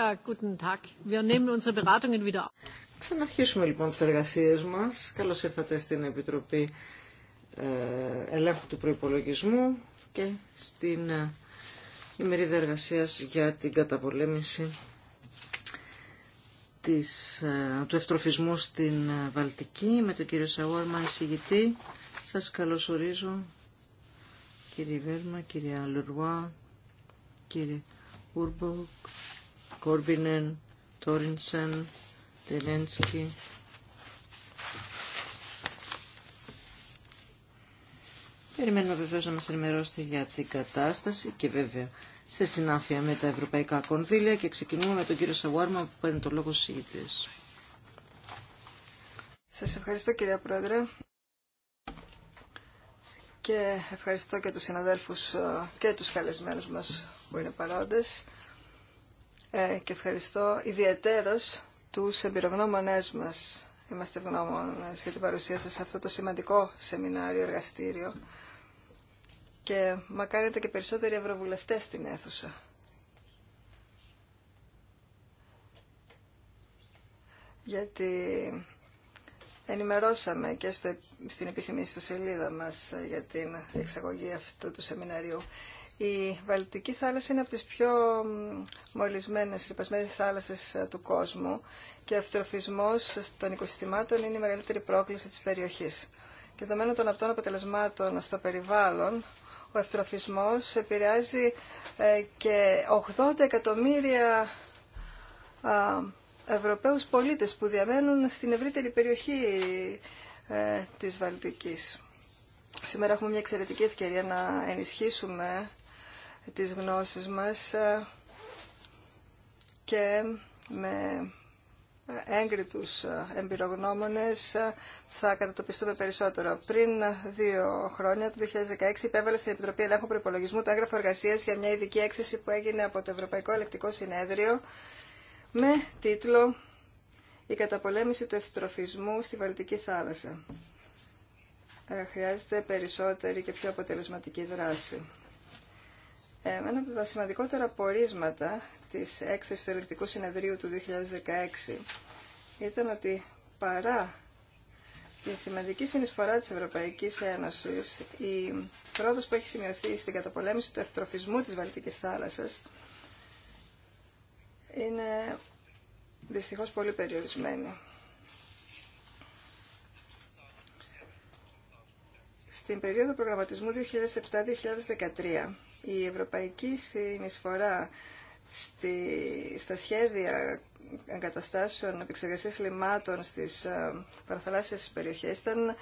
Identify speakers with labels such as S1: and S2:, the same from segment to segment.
S1: Ja, guten Tag. Wir Ξαναρχίσουμε λοιπόν τις εργασίες μας. Καλώς ήρθατε στην Επιτροπή ε, Ελέγχου του Προϋπολογισμού και στην ε, ημερίδα εργασίας για την καταπολέμηση της, ε, του ευτροφισμού στην Βαλτική με τον κύριο Σαουάρμα, εισηγητή. Σας καλωσορίζω κύριε Βέρμα, κύριε Λουρουά, κύριε Κόρμπινεν, Τόρινσεν, Τελένσκι. Περιμένουμε βεβαίως να μας ενημερώσετε για την κατάσταση και βέβαια σε συνάφεια με τα ευρωπαϊκά κονδύλια και ξεκινούμε με τον κύριο Σαβουάρμα που παίρνει το λόγο σύγητης.
S2: Σας ευχαριστώ κυρία Πρόεδρε και ευχαριστώ και τους συναδέλφους ε, και τους καλεσμένους μας που είναι παρόντες. Ε, και ευχαριστώ ιδιαίτερως τους εμπειρογνώμονές μας. Είμαστε ευγνώμονες για την παρουσία σας σε αυτό το σημαντικό σεμινάριο, εργαστήριο. Και μακάρι και περισσότεροι ευρωβουλευτές στην αίθουσα. Γιατί ενημερώσαμε και στην επίσημη ιστοσελίδα μας για την εξαγωγή αυτού του σεμιναρίου. Η Βαλτική θάλασσα είναι από τις πιο μολυσμένες, ρυπασμένες θάλασσες ε, του κόσμου και ο ευτροφισμός των οικοσυστημάτων είναι η μεγαλύτερη πρόκληση της περιοχής. Και δεδομένων των αυτών αποτελεσμάτων στο περιβάλλον, ο ευτροφισμός επηρεάζει ε, και 80 εκατομμύρια Ευρωπαίους πολίτες που διαμένουν στην ευρύτερη περιοχή ε, της Βαλτικής. Σήμερα έχουμε μια εξαιρετική ευκαιρία να ενισχύσουμε τις γνώσεις μας ε, και με έγκριτους ε, εμπειρογνώμονες ε, θα κατατοπιστούμε περισσότερο. Πριν δύο χρόνια, το 2016, υπέβαλε στην Επιτροπή Ελέγχου Προπολογισμού το έγγραφο εργασία για μια ειδική έκθεση που έγινε από το Ευρωπαϊκό Ελεκτικό Συνέδριο με τίτλο «Η καταπολέμηση του ευτροφισμού στη Βαλτική θάλασσα». Χρειάζεται περισσότερη και πιο αποτελεσματική δράση. Ε, ένα από τα σημαντικότερα πορίσματα της έκθεσης του Ελεκτικού Συνεδρίου του 2016 ήταν ότι παρά τη σημαντική συνεισφορά της Ευρωπαϊκής Ένωσης, η πρόοδος που έχει σημειωθεί στην καταπολέμηση του ευτροφισμού της Βαλτικής θάλασσας είναι δυστυχώς πολύ περιορισμένη. Στην περίοδο προγραμματισμού 2007-2013 η ευρωπαϊκή συνεισφορά στη, στα σχέδια εγκαταστάσεων επεξεργασίας λιμάτων στις ε, παραθαλάσσιες περιοχές ήταν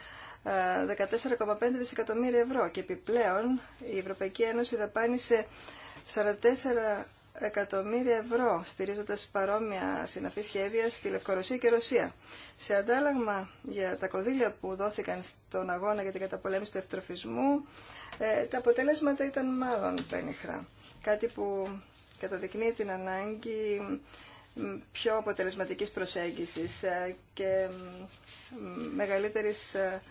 S2: 14,5 ε, δισεκατομμύρια ευρώ και επιπλέον η Ευρωπαϊκή Ένωση δαπάνησε 44 εκατομμύρια ευρώ στηρίζοντας παρόμοια συναφή σχέδια στη Λευκορωσία και Ρωσία. Σε αντάλλαγμα για τα κονδύλια που δόθηκαν στον αγώνα για την καταπολέμηση του ευτροφισμού ε, τα αποτέλεσματα ήταν μάλλον πένιχρα. Κάτι που καταδεικνύει την ανάγκη πιο αποτελεσματικής προσέγγισης ε, και μεγαλύτερης ε,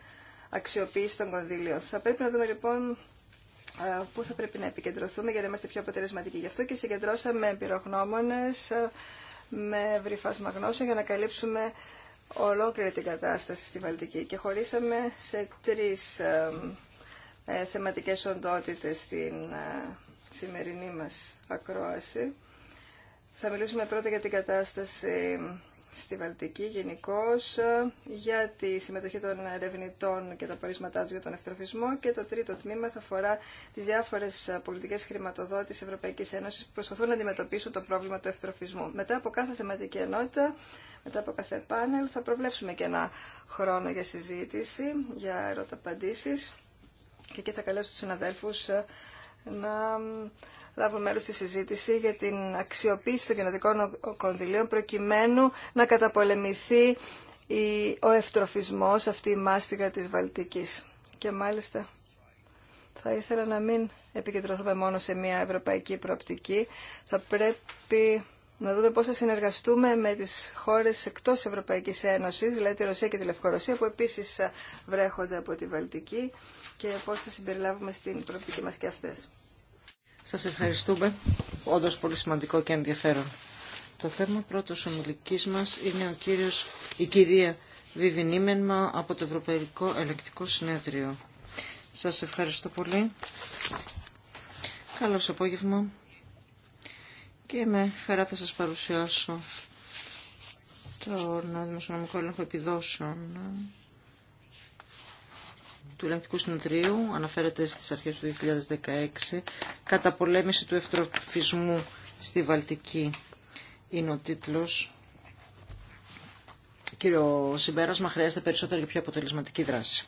S2: αξιοποίηση των κονδύλιων. Θα πρέπει να δούμε λοιπόν πού θα πρέπει να επικεντρωθούμε για να είμαστε πιο αποτελεσματικοί. Γι' αυτό και συγκεντρώσαμε πυρογνώμονες με βρυφάσμα γνώσεων για να καλύψουμε ολόκληρη την κατάσταση στη Βαλτική και χωρίσαμε σε τρεις ε, θεματικές οντότητες στην ε, σημερινή μας ακρόαση. Θα μιλήσουμε πρώτα για την κατάσταση στη Βαλτική γενικώ, ε, για τη συμμετοχή των ερευνητών και τα πορίσματά του για τον ευτροφισμό και το τρίτο τμήμα θα αφορά τις διάφορες πολιτικές χρηματοδότησης Ευρωπαϊκής Ένωσης που προσπαθούν να αντιμετωπίσουν το πρόβλημα του ευτροφισμού. Μετά από κάθε θεματική ενότητα, μετά από κάθε πάνελ θα προβλέψουμε και ένα χρόνο για συζήτηση, για ερωταπαντήσεις και εκεί θα καλέσω τους συναδέλφους ε, να λάβουν μέρος στη συζήτηση για την αξιοποίηση των κοινωτικών κονδυλίων προκειμένου να καταπολεμηθεί ο ευτροφισμός, αυτή η μάστιγα της Βαλτικής. Και μάλιστα θα ήθελα να μην επικεντρωθούμε μόνο σε μια ευρωπαϊκή προοπτική. Θα πρέπει να δούμε πώς θα συνεργαστούμε με τις χώρες εκτός Ευρωπαϊκής Ένωσης, δηλαδή τη Ρωσία και τη Λευκορωσία, που επίσης ε, βρέχονται από τη Βαλτική και πώς θα συμπεριλάβουμε στην προοπτική μας και αυτές.
S1: Σας ευχαριστούμε. Όντως πολύ σημαντικό και ενδιαφέρον. Το θέμα πρώτος ομιλικής μας είναι ο κύριος, η κυρία Βιβινίμενμα από το Ευρωπαϊκό Ελεκτικό Συνέδριο. Σας ευχαριστώ πολύ. Καλώς απόγευμα. Και με χαρά θα σας παρουσιάσω τον δημοσιονομικό έλεγχο επιδόσεων του Ελεγκτικού Συνεδρίου αναφέρεται στις αρχές του 2016 κατά πολέμηση του ευτροφισμού στη Βαλτική είναι ο τίτλος. Κύριο Συμπέρασμα, χρειάζεται περισσότερη και πιο αποτελεσματική δράση.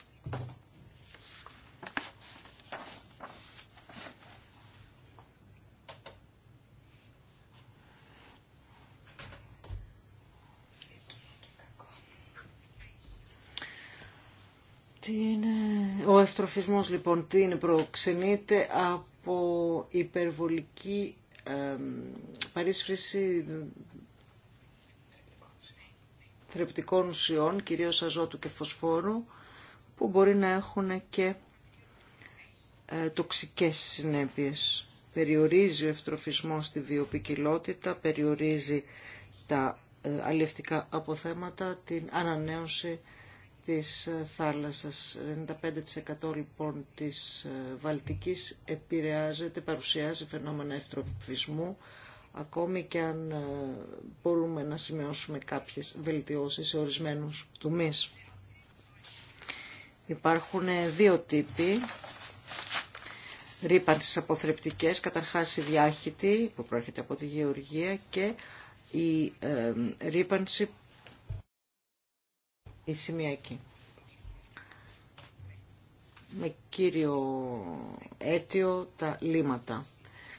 S1: Ο ευτροφισμός λοιπόν τι είναι, προξενείται από υπερβολική ε, παρίσφρηση θρεπτικών ουσιών, κυρίως αζότου και φωσφόρου, που μπορεί να έχουν και ε, τοξικές συνέπειες. Περιορίζει ο ευτροφισμός τη βιοπικιλότητα, περιορίζει τα ε, αποθέματα, την ανανέωση της θάλασσας. 95% λοιπόν της ε, Βαλτικής επηρεάζεται, παρουσιάζει φαινόμενα ευτροφισμού, ακόμη και αν ε, μπορούμε να σημειώσουμε κάποιες βελτιώσεις σε ορισμένους τομείς. Υπάρχουν ε, δύο τύποι ρήπανσης αποθρεπτικές, καταρχάς η διάχυτη που προέρχεται από τη γεωργία και η ε, ρήπανση η σημειακή. Με κύριο αίτιο τα λίματα.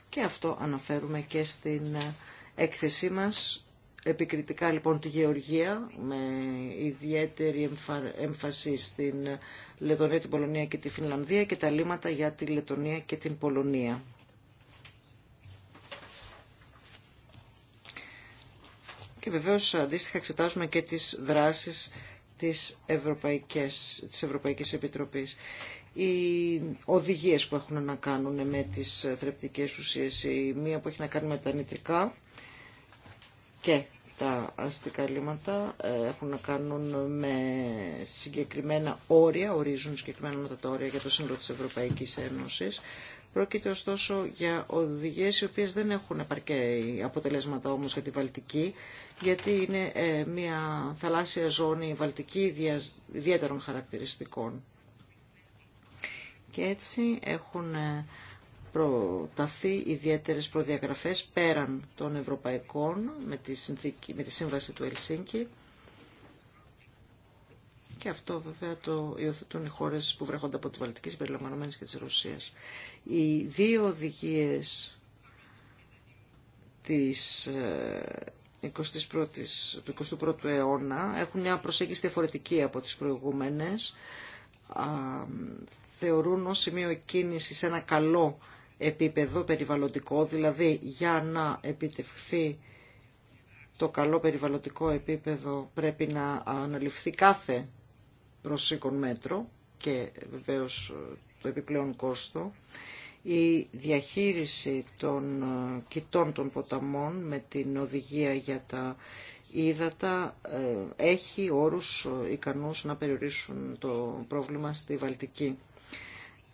S1: Και αυτό αναφέρουμε και στην ε, έκθεσή μας. Επικριτικά λοιπόν τη γεωργία με ιδιαίτερη έμφαση στην ε, Λετωνία, την Πολωνία και τη Φινλανδία και τα λίματα για τη Λετωνία και την Πολωνία. Και βεβαίως αντίστοιχα εξετάζουμε και τις δράσεις της Ευρωπαϊκής, της Ευρωπαϊκής Επιτροπής. Οι οδηγίες που έχουν να κάνουν με τις θρεπτικές ουσίες, η μία που έχει να κάνει με τα νητρικά και τα αστικά λίματα ε, έχουν να κάνουν με συγκεκριμένα όρια, ορίζουν συγκεκριμένα τα όρια για το σύνολο της Ευρωπαϊκής Ένωσης Πρόκειται ωστόσο για οδηγίες οι οποίες δεν έχουν επαρκέ αποτελέσματα όμως για τη Βαλτική, γιατί είναι ε, μια θαλάσσια ζώνη βαλτική ιδιαίτερων χαρακτηριστικών. Και έτσι έχουν ε, προταθεί ιδιαίτερες προδιαγραφές πέραν των ευρωπαϊκών με τη, συνθήκη, με τη σύμβαση του Ελσίνκη και αυτό βέβαια το υιοθετούν οι χώρες που βρέχονται από τη Βαλτική συμπεριλαμβανομένες και της Ρωσίας. Οι δύο οδηγίες της 21ης, ε, του 21ου αιώνα έχουν μια προσέγγιση διαφορετική από τις προηγούμενες. θεωρούν ως σημείο κίνησης ένα καλό επίπεδο περιβαλλοντικό, δηλαδή για να επιτευχθεί το καλό περιβαλλοντικό επίπεδο πρέπει να αναλυφθεί κάθε προσήκον μέτρο και βεβαίως το επιπλέον κόστο, η διαχείριση των ε, κοιτών των ποταμών με την οδηγία για τα ύδατα ε, έχει όρους ε, ικανούς να περιορίσουν το πρόβλημα στη Βαλτική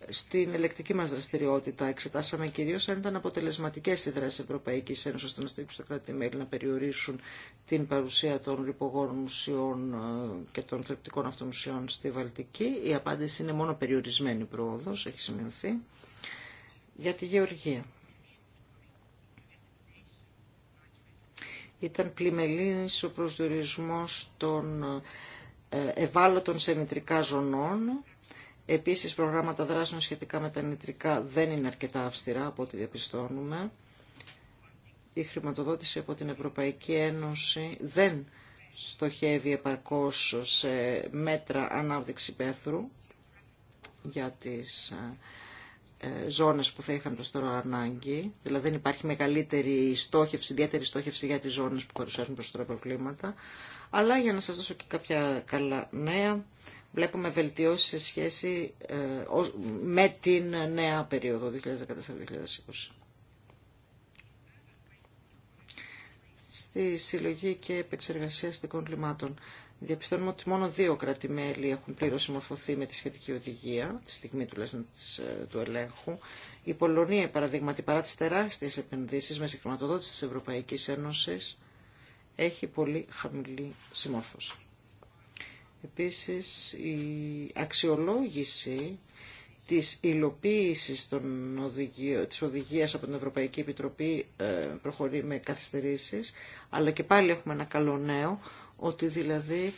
S1: στην ελεκτική μας δραστηριότητα. Εξετάσαμε κυρίως αν ήταν αποτελεσματικές οι δράσεις Ευρωπαϊκής Ένωσης ώστε να κράτη-μέλη να περιορίσουν την παρουσία των ρηπογόνων ουσιών ε, και των θρεπτικών αυτών στη Βαλτική. Η απάντηση είναι μόνο περιορισμένη πρόοδος, έχει σημειωθεί, για τη γεωργία. Ήταν πλημελής ο προσδιορισμός των ε, ευάλωτων σε μητρικά ζωνών Επίσης, προγράμματα δράσεων σχετικά με τα νητρικά δεν είναι αρκετά αυστηρά από ό,τι διαπιστώνουμε. Η χρηματοδότηση από την Ευρωπαϊκή Ένωση δεν στοχεύει επαρκώς σε μέτρα ανάπτυξη πέθρου για τις ε, ε, ζώνες που θα είχαν προς τώρα ανάγκη. Δηλαδή δεν υπάρχει μεγαλύτερη στόχευση, ιδιαίτερη στόχευση για τις ζώνες που παρουσιάζουν προς τώρα προβλήματα. Αλλά για να σας δώσω και κάποια καλά νέα, βλέπουμε βελτιώσει σε σχέση ε, με την νέα περίοδο 2014-2020. Στη συλλογή και επεξεργασία αστικών κλιμάτων. Διαπιστώνουμε ότι μόνο δύο έχουν πλήρω συμμορφωθεί με τη σχετική οδηγία, τη στιγμή τουλάχιστον ε, του ελέγχου. Η Πολωνία, παραδείγματι, παρά τι τεράστιε επενδύσει με συγχρηματοδότηση τη Ευρωπαϊκή Ένωση, έχει πολύ χαμηλή συμμόρφωση. Επίσης η αξιολόγηση της υλοποίησης των οδηγίων, της οδηγίας από την Ευρωπαϊκή Επιτροπή ε, προχωρεί με καθυστερήσεις, αλλά και πάλι έχουμε ένα καλό νέο, ότι δηλαδή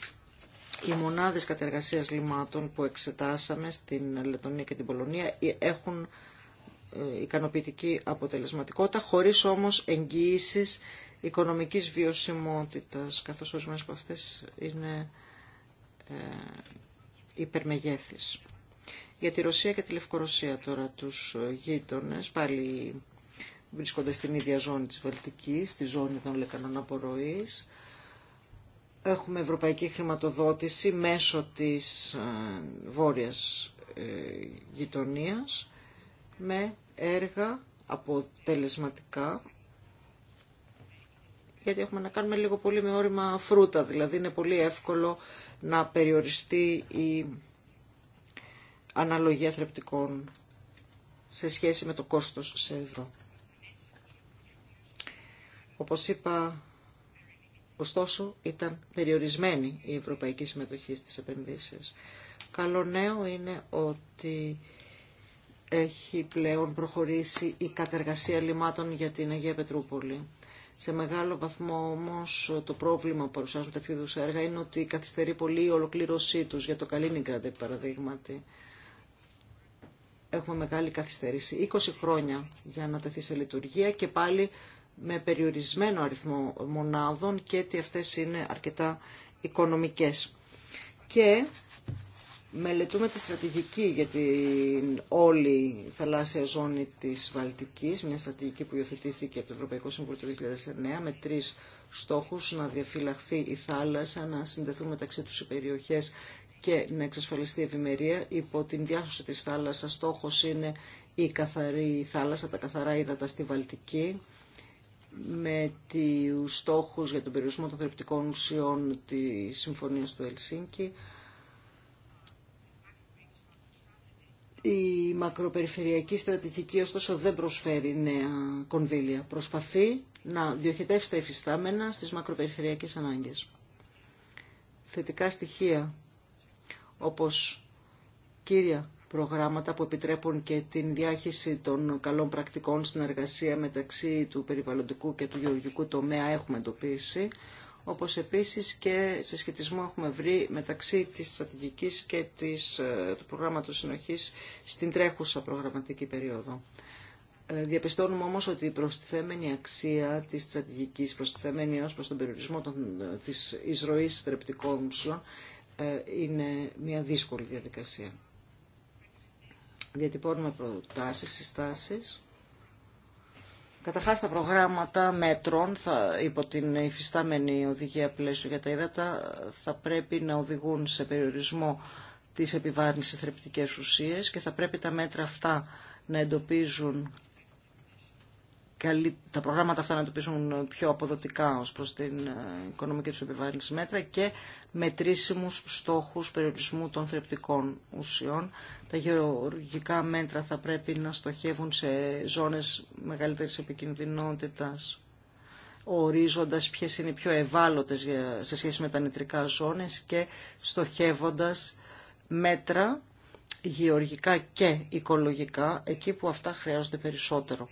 S1: οι μονάδες κατεργασίας λιμάτων που εξετάσαμε στην Λετωνία και την Πολωνία ε, έχουν ε, ικανοποιητική αποτελεσματικότητα, χωρίς όμως εγγυήσεις οικονομικής βιωσιμότητας, καθώς ορισμένες από αυτές είναι ε, υπερμεγέθης. Για τη Ρωσία και τη Λευκορωσία τώρα τους γείτονες, πάλι βρίσκονται στην ίδια ζώνη της Βαλτικής, στη ζώνη των λεκανών απορροής. Έχουμε ευρωπαϊκή χρηματοδότηση μέσω της ε, βόρειας ε, γειτονίας με έργα αποτελεσματικά γιατί έχουμε να κάνουμε λίγο πολύ με όρημα φρούτα, δηλαδή είναι πολύ εύκολο να περιοριστεί η αναλογία θρεπτικών σε σχέση με το κόστος σε ευρώ. Όπως είπα, ωστόσο ήταν περιορισμένη η ευρωπαϊκή συμμετοχή στις επενδύσεις. Καλό νέο είναι ότι έχει πλέον προχωρήσει η κατεργασία λιμάτων για την Αγία Πετρούπολη. Σε μεγάλο βαθμό όμως το πρόβλημα που παρουσιάζουν τέτοιου είδους έργα είναι ότι καθυστερεί πολύ η ολοκλήρωσή τους για το Καλίνιγκραντ, παραδείγματι. Έχουμε μεγάλη καθυστέρηση. 20 χρόνια για να τεθεί σε λειτουργία και πάλι με περιορισμένο αριθμό μονάδων και ότι αυτές είναι αρκετά οικονομικές. Και μελετούμε τη στρατηγική για την όλη θαλάσσια ζώνη της Βαλτικής, μια στρατηγική που υιοθετήθηκε από το Ευρωπαϊκό Συμβούλιο του 2009 με τρεις στόχους, να διαφυλαχθεί η θάλασσα, να συνδεθούν μεταξύ τους οι περιοχές και να εξασφαλιστεί η ευημερία. Υπό την διάσωση της θάλασσας στόχος είναι η καθαρή θάλασσα, τα καθαρά ύδατα στη Βαλτική με τους στόχους για τον περιορισμό των θρεπτικών ουσιών της Συμφωνίας του Ελσίνκη, Η μακροπεριφερειακή στρατηγική ωστόσο δεν προσφέρει νέα κονδύλια. Προσπαθεί να διοχετεύσει τα υφιστάμενα στις μακροπεριφερειακές ανάγκες. Θετικά στοιχεία όπως κύρια προγράμματα που επιτρέπουν και την διάχυση των καλών πρακτικών στην εργασία μεταξύ του περιβαλλοντικού και του γεωργικού τομέα έχουμε εντοπίσει όπως επίσης και σε σχετισμό έχουμε βρει μεταξύ της στρατηγικής και της, ε, του προγράμματος συνοχής στην τρέχουσα προγραμματική περίοδο. Ε, διαπιστώνουμε όμως ότι η προστιθέμενη αξία της στρατηγικής, προστιθέμενη ως προς τον περιορισμό των, ε, της εισρωής θρεπτικών είναι μια δύσκολη διαδικασία. Διατυπώνουμε προτάσεις, συστάσεις Καταρχάς τα προγράμματα μέτρων θα, υπό την υφιστάμενη οδηγία πλαίσιο για τα ύδατα θα πρέπει να οδηγούν σε περιορισμό της επιβάρυνσης θρεπτικές ουσίες και θα πρέπει τα μέτρα αυτά να εντοπίζουν τα προγράμματα αυτά να εντοπίσουν πιο αποδοτικά ως προς την ε, οικονομική τους επιβάρυνση μέτρα και μετρήσιμους στόχους περιορισμού των θρεπτικών ουσιών. Τα γεωργικά μέτρα θα πρέπει να στοχεύουν σε ζώνες μεγαλύτερης επικινδυνότητας ορίζοντας ποιες είναι οι πιο ευάλωτες σε σχέση με τα νητρικά ζώνες και στοχεύοντας μέτρα γεωργικά και οικολογικά εκεί που αυτά χρειάζονται περισσότερο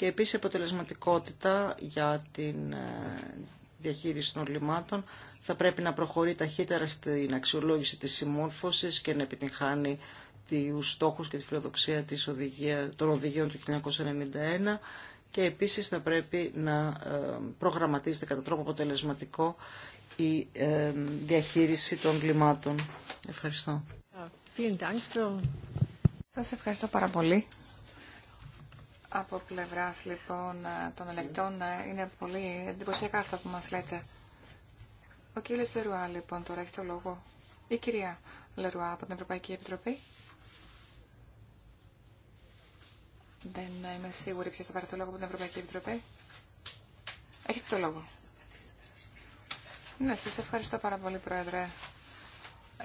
S1: και επίσης αποτελεσματικότητα για την ε, διαχείριση των λιμάτων. Θα πρέπει να προχωρεί ταχύτερα στην αξιολόγηση της συμμόρφωσης και να επιτυγχάνει τους στόχους και τη φιλοδοξία της οδηγία, των οδηγίων του 1991 και επίσης θα πρέπει να ε, προγραμματίζεται κατά τρόπο αποτελεσματικό η ε, διαχείριση των κλιμάτων. Ευχαριστώ. Σας ευχαριστώ πάρα πολύ
S3: από πλευρά λοιπόν των ελεκτών ε, είναι πολύ εντυπωσιακά αυτά που μα λέτε. Ο κύριο Λερουά λοιπόν τώρα έχει το λόγο. Η κυρία Λερουά από την Ευρωπαϊκή Επιτροπή. Δεν είμαι σίγουρη ποιο θα πάρει το λόγο από την Ευρωπαϊκή Επιτροπή. Έχετε το λόγο. Ναι, σα ευχαριστώ πάρα πολύ, Πρόεδρε.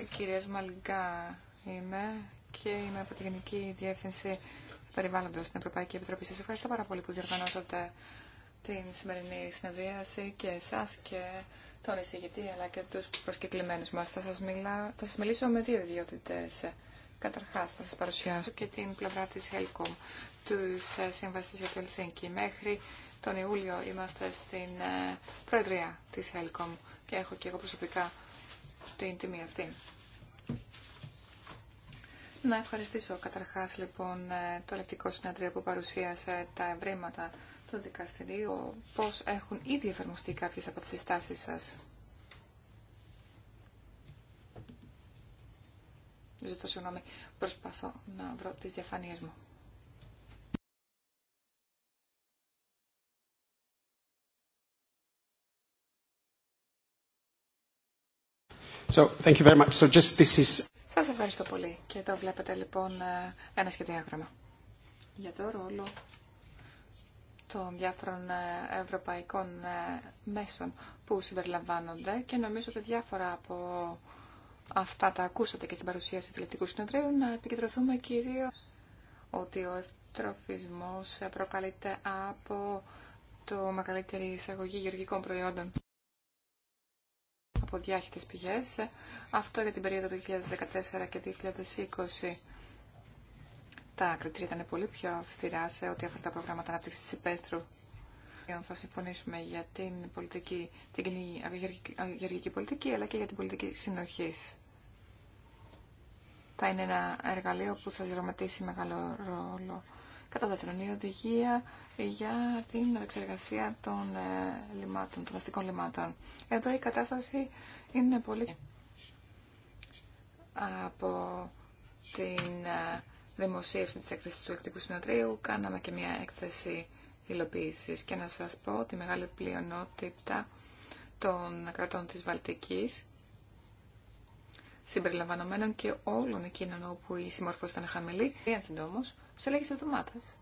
S3: Κυρία Μαλγκά, είμαι και είμαι από τη Γενική Διεύθυνση περιβάλλοντο στην Ευρωπαϊκή Επιτροπή. Σα ευχαριστώ πάρα πολύ που διοργανώσατε την σημερινή συνεδρίαση και εσά και τον εισηγητή αλλά και του προσκεκλημένου μα. Θα σας, μιλά... θα μιλήσω με δύο ιδιότητε. Καταρχάς θα σα παρουσιάσω και την πλευρά τη Helcom, του ε, Σύμβαση για το Ελσίνκι. Μέχρι τον Ιούλιο είμαστε στην ε, Προεδρία τη Helcom και έχω και εγώ προσωπικά την τιμή αυτή. Να ευχαριστήσω καταρχάς λοιπόν ε, το ελεκτικό συνέδριο που παρουσίασε τα ευρήματα του δικαστηρίου, πώς έχουν ήδη εφαρμοστεί κάποιες από τις συστάσεις σας. Ζητώ συγγνώμη, προσπαθώ να βρω τις διαφανίες μου.
S1: So, thank you very much. So just this is...
S3: Σα σας ευχαριστώ πολύ. Και εδώ βλέπετε λοιπόν ε, ένα σχεδιάγραμμα για το ρόλο των διάφορων ε, ευρωπαϊκών ε, μέσων που συμπεριλαμβάνονται και νομίζω ότι διάφορα από αυτά τα ακούσατε και στην παρουσίαση του Λεπτικού Συνεδρίου να επικεντρωθούμε κυρίως ότι ο ευτροφισμός προκαλείται από το μεγαλύτερη εισαγωγή γεωργικών προϊόντων από διάχυτες πηγές. Αυτό για την περίοδο 2014 και 2020. Τα κριτήρια ήταν πολύ πιο αυστηρά σε ό,τι αφορά τα προγράμματα ανάπτυξη τη υπαίθρου. Θα συμφωνήσουμε για την, πολιτική, την κοινή πολιτική αλλά και για την πολιτική συνοχή. Θα είναι ένα εργαλείο που θα δραματίσει μεγάλο ρόλο Κατά δεύτερον, η οδηγία για την εξεργασία των ε, λιμάτων, των αστικών λιμάτων. Εδώ η κατάσταση είναι πολύ από την ε, δημοσίευση της έκθεσης του Εκτικού Συνεδρίου κάναμε και μια έκθεση υλοποίησης και να σας πω ότι μεγάλη πλειονότητα των κρατών της Βαλτικής συμπεριλαμβανομένων και όλων εκείνων όπου η συμμορφώση ήταν χαμηλή. Ήταν συντόμως σε λίγες εβδομάδες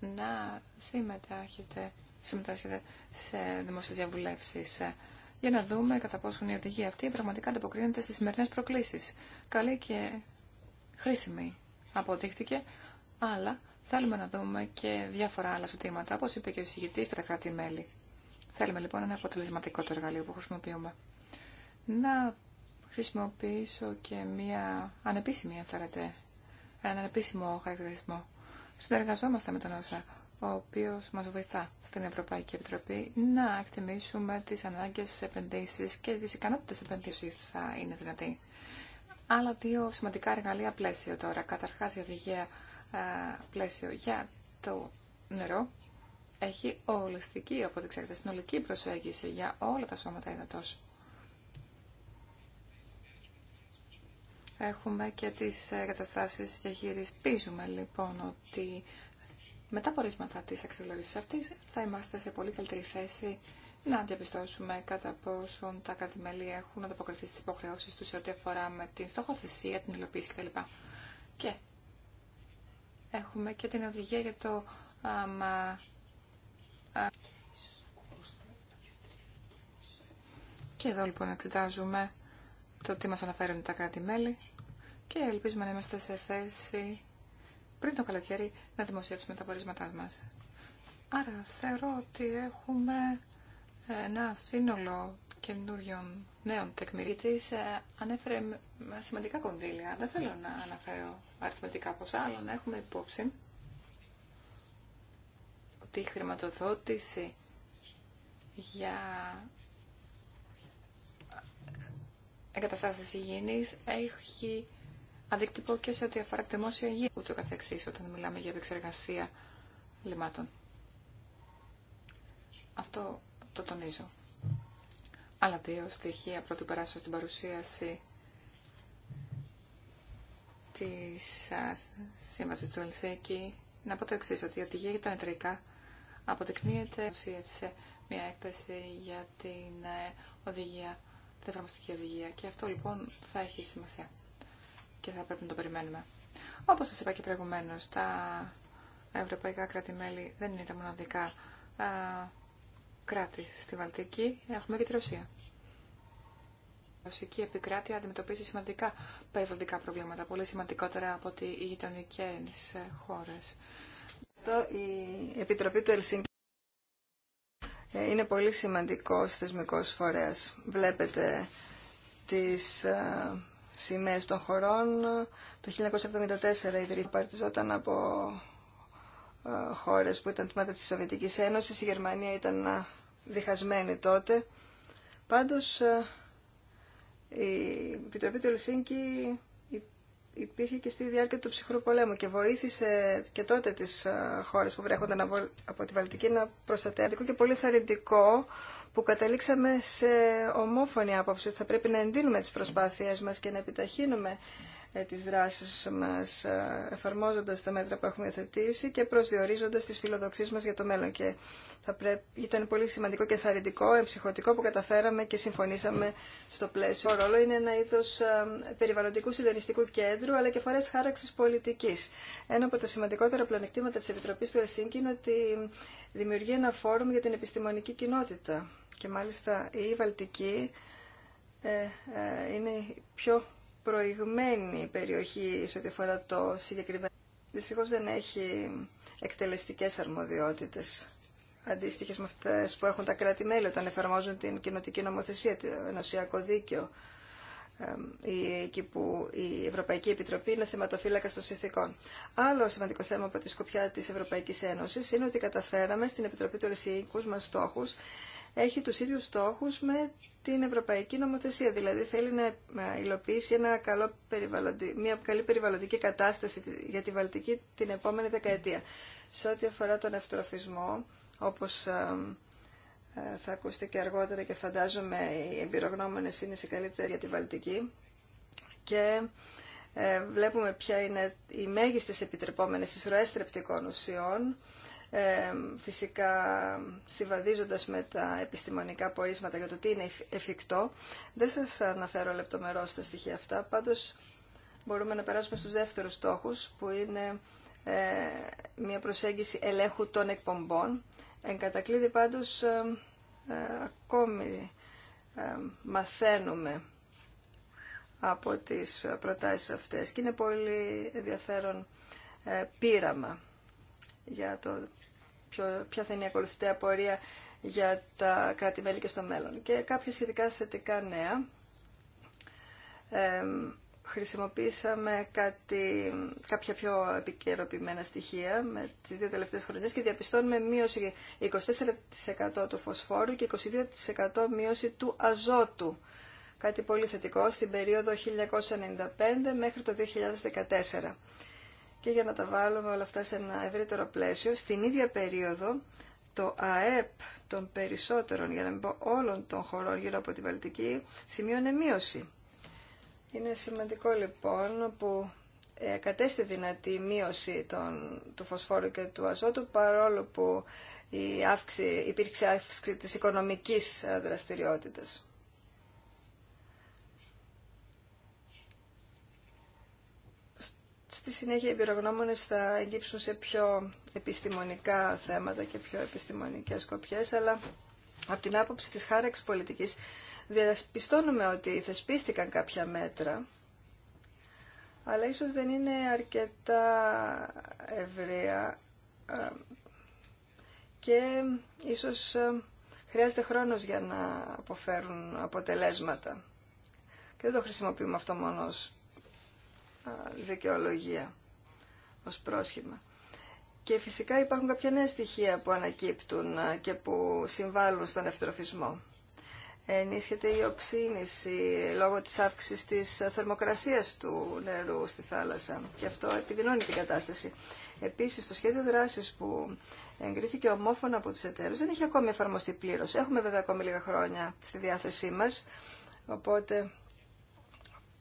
S3: να συμμετάσχετε, συμμετάσχετε σε δημόσιες διαβουλεύσεις ε, για να δούμε κατά πόσον η οδηγία αυτή πραγματικά ανταποκρίνεται στις σημερινές προκλήσεις. Καλή και χρήσιμη αποδείχτηκε, αλλά θέλουμε να δούμε και διάφορα άλλα ζητήματα, όπως είπε και ο συγητή στα κράτη-μέλη. Θέλουμε λοιπόν ένα αποτελεσματικό το εργαλείο που χρησιμοποιούμε. Να χρησιμοποιήσω και μία ανεπίσημη, αν θέλετε, έναν επίσημο χαρακτηρισμό. Συνεργαζόμαστε με τον ΩΣΑ, ο οποίος μας βοηθά στην Ευρωπαϊκή Επιτροπή να εκτιμήσουμε ανάγκε ανάγκες επενδύσεις και τις ικανότητες επενδύσεις θα είναι δυνατή. Άλλα δύο σημαντικά εργαλεία πλαίσιο τώρα. Καταρχάς η οδηγία πλαίσιο για το νερό έχει ολιστική, όπω ξέρετε, συνολική προσέγγιση για όλα τα σώματα υδατός. έχουμε και τις ε, καταστάσεις διαχείρισης. Πίζουμε λοιπόν ότι με τα πορίσματα της αξιολόγησης αυτής θα είμαστε σε πολύ καλύτερη θέση να διαπιστώσουμε κατά πόσον τα κρατημέλη έχουν ανταποκριθεί στις υποχρεώσεις τους σε ό,τι αφορά με την στόχοθεσία, την υλοποίηση κτλ. Και έχουμε και την οδηγία για το αμα, α, και εδώ λοιπόν εξετάζουμε το τι μας αναφέρουν τα κράτη-μέλη και ελπίζουμε να είμαστε σε θέση πριν το καλοκαίρι να δημοσιεύσουμε τα πορίσματά μας. Άρα θεωρώ ότι έχουμε ένα σύνολο καινούριων νέων τεκμηρίτης. Ε, ανέφερε σημαντικά κονδύλια. Δεν θέλω να αναφέρω αριθμητικά ποσά, αλλά να έχουμε υπόψη ότι η χρηματοδότηση για εγκαταστάσεις υγιεινής έχει αντίκτυπο και σε ό,τι αφορά τη δημόσια υγεία, ούτω καθεξής, όταν μιλάμε για επεξεργασία λιμάτων. Αυτό το τονίζω. Άλλα δύο στοιχεία πρώτη περάσω στην παρουσίαση της σύμβασης του Ελσέκη. Να πω το εξή ότι η οδηγία για τα νετρικά αποδεικνύεται ουσίευσε μια έκθεση για την ε, οδηγία, την εφαρμοστική οδηγία και αυτό λοιπόν θα έχει σημασία και θα πρέπει να το περιμένουμε. Όπως σας είπα και προηγουμένως, τα ευρωπαϊκά κράτη-μέλη δεν είναι τα μοναδικά α, κράτη στη Βαλτική. Έχουμε και τη Ρωσία. Η ρωσική επικράτεια αντιμετωπίζει σημαντικά περιβαλλοντικά προβλήματα, πολύ σημαντικότερα από ότι οι γειτονικέ χώρε. Αυτό
S2: η Επιτροπή του Ελσίνκη είναι πολύ σημαντικός θεσμικός φορέας. Βλέπετε τις σημαίες των χωρών. Το 1974 παρτιζόταν από ε, χώρες που ήταν τμήματα της Σοβιετικής Ένωσης. Η Γερμανία ήταν ε, διχασμένη τότε. Πάντως ε, η Επιτροπή του Ελσίνκη υπήρχε και στη διάρκεια του ψυχρού πολέμου και βοήθησε και τότε τις χώρες που βρέχονταν από τη Βαλτική να προστατεύουν και πολύ θαρρυντικό που καταλήξαμε σε ομόφωνη άποψη ότι θα πρέπει να εντείνουμε τις προσπάθειές μας και να επιταχύνουμε ε, τις δράσεις μας, ε, εφαρμόζοντας τα μέτρα που έχουμε θετήσει και προσδιορίζοντας τις φιλοδοξίες μας για το μέλλον. Και ήταν πολύ σημαντικό και θαρρυντικό, εμψυχωτικό που καταφέραμε και συμφωνήσαμε στο πλαίσιο. Ο ρόλο είναι ένα είδος ε, περιβαλλοντικού συντονιστικού κέντρου, αλλά και φορές χάραξης πολιτικής. Ένα από τα σημαντικότερα πλανεκτήματα της Επιτροπής του Ελσίνκη είναι ότι δημιουργεί ένα φόρουμ για την επιστημονική κοινότητα. Και μάλιστα η Βαλτική είναι πιο προηγμένη περιοχή σε ό,τι αφορά το συγκεκριμένο. Δυστυχώς δεν έχει εκτελεστικές αρμοδιότητες αντίστοιχες με αυτές που έχουν τα κράτη-μέλη όταν εφαρμόζουν την κοινοτική νομοθεσία, το ενωσιακό δίκαιο, εκεί που η Ευρωπαϊκή Επιτροπή είναι θεματοφύλακα των συνθηκών. Άλλο σημαντικό θέμα από τη σκοπιά της Ευρωπαϊκής Ένωσης είναι ότι καταφέραμε στην Επιτροπή των Ελσιακούς μας στόχους έχει τους ίδιους στόχους με την Ευρωπαϊκή Νομοθεσία. Δηλαδή θέλει να υλοποιήσει καλό μια καλή περιβαλλοντική κατάσταση για τη Βαλτική την επόμενη δεκαετία. Σε ό,τι αφορά τον ευτροφισμό, όπως ε, θα ακούσετε και αργότερα και φαντάζομαι οι εμπειρογνώμενες είναι σε καλύτερη για τη Βαλτική και ε, βλέπουμε ποια είναι οι μέγιστες επιτρεπόμενες εισρωές τρεπτικών ουσιών ε, φυσικά συμβαδίζοντας με τα επιστημονικά πορίσματα για το τι είναι εφικτό. Δεν σας αναφέρω λεπτομερώς τα στοιχεία αυτά, πάντως μπορούμε να περάσουμε στους δεύτερους στόχους που είναι ε, μια προσέγγιση ελέγχου των εκπομπών. Εν κατακλείδη πάντως ε, ε ακόμη μαθαίνουμε από τις προτάσεις αυτές και είναι πολύ ενδιαφέρον πείραμα για το ποια θα είναι η ακολουθητή απορία για τα κράτη-μέλη και στο μέλλον. Και κάποια σχετικά θετικά νέα. χρησιμοποίησαμε κάτι, κάποια πιο επικαιροποιημένα στοιχεία με τις δύο τελευταίες χρονιές και διαπιστώνουμε μείωση 24% του φωσφόρου και 22% μείωση του αζότου. Κάτι πολύ θετικό στην περίοδο 1995 μέχρι το 2014 και για να τα βάλουμε όλα αυτά σε ένα ευρύτερο πλαίσιο, στην ίδια περίοδο το ΑΕΠ των περισσότερων, για να μην πω όλων των χωρών γύρω από τη Βαλτική, σημείωνε μείωση. Είναι σημαντικό λοιπόν που ε, κατέστη δυνατή μείωση των, του φωσφόρου και του αζότου παρόλο που η αύξη, υπήρξε αύξηση της οικονομικής ε, δραστηριότητας. Στη συνέχεια οι εμπειρογνώμονες θα εγκύψουν σε πιο επιστημονικά θέματα και πιο επιστημονικές σκοπιές, αλλά από την άποψη της χάραξη πολιτικής διαπιστώνουμε ότι θεσπίστηκαν κάποια μέτρα, αλλά ίσως δεν είναι αρκετά ευρεία ε, και ίσως ε, χρειάζεται χρόνος για να αποφέρουν αποτελέσματα. Και δεν το χρησιμοποιούμε αυτό μόνο δικαιολογία ως πρόσχημα. Και φυσικά υπάρχουν κάποια νέα στοιχεία που ανακύπτουν και που συμβάλλουν στον ευθροφισμό. Ενίσχεται η οξύνηση λόγω της αύξησης της θερμοκρασίας του νερού στη θάλασσα και αυτό επιδεινώνει την κατάσταση. Επίσης, το σχέδιο δράσης που εγκρίθηκε ομόφωνα από τους εταίρους δεν έχει ακόμη εφαρμοστεί πλήρως. Έχουμε βέβαια ακόμη λίγα χρόνια στη διάθεσή μας, οπότε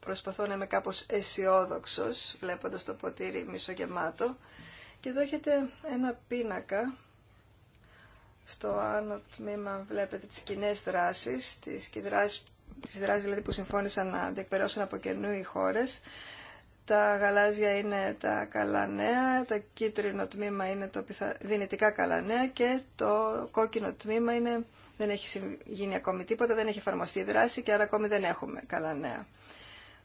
S2: Προσπαθώ να είμαι κάπως αισιόδοξο, βλέποντας το ποτήρι μισογεμάτο. Και εδώ έχετε ένα πίνακα. Στο άνω τμήμα βλέπετε τις κοινέ δράσεις, τις, δράσεις, τις δράσεις δηλαδή που συμφώνησαν να διεκπαιρεώσουν από καινού οι χώρες. Τα γαλάζια είναι τα καλά νέα, τα κίτρινο τμήμα είναι το πιθα... δυνητικά καλά νέα και το κόκκινο τμήμα είναι... δεν έχει γίνει ακόμη τίποτα, δεν έχει εφαρμοστεί η δράση και άρα ακόμη δεν έχουμε καλά νέα.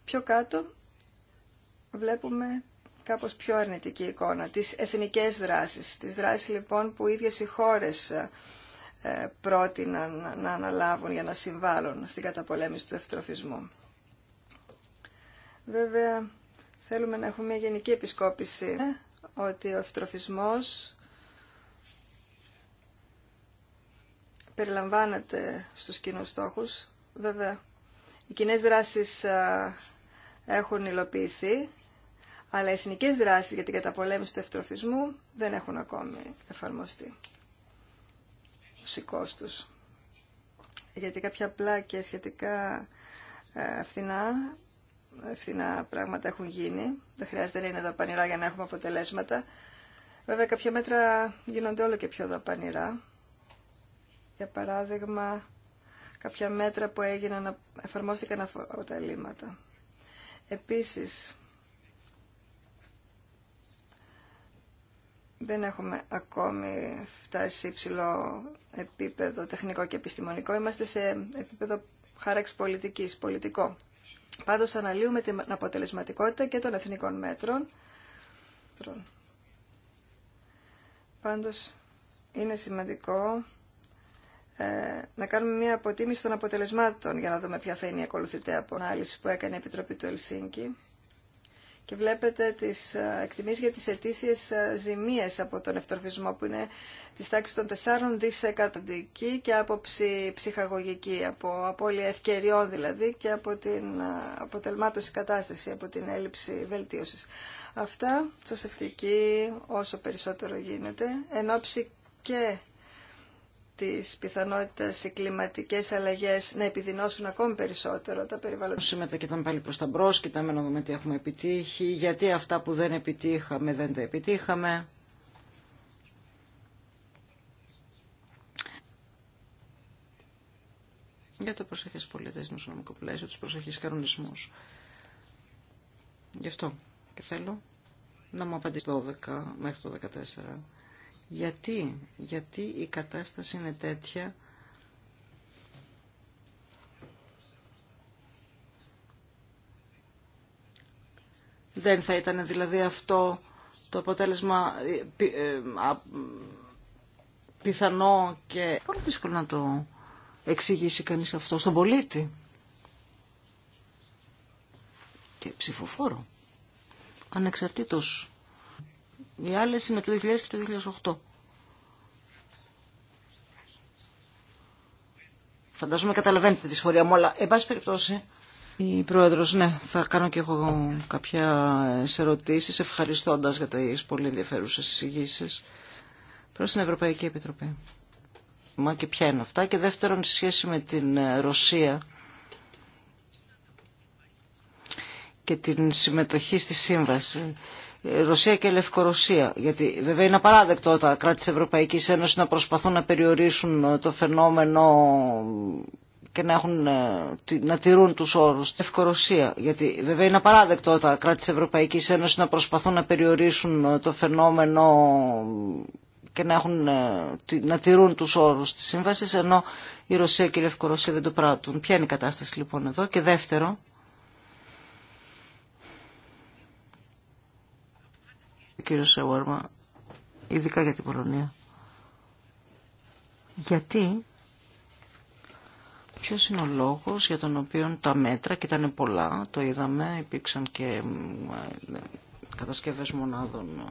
S2: Πιο κάτω βλέπουμε κάπως πιο αρνητική εικόνα, τις εθνικές δράσεις, τις δράσεις λοιπόν που ίδιες οι χώρες ε, πρότειναν να αναλάβουν για να συμβάλλουν στην καταπολέμηση του ευτροφισμού. Βέβαια, θέλουμε να έχουμε μια γενική επισκόπηση ε, ότι ο ευτροφισμός περιλαμβάνεται στους κοινούς στόχους. Βέβαια, οι κοινέ δράσεις ε, έχουν υλοποιηθεί, αλλά οι εθνικές δράσεις για την καταπολέμηση του ευτροφισμού δεν έχουν ακόμη εφαρμοστεί στους Γιατί κάποια απλά και σχετικά ε, φθηνά, ε, φθηνά πράγματα έχουν γίνει. Δεν χρειάζεται να είναι δαπανηρά για να έχουμε αποτελέσματα. Βέβαια κάποια μέτρα γίνονται όλο και πιο δαπανηρά. Για παράδειγμα, κάποια μέτρα που έγιναν εφαρμόστηκαν από τα λύματα. Επίσης, δεν έχουμε ακόμη φτάσει σε υψηλό επίπεδο τεχνικό και επιστημονικό. Είμαστε σε επίπεδο χάραξη πολιτικής, πολιτικό. Πάντως αναλύουμε την αποτελεσματικότητα και των εθνικών μέτρων. Πάντως είναι σημαντικό ε, να κάνουμε μια αποτίμηση των αποτελεσμάτων για να δούμε ποια θα είναι η ακολουθητέα ανάλυση που έκανε η Επιτροπή του Ελσίνκη. Και βλέπετε τις ε, εκτιμήσεις για τις αιτήσει ε, ζημίες από τον ευτροφισμό που είναι της τάξης των 4 δισεκατοντική και άποψη ψυχαγωγική, από απώλεια ευκαιριών δηλαδή και από την αποτελμάτωση κατάσταση, από την έλλειψη βελτίωσης. Αυτά σας ευτυχεί όσο περισσότερο γίνεται, ενώψη και της πιθανότητα οι κλιματικές αλλαγές να επιδεινώσουν ακόμη περισσότερο τα περιβαλλοντικά. Σήμερα
S1: κοιτάμε πάλι προς τα μπρος, κοιτάμε να δούμε τι έχουμε επιτύχει, γιατί αυτά που δεν επιτύχαμε δεν τα επιτύχαμε. Για το προσεχές πολιτές νομικό πλαίσιο, τους προσεχείς κανονισμούς. Γι' αυτό και θέλω να μου απαντήσει 12 μέχρι το 14 γιατί, γιατί η κατάσταση είναι τέτοια Δεν θα ήταν δηλαδή αυτό το αποτέλεσμα ε, ε, πιθανό και πολύ δύσκολο να το εξηγήσει κανείς αυτό στον πολίτη και ψηφοφόρο ανεξαρτήτως οι άλλες είναι το 2000 και το 2008. Φαντάζομαι καταλαβαίνετε τη δυσφορία μου, αλλά εν πάση περιπτώσει. Η Πρόεδρος, ναι, θα κάνω και εγώ κάποια ερωτήσει, ευχαριστώντας για τις πολύ ενδιαφέρουσε εισηγήσεις προς την Ευρωπαϊκή Επιτροπή. Μα και ποια είναι αυτά. Και δεύτερον, σε σχέση με την ε, Ρωσία και την συμμετοχή στη σύμβαση. Ρωσία και Λευκορωσία. Γιατί βέβαια είναι απαράδεκτο τα κράτη της Ευρωπαϊκής Ένωσης να προσπαθούν να περιορίσουν ε, το φαινόμενο και να, έχουν, ε, να τηρούν τους όρους της Λευκορωσία. Γιατί βέβαια είναι απαράδεκτο τα κράτη της Ευρωπαϊκής Ένωσης να προσπαθούν να περιορίσουν ε, το φαινόμενο και να, έχουν, να τηρούν τους όρους της σύμβασης, ενώ η Ρωσία και η Λευκορωσία δεν το πράττουν. Ποια είναι η κατάσταση λοιπόν εδώ και δεύτερο, κύριος Σαουάρμα, ειδικά για την Πολωνία. Γιατί, ποιος είναι ο λόγος για τον οποίο τα μέτρα, και ήταν πολλά, το είδαμε, υπήρξαν και ε, κατασκευές μονάδων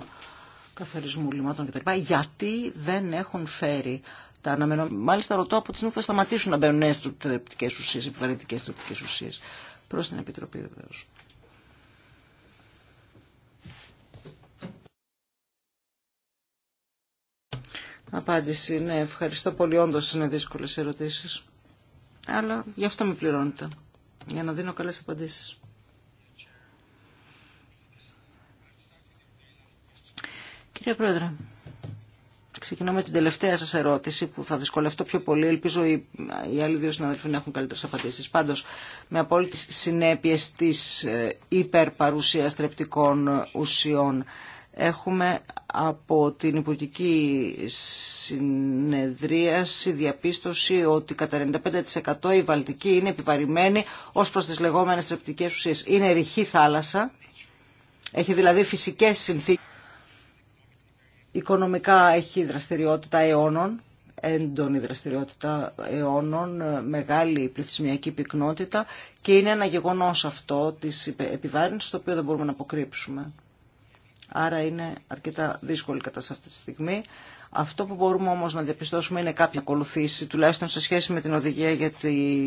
S1: καθαρισμού λιμάτων κτλ. Γιατί δεν έχουν φέρει τα αναμενόμενα. Μάλιστα ρωτώ από τις στιγμή θα σταματήσουν να μπαίνουν νέες τρεπτικές ουσίες, επιβαρυντικές τρεπτικές ουσίες. Προς την Επιτροπή βεβαίως. Απάντηση, ναι, ευχαριστώ πολύ. Όντω είναι δύσκολε ερωτήσει. Αλλά γι' αυτό με πληρώνετε. Για να δίνω καλέ απαντήσει. Κύριε Πρόεδρε, ξεκινώ με την τελευταία σας ερώτηση που θα δυσκολευτώ πιο πολύ. Ελπίζω οι, οι άλλοι δύο συναδελφοί να έχουν καλύτερες απαντήσεις. Πάντως, με απόλυτες συνέπειες της ε, υπερπαρουσίας τρεπτικών ουσιών έχουμε από την Υπουργική Συνεδρίαση διαπίστωση ότι κατά 95% η Βαλτική είναι επιβαρημένη ως προς τις λεγόμενες θρεπτικές ουσίες. Είναι ρηχή θάλασσα, έχει δηλαδή φυσικές συνθήκες. Οικονομικά έχει δραστηριότητα αιώνων, έντονη δραστηριότητα αιώνων, μεγάλη πληθυσμιακή πυκνότητα και είναι ένα γεγονός αυτό της επιβάρυνσης το οποίο δεν μπορούμε να αποκρύψουμε. Άρα είναι αρκετά δύσκολη κατάσταση αυτή τη στιγμή. Αυτό που μπορούμε όμως να διαπιστώσουμε είναι κάποια ακολουθήση, τουλάχιστον σε σχέση με την οδηγία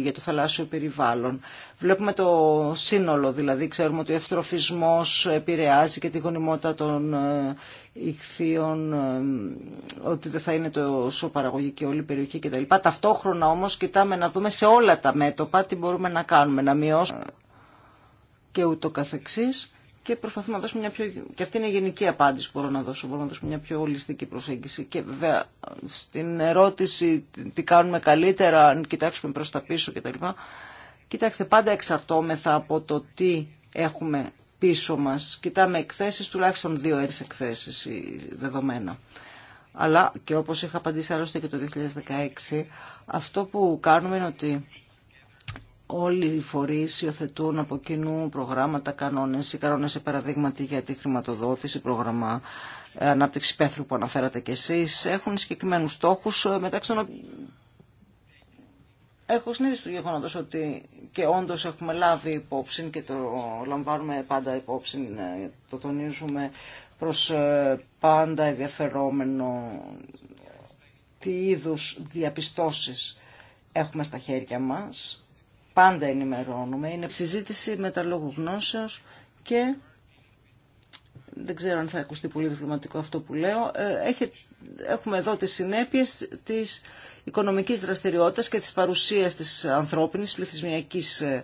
S1: για, το θαλάσσιο περιβάλλον. Βλέπουμε το σύνολο, δηλαδή ξέρουμε ότι ο ευτροφισμός επηρεάζει και τη γονιμότητα των ε, ηχθείων, ε, ότι δεν θα είναι τόσο παραγωγική όλη η περιοχή κτλ. Ταυτόχρονα όμως κοιτάμε να δούμε σε όλα τα μέτωπα τι μπορούμε να κάνουμε, να μειώσουμε και ούτω καθεξής και προσπαθούμε να δώσουμε μια πιο. και αυτή είναι η γενική απάντηση που μπορώ να δώσω. Μπορώ να δώσω μια πιο ολιστική προσέγγιση. Και βέβαια στην ερώτηση τι κάνουμε καλύτερα, αν κοιτάξουμε προ τα πίσω κτλ. Κοιτάξτε, πάντα εξαρτώμεθα από το τι έχουμε πίσω μα. Κοιτάμε εκθέσει, τουλάχιστον δύο-τρει εκθέσει δεδομένα. Αλλά και όπω είχα απαντήσει άλλωστε και το 2016, αυτό που κάνουμε είναι ότι όλοι οι φορείς υιοθετούν από κοινού προγράμματα, κανόνες, οι κανόνες παραδείγματι για τη χρηματοδότηση, πρόγραμμα ε, ανάπτυξη πέθρου που αναφέρατε κι εσείς, έχουν συγκεκριμένους στόχους ε, μεταξύ των Έχω συνείδηση του γεγονότος ότι και όντως έχουμε λάβει υπόψη και το λαμβάνουμε πάντα υπόψη, ε, το τονίζουμε προς πάντα ενδιαφερόμενο τι είδους διαπιστώσεις έχουμε στα χέρια μας πάντα ενημερώνουμε. Είναι συζήτηση με τα λόγου γνώσεως και δεν ξέρω αν θα ακουστεί πολύ διπλωματικό αυτό που λέω, ε, έχουμε εδώ τις συνέπειες της οικονομικής δραστηριότητας και της παρουσίας της ανθρώπινης πληθυσμιακής ε,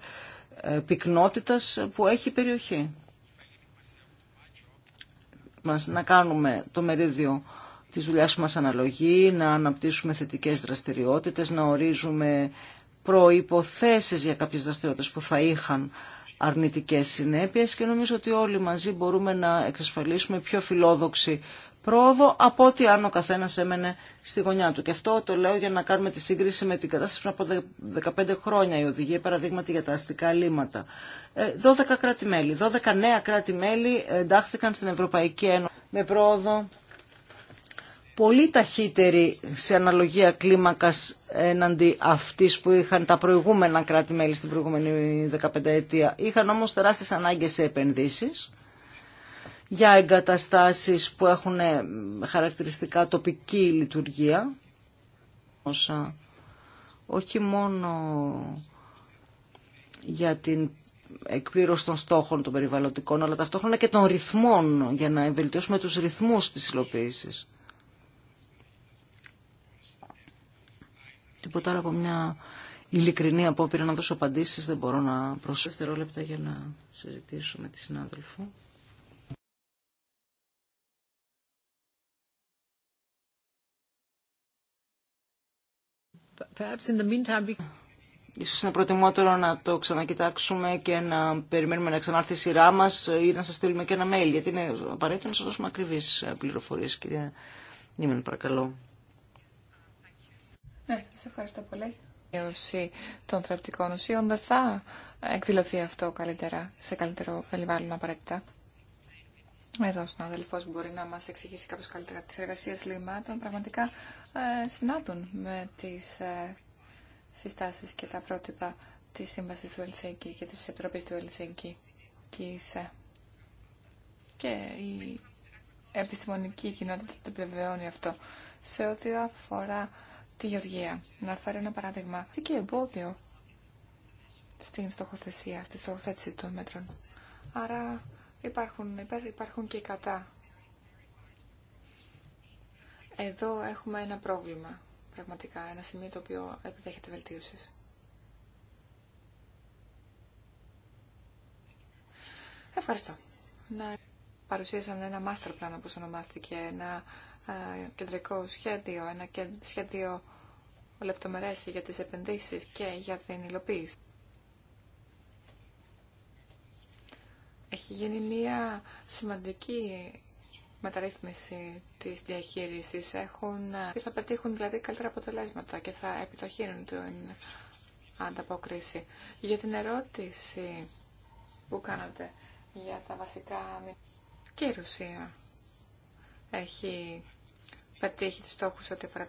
S1: ε, πυκνότητας που έχει η περιοχή. Μας να κάνουμε το μερίδιο της δουλειάς μας αναλογή, να αναπτύσσουμε θετικές δραστηριότητες, να ορίζουμε προϋποθέσεις για κάποιες δραστηριότητες που θα είχαν αρνητικές συνέπειες και νομίζω ότι όλοι μαζί μπορούμε να εξασφαλίσουμε πιο φιλόδοξη πρόοδο από ό,τι αν ο καθένα έμενε στη γωνιά του. Και αυτό το λέω για να κάνουμε τη σύγκριση με την κατάσταση πριν από 15 χρόνια, η οδηγία παραδείγματι για τα αστικά λύματα. 12 ε, κράτη-μέλη, 12 νέα κράτη-μέλη ε, εντάχθηκαν στην Ευρωπαϊκή Ένωση με πρόοδο πολύ ταχύτερη σε αναλογία κλίμακας έναντι αυτής που είχαν τα προηγούμενα κράτη-μέλη στην προηγούμενη 15 ετία. Είχαν όμως τεράστιες ανάγκες σε επενδύσεις για εγκαταστάσεις που έχουν χαρακτηριστικά τοπική λειτουργία. Όσα όχι μόνο για την εκπλήρωση των στόχων των περιβαλλοντικών, αλλά ταυτόχρονα και των ρυθμών, για να βελτιώσουμε τους ρυθμούς της υλοποίησης. Τίποτα άλλο από μια ειλικρινή απόπειρα να δώσω απαντήσει, δεν μπορώ να προσφέρω δευτερόλεπτα για να συζητήσω με τη συνάδελφο. Ίσως είναι προτιμότερο να το ξανακοιτάξουμε και να περιμένουμε να ξανάρθει η σειρά μας ή να σας στείλουμε και ένα mail, γιατί είναι απαραίτητο να σας δώσουμε ακριβείς πληροφορίες, κυρία Νίμεν, παρακαλώ.
S3: Ναι, σας ευχαριστώ πολύ. Η μείωση των θρεπτικών ουσίων δεν θα εκδηλωθεί αυτό καλύτερα, σε καλύτερο περιβάλλον απαραίτητα. Εδώ ο συνάδελφο μπορεί να μα εξηγήσει κάπω καλύτερα τι εργασίε λοιμάτων. Πραγματικά ε, συνάδουν με τι ε, και τα πρότυπα τη Σύμβαση του Ελσίνκη και τη Επιτροπή του Ελσίνκη. Και η επιστημονική κοινότητα το επιβεβαιώνει αυτό. Σε ό,τι αφορά τη Γεωργία. Να φέρω ένα παράδειγμα. Τι και εμπόδιο στην στοχοθεσία, στη στοχοθέτηση των μέτρων. Άρα υπάρχουν υπάρχουν και κατά. Εδώ έχουμε ένα πρόβλημα, πραγματικά, ένα σημείο το οποίο επιδέχεται βελτίωσης. Ευχαριστώ. Να παρουσίασαν ένα master plan, όπως ονομάστηκε, ένα κεντρικό σχέδιο, ένα σχέδιο λεπτομερές για τις επενδύσεις και για την υλοποίηση. Έχει γίνει μία σημαντική μεταρρύθμιση της διαχείρισης. Έχουν, θα πετύχουν δηλαδή καλύτερα αποτελέσματα και θα επιταχύνουν την ανταπόκριση. Για την ερώτηση που κάνατε για τα βασικά και η Ρουσία έχει πετύχει τους στόχους ότι αφορά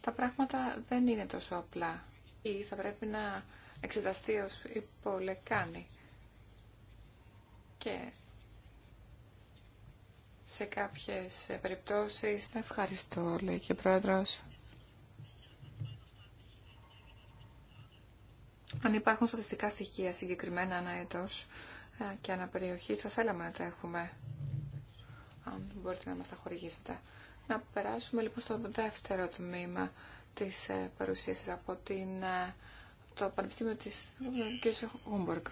S3: Τα πράγματα δεν είναι τόσο απλά ή θα πρέπει να εξεταστεί ως υπολεκάνη. Και σε κάποιες περιπτώσεις... Ευχαριστώ, λέει και Πρόεδρος. Αν υπάρχουν στατιστικά στοιχεία συγκεκριμένα ανά ε, και αναπεριοχή, θα θέλαμε να τα έχουμε αν μπορείτε να μας τα χορηγήσετε. Να περάσουμε λοιπόν στο δεύτερο τμήμα της ε, παρουσίασης από την, ε, το Πανεπιστήμιο της
S2: Ομπορκ.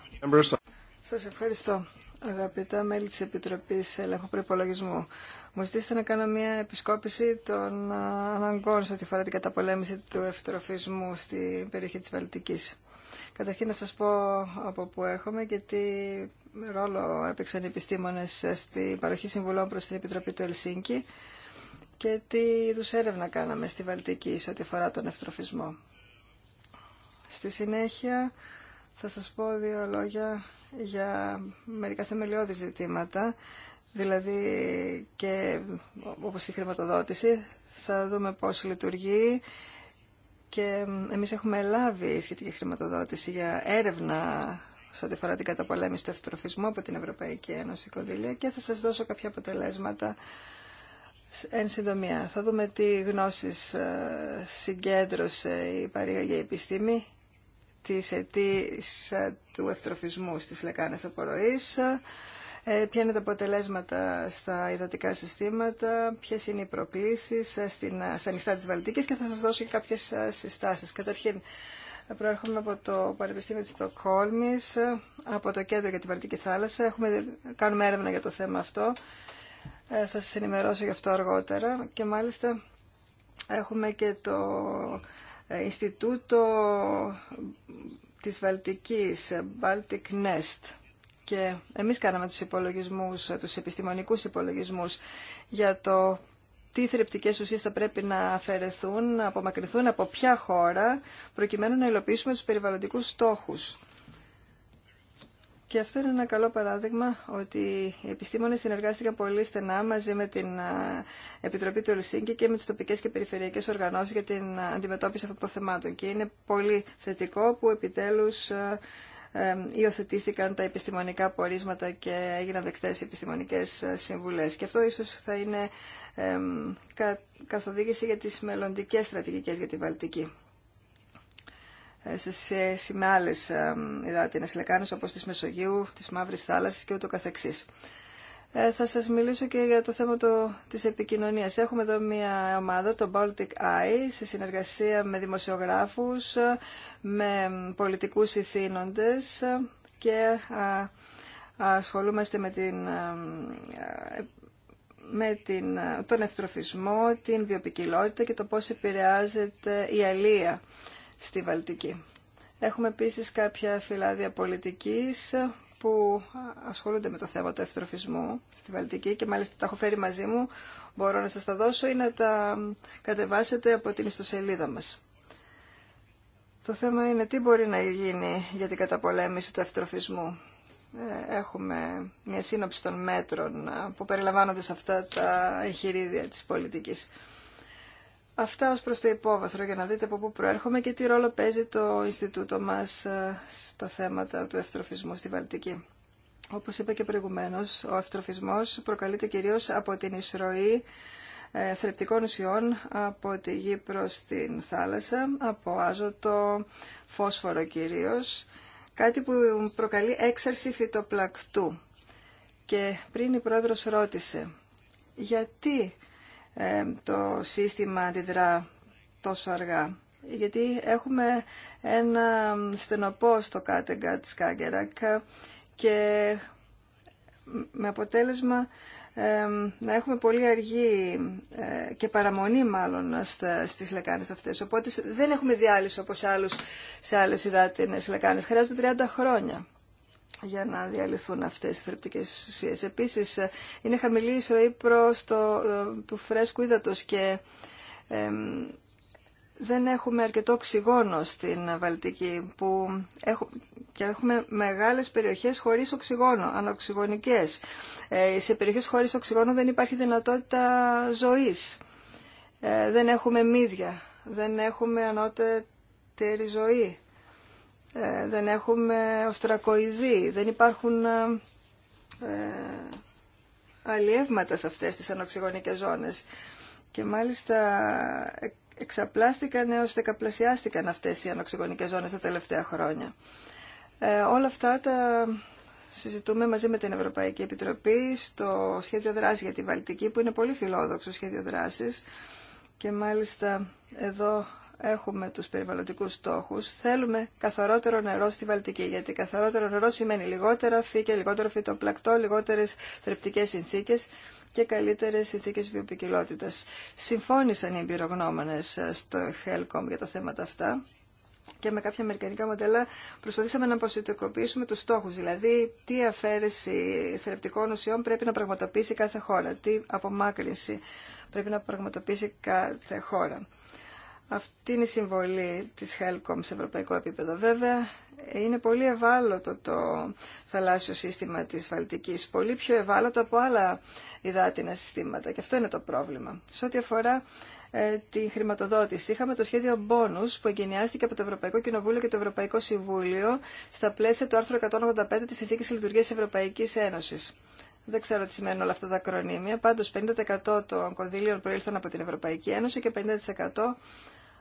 S2: Σας ευχαριστώ. Αγαπητά μέλη της Επιτροπής Ελέγχου Προϋπολογισμού, μου ζητήσετε να κάνω μια επισκόπηση των ε, αναγκών σε ό,τι φορά την καταπολέμηση του ευστροφισμού στην περιοχή της Βαλτικής. Καταρχήν να σας πω από πού έρχομαι και τι ρόλο έπαιξαν οι επιστήμονες στην παροχή συμβουλών προς την Επιτροπή του Ελσίνκη και τι είδους έρευνα κάναμε στη Βαλτική σε ό,τι αφορά τον ευτροφισμό. Στη συνέχεια θα σας πω δύο λόγια για μερικά θεμελιώδη ζητήματα, δηλαδή και όπως η χρηματοδότηση, θα δούμε πώς λειτουργεί και εμείς έχουμε λάβει σχετική χρηματοδότηση για έρευνα σε ό,τι αφορά την καταπολέμηση του ευτροφισμού από την Ευρωπαϊκή Ένωση Κονδύλια και θα σας δώσω κάποια αποτελέσματα εν συντομία. Θα δούμε τι γνώσεις ε, συγκέντρωσε η παρήγαγη επιστήμη της αιτής ε, του ευτροφισμού στις λεκάνες απορροής, ε, ποια είναι τα αποτελέσματα στα υδατικά συστήματα, ποιες είναι οι προκλήσεις ε, ε, στα νυχτά της Βαλτικής και θα σας δώσω και κάποιες συστάσεις. Καταρχήν, προέρχομαι από το Πανεπιστήμιο της Στοκχόλμης, από το Κέντρο για τη Βαλτική Θάλασσα. Έχουμε, κάνουμε έρευνα για το θέμα αυτό. θα σας ενημερώσω γι' αυτό αργότερα και μάλιστα έχουμε και το Ινστιτούτο της Βαλτικής, Baltic Nest και εμείς κάναμε τους υπολογισμούς, τους επιστημονικούς υπολογισμούς για το τι θρεπτικές ουσίες θα πρέπει να αφαιρεθούν, να απομακρυνθούν από ποια χώρα, προκειμένου να υλοποιήσουμε τους περιβαλλοντικούς στόχους. Και αυτό είναι ένα καλό παράδειγμα ότι οι επιστήμονες συνεργάστηκαν πολύ στενά μαζί με την Επιτροπή του Ελσίνκη και με τις τοπικές και περιφερειακές οργανώσεις για την αντιμετώπιση αυτών των θεμάτων. Και είναι πολύ θετικό που επιτέλους υιοθετήθηκαν τα επιστημονικά πορίσματα και έγιναν δεκτές οι επιστημονικές ε, συμβουλές. Και αυτό ίσως θα είναι καθοδήγηση για τις μελλοντικές στρατηγικές για τη Βαλτική ε, σε σχέση με άλλε λεκάνες όπως της Μεσογείου, της Μαύρης Θάλασσας και ούτω καθεξής. Ε, θα σας μιλήσω και για το θέμα το, της επικοινωνίας. Έχουμε εδώ μια ομάδα, το Baltic Eye, σε συνεργασία με δημοσιογράφους, με πολιτικούς ηθήνοντες και ασχολούμαστε με, την, με την, τον ευτροφισμό, την βιοπικιλότητα και το πώς επηρεάζεται η αλία στη Βαλτική. Έχουμε επίσης κάποια φυλάδια πολιτικής που ασχολούνται με το θέμα του ευτροφισμού στη Βαλτική και μάλιστα τα έχω φέρει μαζί μου. Μπορώ να σας τα δώσω ή να τα κατεβάσετε από την ιστοσελίδα μας. Το θέμα είναι τι μπορεί να γίνει για την καταπολέμηση του ευτροφισμού. Ε, έχουμε μια σύνοψη των μέτρων ε, που περιλαμβάνονται σε αυτά τα εγχειρίδια της πολιτικής. Αυτά ως προς το υπόβαθρο για να δείτε από πού προέρχομαι και τι ρόλο παίζει το Ινστιτούτο μας ε, στα θέματα του ευτροφισμού στη Βαλτική. Όπως είπα και προηγουμένως, ο ευτροφισμός προκαλείται κυρίως από την εισρωή ε, θρεπτικών ουσιών από τη γη προς την θάλασσα, από άζωτο, φόσφορο κυρίως, κάτι που προκαλεί έξαρση φυτοπλακτού. Και πριν η πρόεδρος ρώτησε, γιατί ε, το σύστημα αντιδρά τόσο αργά. Γιατί έχουμε ένα στενοπό στο κάτεγκα της Κάγκερακ και με αποτέλεσμα ε, να έχουμε πολύ αργή ε, και παραμονή μάλλον στις λεκάνες αυτές. Οπότε δεν έχουμε διάλυση όπως άλλους, σε άλλες υδάτινες λεκάνες. Χρειάζονται 30 χρόνια για να διαλυθούν αυτές οι θρεπτικές ουσίες. Επίσης, ε, είναι χαμηλή η ισορροή προ το, ε, του φρέσκου ύδατο και δεν έχουμε αρκετό οξυγόνο στην Βαλτική που έχουμε, και έχουμε μεγάλες περιοχές χωρίς οξυγόνο, ανοξυγονικές. Ε, σε περιοχές χωρίς οξυγόνο δεν υπάρχει δυνατότητα ζωής. δεν έχουμε μύδια, δεν έχουμε ανώτερη ζωή. Ε, δεν έχουμε οστρακοειδή, δεν υπάρχουν ε, ε, αλλιεύματα σε αυτές τις ανοξυγονικές ζώνες. Και μάλιστα εξαπλάστηκαν έως δεκαπλασιάστηκαν αυτές οι ανοξυγονικές ζώνες τα τελευταία χρόνια. όλα αυτά τα συζητούμε μαζί με την Ευρωπαϊκή Επιτροπή στο σχέδιο δράση για τη Βαλτική που είναι πολύ φιλόδοξο σχέδιο δράσης και μάλιστα εδώ έχουμε τους περιβαλλοντικούς στόχους, θέλουμε καθαρότερο νερό στη Βαλτική, γιατί καθαρότερο νερό σημαίνει λιγότερα φύκια, λιγότερο φυτοπλακτό, λιγότερες θρεπτικές συνθήκες και καλύτερες συνθήκες βιοπικιλότητας. Συμφώνησαν οι εμπειρογνώμονες ε, στο Helcom για τα θέματα αυτά και με κάποια αμερικανικά μοντέλα προσπαθήσαμε να αποσυντικοποιήσουμε τους στόχους, δηλαδή τι αφαίρεση θρεπτικών ουσιών πρέπει να πραγματοποιήσει κάθε χώρα, τι απομάκρυνση πρέπει να πραγματοποιήσει κάθε χώρα. Αυτή είναι η συμβολή της Helcom σε ευρωπαϊκό επίπεδο. Βέβαια, είναι πολύ ευάλωτο το θαλάσσιο σύστημα της Βαλτικής, πολύ πιο ευάλωτο από άλλα υδάτινα συστήματα και αυτό είναι το πρόβλημα. Σε ό,τι αφορά ε, τη χρηματοδότηση, είχαμε το σχέδιο Bonus που εγκαινιάστηκε από το Ευρωπαϊκό Κοινοβούλιο και το Ευρωπαϊκό Συμβούλιο στα πλαίσια του άρθρου 185 της Συνθήκης Λειτουργίας Ευρωπαϊκής Ένωσης. Δεν ξέρω τι σημαίνουν όλα αυτά τα ακρονίμια. Πάντω, 50% των κονδύλιων προήλθαν από την Ευρωπαϊκή Ένωση και 50%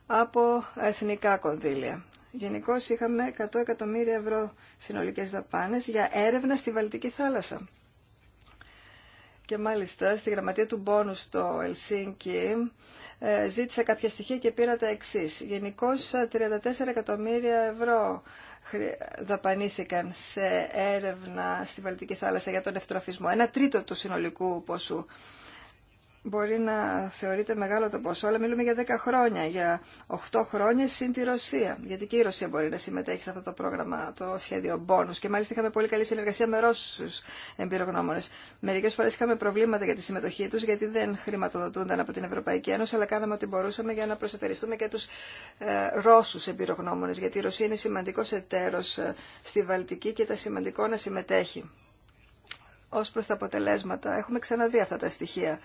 S2: από εθνικά κονδύλια. Γενικώ είχαμε 100 εκατομμύρια ευρώ συνολικές δαπάνες για έρευνα στη Βαλτική θάλασσα. Και μάλιστα στη γραμματεία του Μπόνου στο Ελσίνκι ε, ζήτησα κάποια στοιχεία και πήρα τα εξή. Γενικώ 34 εκατομμύρια ευρώ δαπανήθηκαν σε έρευνα στη Βαλτική θάλασσα για τον ευτροφισμό. Ένα τρίτο του συνολικού ποσού μπορεί να θεωρείται μεγάλο το ποσό, αλλά μιλούμε για 10 χρόνια, για 8 χρόνια συν τη Ρωσία. Γιατί και η Ρωσία μπορεί να συμμετέχει σε αυτό το πρόγραμμα, το σχέδιο Bonus. Και μάλιστα είχαμε πολύ καλή συνεργασία με Ρώσου εμπειρογνώμονε. Μερικέ φορέ είχαμε προβλήματα για τη συμμετοχή του γιατί δεν χρηματοδοτούνταν από την Ευρωπαϊκή Ένωση, αλλά κάναμε ό,τι μπορούσαμε για να προσετεριστούμε και του ε, Ρώσους εμπειρογνώμονε. γιατί η Ρωσία είναι σημαντικός ε, στη Βαλτική και ήταν σημαντικό να συμμετέχει. Ω προ τα αποτελέσματα, έχουμε ξαναδεί αυτά τα στοιχεία.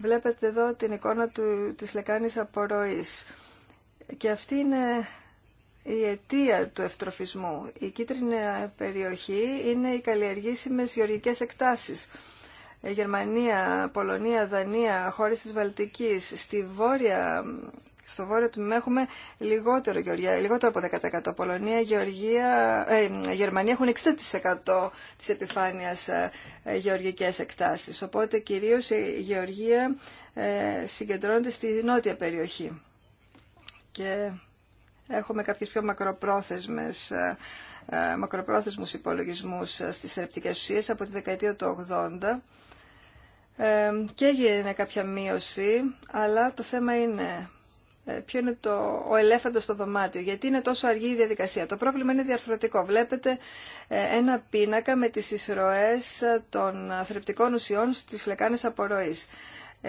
S2: Βλέπετε εδώ την εικόνα του, της λεκάνης απορροής. Και αυτή είναι η αιτία του ευτροφισμού. Η κίτρινη περιοχή είναι οι καλλιεργήσιμες γεωργικές εκτάσεις. Ε, Γερμανία, Πολωνία, Δανία, χώρες της Βαλτικής, στη βόρεια στο βόρειο τμήμα έχουμε λιγότερο, Γεωργία, λιγότερο από 10%. Πολωνία, Γεωργία, ε, Γερμανία έχουν 60% της επιφάνειας ε, ε, γεωργικές εκτάσεις. Οπότε κυρίως η Γεωργία ε, συγκεντρώνεται στη νότια περιοχή. Και έχουμε κάποιες πιο μακροπρόθεσμες ε, μακροπρόθεσμους υπολογισμούς στις ουσίες από τη δεκαετία του 80 και έγινε κάποια μείωση, αλλά το θέμα είναι ε, ποιο είναι το, ο ελέφαντος στο δωμάτιο, γιατί είναι τόσο αργή η διαδικασία. Το πρόβλημα είναι διαρθρωτικό. Βλέπετε ε, ένα πίνακα με τις εισρωές ε, των θρεπτικών ουσιών στις λεκάνες απορροής. 7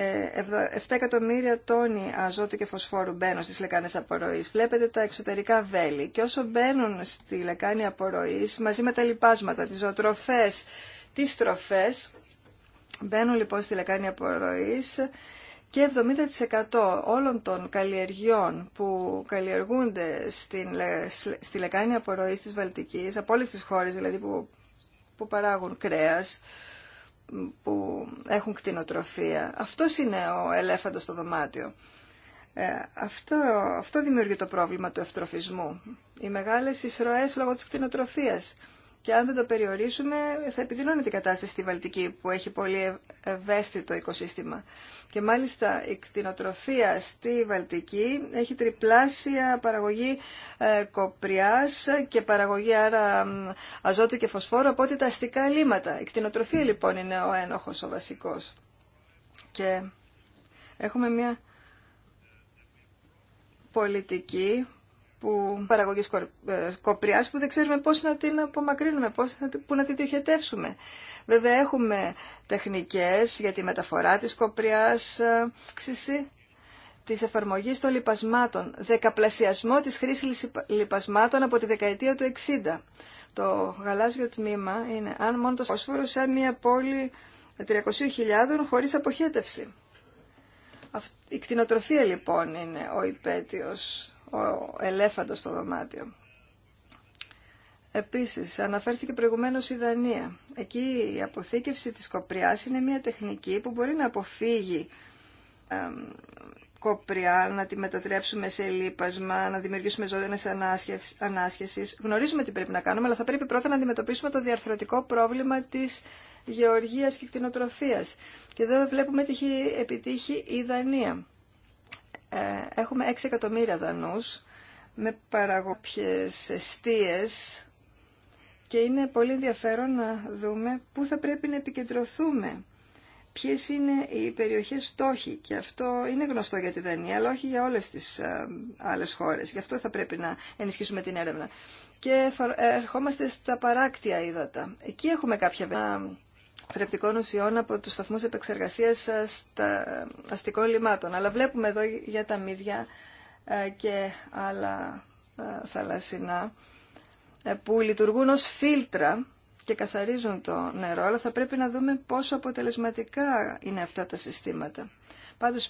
S2: εκατομμύρια τόνοι αζότου και φωσφόρου μπαίνουν στις λεκάνες απορροής. Βλέπετε τα εξωτερικά βέλη και όσο μπαίνουν στη λεκάνη απορροής, μαζί με τα λοιπάσματα, τις ζωοτροφές, τις τροφές, μπαίνουν λοιπόν στη λεκάνη απορροής και 70% όλων των καλλιεργιών που καλλιεργούνται στην, στη λεκάνη απορροής της Βαλτικής, από όλες τις χώρες δηλαδή που, που παράγουν κρέας, που έχουν κτηνοτροφία. Αυτό είναι ο ελέφαντος στο δωμάτιο. Ε, αυτό, αυτό δημιουργεί το πρόβλημα του ευτροφισμού. Οι μεγάλες εισρωές λόγω της κτηνοτροφίας. Και αν δεν το περιορίσουμε, θα επιδεινώνεται η κατάσταση στη Βαλτική, που έχει πολύ ευαίσθητο οικοσύστημα. Και μάλιστα η κτηνοτροφία στη Βαλτική έχει τριπλάσια παραγωγή ε, κοπριάς και παραγωγή άρα αζότου και φωσφόρου από ό,τι τα αστικά λίματα. Η κτηνοτροφία λοιπόν είναι ο ένοχος, ο βασικός. Και έχουμε μια πολιτική που, παραγωγής ε, κοπριάς που δεν ξέρουμε πώς να την απομακρύνουμε, πώς να, που να την διοχετεύσουμε. Βέβαια έχουμε τεχνικές για τη μεταφορά της κοπριάς, τη ε, της εφαρμογής των λιπασμάτων, δεκαπλασιασμό της χρήσης λιπασμάτων από τη δεκαετία του 60. Το γαλάζιο τμήμα είναι αν μόνο το φωσφόρο σαν μια πόλη 300.000 χωρίς αποχέτευση. Η κτηνοτροφία λοιπόν είναι ο υπέτειος ο ελέφαντος στο δωμάτιο. Επίσης, αναφέρθηκε προηγουμένως η Δανία. Εκεί η αποθήκευση της κοπριάς είναι μια τεχνική που μπορεί να αποφύγει κοπριά, να τη μετατρέψουμε σε λίπασμα, να δημιουργήσουμε ζώνες ανάσχεσης. Γνωρίζουμε τι πρέπει να κάνουμε, αλλά θα πρέπει πρώτα να αντιμετωπίσουμε το διαρθρωτικό πρόβλημα της γεωργίας και κτηνοτροφίας. Και εδώ βλέπουμε ότι έχει επιτύχει η Δανία. Ε, έχουμε 6 εκατομμύρια δανούς με παραγωγικές εστίες και είναι πολύ ενδιαφέρον να δούμε πού θα πρέπει να επικεντρωθούμε. Ποιες είναι οι περιοχές στόχοι και αυτό είναι γνωστό για τη Δανία αλλά όχι για όλες τις ε, άλλες χώρες. Γι' αυτό θα πρέπει να ενισχύσουμε την έρευνα. Και ε, ερχόμαστε στα παράκτια ύδατα. Εκεί έχουμε κάποια θρεπτικών ουσιών από τους σταθμούς επεξεργασίας ε, στα αστικών λιμάτων. Αλλά βλέπουμε εδώ για τα μύδια ε, και άλλα ε, θαλασσινά που λειτουργούν ως φίλτρα και καθαρίζουν το νερό, αλλά θα πρέπει να δούμε πόσο αποτελεσματικά είναι αυτά τα συστήματα. Πάντως,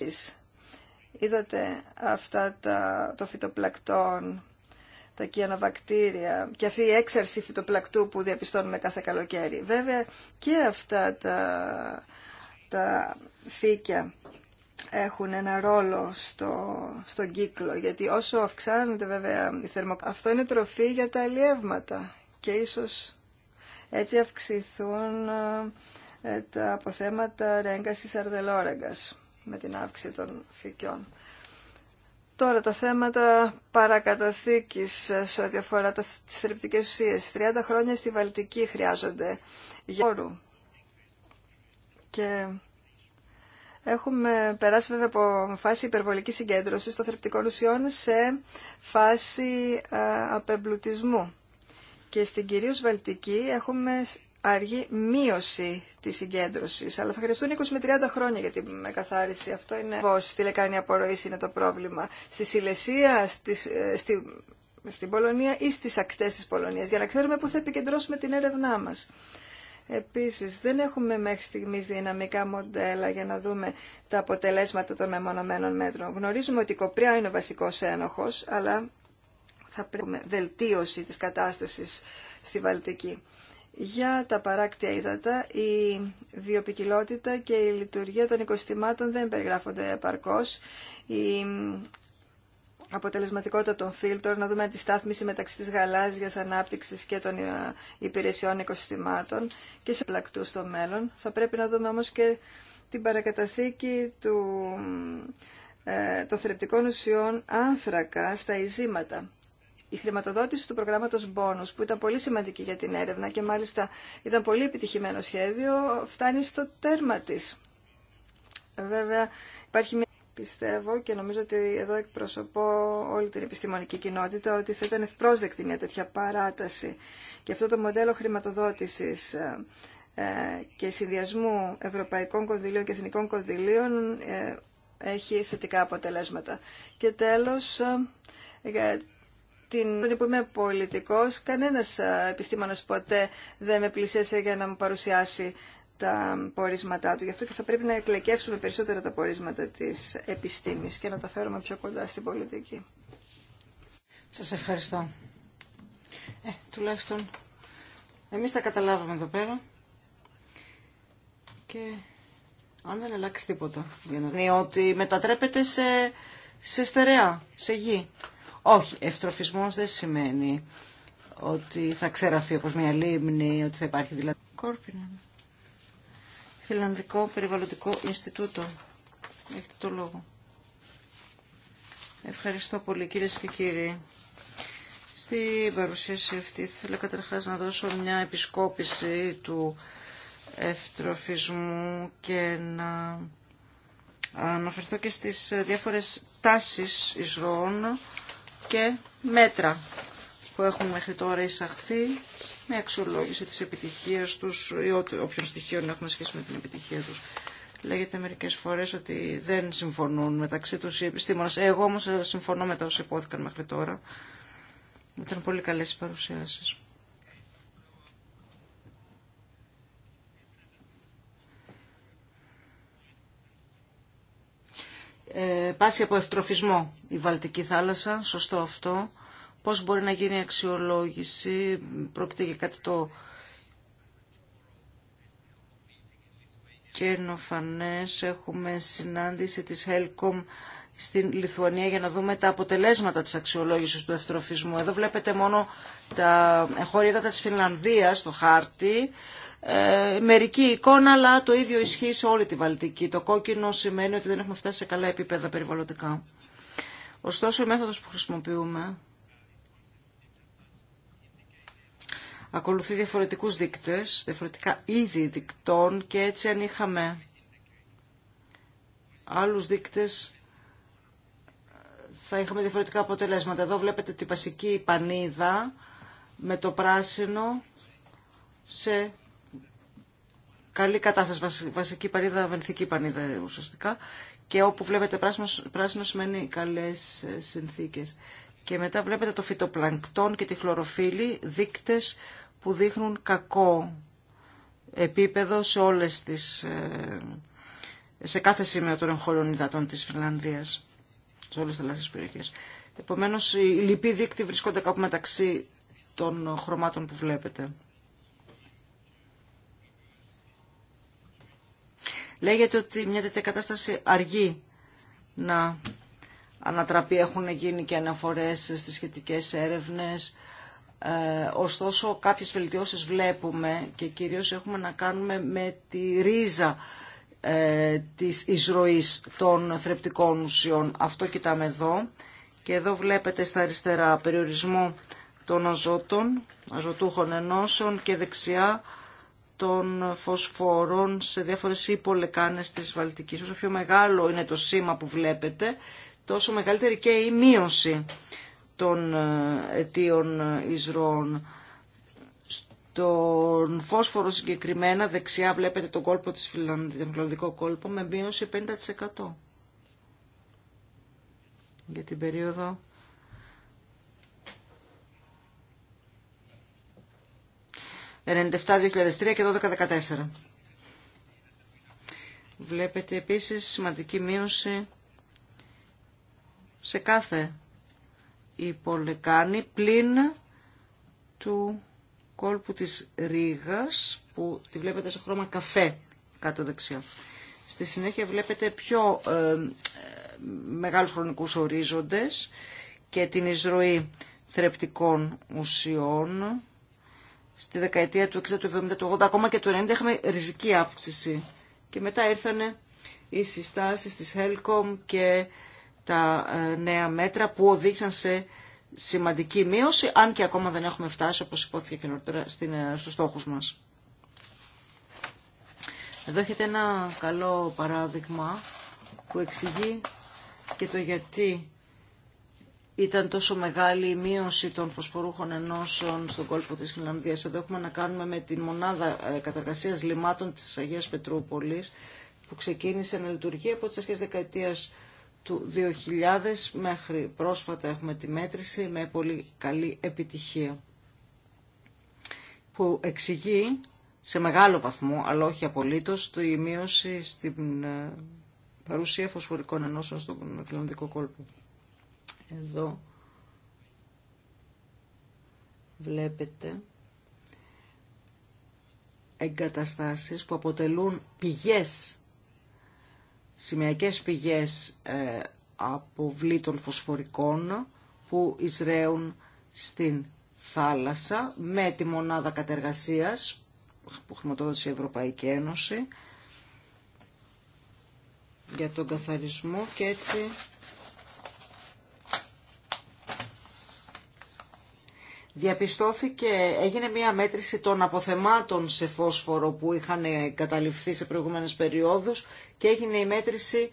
S2: είδατε αυτά τα, το φυτοπλακτόν τα κυανοβακτήρια και αυτή η έξαρση φυτοπλακτού που διαπιστώνουμε κάθε καλοκαίρι. Βέβαια και αυτά τα, τα φύκια έχουν ένα ρόλο στο, στον κύκλο, γιατί όσο αυξάνεται βέβαια η θερμοκρασία, αυτό είναι τροφή για τα αλλιεύματα και ίσως έτσι αυξηθούν ε, τα αποθέματα ρέγκασης ή με την αύξηση των φυκιών. Τώρα τα θέματα παρακαταθήκης ε, σε ό,τι αφορά τις θρεπτικές ουσίες. 30 χρόνια στη Βαλτική χρειάζονται για Και έχουμε περάσει βέβαια από φάση υπερβολικής συγκέντρωσης των θρεπτικών ουσιών σε φάση ε, απεμπλουτισμού. Και στην κυρίως Βαλτική έχουμε αργή μείωση της συγκέντρωση. αλλά θα χρειαστούν 20 με 30 χρόνια για την καθάριση. Αυτό είναι πω στη λεκάνη απορροής είναι το πρόβλημα. Στη Σιλεσία, στη, στη, στην Πολωνία ή στις ακτές της Πολωνίας, για να ξέρουμε πού θα επικεντρώσουμε την έρευνά μας. Επίσης, δεν έχουμε μέχρι στιγμής δυναμικά μοντέλα για να δούμε τα αποτελέσματα των μεμονωμένων μέτρων. Γνωρίζουμε ότι η κοπριά είναι ο βασικός ένοχος, αλλά θα πρέπει να βελτίωση της κατάστασης στη Βαλτική. Για τα παράκτια ύδατα, η βιοπικιλότητα και η λειτουργία των οικοστημάτων δεν περιγράφονται επαρκώς. Η αποτελεσματικότητα των φίλτρων, να δούμε τη στάθμιση μεταξύ της γαλάζιας ανάπτυξης και των ε, υπηρεσιών οικοσυστημάτων και σε πλακτού στο μέλλον. Θα πρέπει να δούμε όμως και την παρακαταθήκη του, ε, των θρεπτικών ουσιών άνθρακα στα ειζήματα η χρηματοδότηση του προγράμματος Bonus, που ήταν πολύ σημαντική για την έρευνα και μάλιστα ήταν πολύ επιτυχημένο σχέδιο, φτάνει στο τέρμα τη. Βέβαια, υπάρχει μια πιστεύω και νομίζω ότι εδώ εκπροσωπώ όλη την επιστημονική κοινότητα ότι θα ήταν ευπρόσδεκτη μια τέτοια παράταση και αυτό το μοντέλο χρηματοδότησης ε, ε, και συνδυασμού ευρωπαϊκών κονδυλίων και εθνικών κονδυλίων ε, έχει θετικά αποτελέσματα. Και τέλος, την που είμαι πολιτικός, κανένας επιστήμονας ποτέ δεν με πλησίασε για να μου παρουσιάσει τα πορίσματά του. Γι' αυτό και θα πρέπει να εκλεκεύσουμε περισσότερα τα πορίσματα της επιστήμης και να τα φέρουμε πιο κοντά στην πολιτική.
S1: Σας ευχαριστώ. Ε, τουλάχιστον εμείς τα καταλάβαμε εδώ πέρα και αν δεν αλλάξει τίποτα. Για ότι μετατρέπεται σε, σε στερεά, σε γη. Όχι, ευτροφισμός δεν σημαίνει ότι θα ξεραθεί όπως μια λίμνη, ότι θα υπάρχει δηλαδή κόρπινα. Φιλανδικό Περιβαλλοντικό Ινστιτούτο. Έχετε το λόγο. Ευχαριστώ πολύ κύριε και κύριοι. Στην παρουσίαση αυτή θέλω καταρχάς να δώσω μια επισκόπηση του ευτροφισμού και να αναφερθώ και στις διάφορες τάσεις εισρώων και μέτρα που έχουν μέχρι τώρα εισαχθεί με αξιολόγηση της επιτυχίας τους ή όποιων στοιχείων έχουν σχέση με την επιτυχία τους. Λέγεται μερικές φορές ότι δεν συμφωνούν μεταξύ τους οι επιστήμονες. Εγώ όμως ε, συμφωνώ με τα όσα υπόθηκαν μέχρι τώρα. Ήταν πολύ καλές οι παρουσιάσεις. ε, πάσει από ευτροφισμό η Βαλτική θάλασσα, σωστό αυτό. Πώς μπορεί να γίνει η αξιολόγηση, πρόκειται για κάτι το καινοφανές. Έχουμε συνάντηση της Helcom στην Λιθουανία για να δούμε τα αποτελέσματα της αξιολόγησης του ευτροφισμού. Εδώ βλέπετε μόνο τα χωρίδατα της Φινλανδίας στο χάρτη ε, μερική εικόνα, αλλά το ίδιο ισχύει σε όλη τη Βαλτική. Το κόκκινο σημαίνει ότι δεν έχουμε φτάσει σε καλά επίπεδα περιβαλλοντικά. Ωστόσο, η μέθοδος που χρησιμοποιούμε ακολουθεί διαφορετικούς δείκτες, διαφορετικά είδη δικτών και έτσι αν είχαμε άλλους δείκτες θα είχαμε διαφορετικά αποτελέσματα. Εδώ βλέπετε τη βασική πανίδα με το πράσινο σε καλή κατάσταση, βασική πανίδα, βενθική πανίδα ουσιαστικά και όπου βλέπετε πράσινο, πράσινο σημαίνει καλές ε, συνθήκες. Και μετά βλέπετε το φυτοπλανκτόν και τη χλωροφύλη, δείκτες που δείχνουν κακό επίπεδο σε όλες τις, ε, σε κάθε σημείο των εγχώριων υδατών της Φιλανδίας, σε όλες τις θαλάσσιες περιοχές. Επομένως, οι λοιποί δείκτη βρίσκονται κάπου μεταξύ των χρωμάτων που βλέπετε. Λέγεται ότι μια τέτοια κατάσταση αργεί να ανατραπεί. Έχουν γίνει και αναφορές στις σχετικές έρευνες. Ε, ωστόσο κάποιες βελτιώσεις βλέπουμε και κυρίως έχουμε να κάνουμε με τη ρίζα ε, της εισρωής των θρεπτικών ουσιών. Αυτό κοιτάμε εδώ και εδώ βλέπετε στα αριστερά περιορισμό των αζώτων, αζωτούχων ενώσεων και δεξιά των φωσφόρων σε διάφορες υπολεκάνες της Βαλτικής. Όσο πιο μεγάλο είναι το σήμα που βλέπετε, τόσο μεγαλύτερη και η μείωση των ε, αιτίων ε, εισρώων. Στον φόσφορο συγκεκριμένα, δεξιά βλέπετε τον κόλπο της Φιλανδίας, τον φιλανδικό κόλπο, με μείωση 50% για την περίοδο 97-2003 και 12-14. Βλέπετε επίσης σημαντική μείωση σε κάθε υπολεκάνη πλην του κόλπου της Ρήγας που τη βλέπετε σε χρώμα καφέ κάτω δεξιά. Στη συνέχεια βλέπετε πιο ε, μεγάλους χρονικούς ορίζοντες και την εισρωή θρεπτικών ουσιών στη δεκαετία του 60, του 70, του 80, ακόμα και του 90 είχαμε ριζική αύξηση. Και μετά ήρθανε οι συστάσεις της Helcom και τα ε, νέα μέτρα που οδήγησαν σε σημαντική μείωση, αν και ακόμα δεν έχουμε φτάσει, όπως υπόθηκε και νωρίτερα, ε, στους στόχους μας. Εδώ έχετε ένα καλό παράδειγμα που εξηγεί και το γιατί ήταν τόσο μεγάλη η μείωση των φωσφορούχων ενώσεων στον κόλπο της Φιλανδίας. Εδώ έχουμε να κάνουμε με την μονάδα ε, καταργασίας λιμάτων της Αγίας Πετρούπολης που ξεκίνησε να λειτουργεί από τις αρχές δεκαετίας του 2000 μέχρι πρόσφατα έχουμε τη μέτρηση με πολύ καλή επιτυχία που εξηγεί σε μεγάλο βαθμό, αλλά όχι απολύτως, τη μείωση στην ε, παρουσία φωσφορικών ενώσεων στον φιλανδικό κόλπο. Εδώ βλέπετε εγκαταστάσεις που αποτελούν πηγές, σημειακές πηγές ε, αποβλήτων φωσφορικών που εισραίουν στην θάλασσα με τη μονάδα κατεργασίας που χρηματοδότησε η Ευρωπαϊκή Ένωση για τον καθαρισμό και έτσι διαπιστώθηκε, έγινε μία μέτρηση των αποθεμάτων σε φόσφορο που είχαν καταληφθεί σε προηγούμενες περιόδους και έγινε η μέτρηση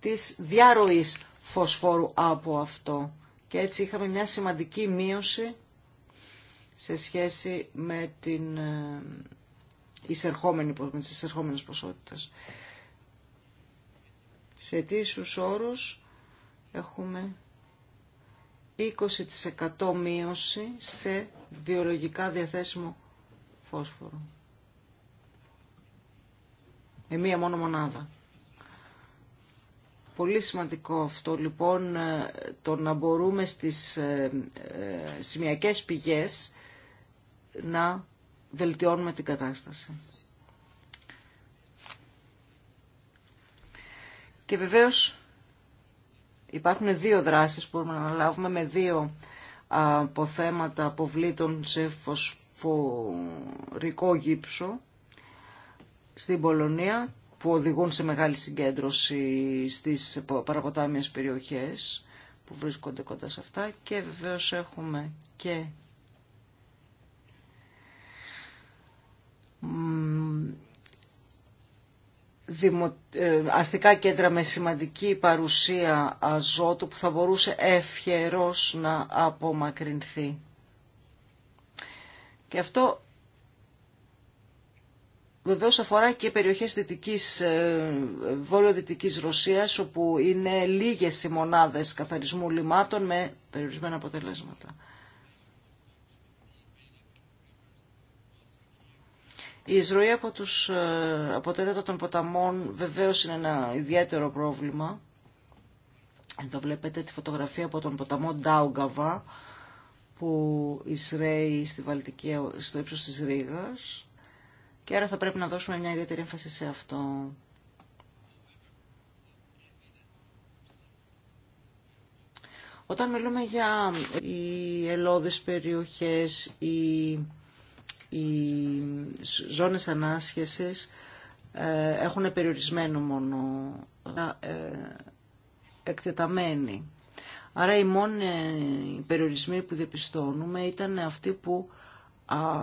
S1: της διαρροής φωσφόρου από αυτό. Και έτσι είχαμε μια σημαντική μείωση σε σχέση με, την, ε, εισερχόμενη, με τις εισερχόμενες ποσότητες. Σε τίσους όρους έχουμε 20% μείωση σε βιολογικά διαθέσιμο φόσφορο. Με μία μόνο μονάδα. Πολύ σημαντικό αυτό λοιπόν ε, το να μπορούμε στις ε, ε, σημειακές πηγές να βελτιώνουμε την κατάσταση. Και βεβαίως Υπάρχουν δύο δράσεις που μπορούμε να αναλάβουμε με δύο αποθέματα αποβλήτων σε φωσφορικό γύψο στην Πολωνία που οδηγούν σε μεγάλη συγκέντρωση στις παραποτάμιες περιοχές που βρίσκονται κοντά σε αυτά και βεβαίως έχουμε και ε, αστικά κέντρα με σημαντική παρουσία αζότου που θα μπορούσε ευχερός να απομακρυνθεί. Και αυτό βεβαίως αφορά και περιοχές δυτικής, ε, βόρειο-δυτικής Ρωσίας όπου είναι λίγες οι μονάδες καθαρισμού λιμάτων με περιορισμένα αποτελέσματα. Η εισρωή από, τους, ε, από των ποταμών βεβαίως είναι ένα ιδιαίτερο πρόβλημα. Εδώ βλέπετε τη φωτογραφία από τον ποταμό Ντάουγκαβα που εισραίει στη Βαλτική, στο ύψος της Ρήγας και άρα θα πρέπει να δώσουμε μια ιδιαίτερη έμφαση σε αυτό. Όταν μιλούμε για οι ελώδεις περιοχές, οι οι ζώνες ανάσχεσης ε, έχουν περιορισμένο μόνο ε, εκτεταμένοι. Άρα οι μόνοι περιορισμοί που διαπιστώνουμε ήταν αυτοί που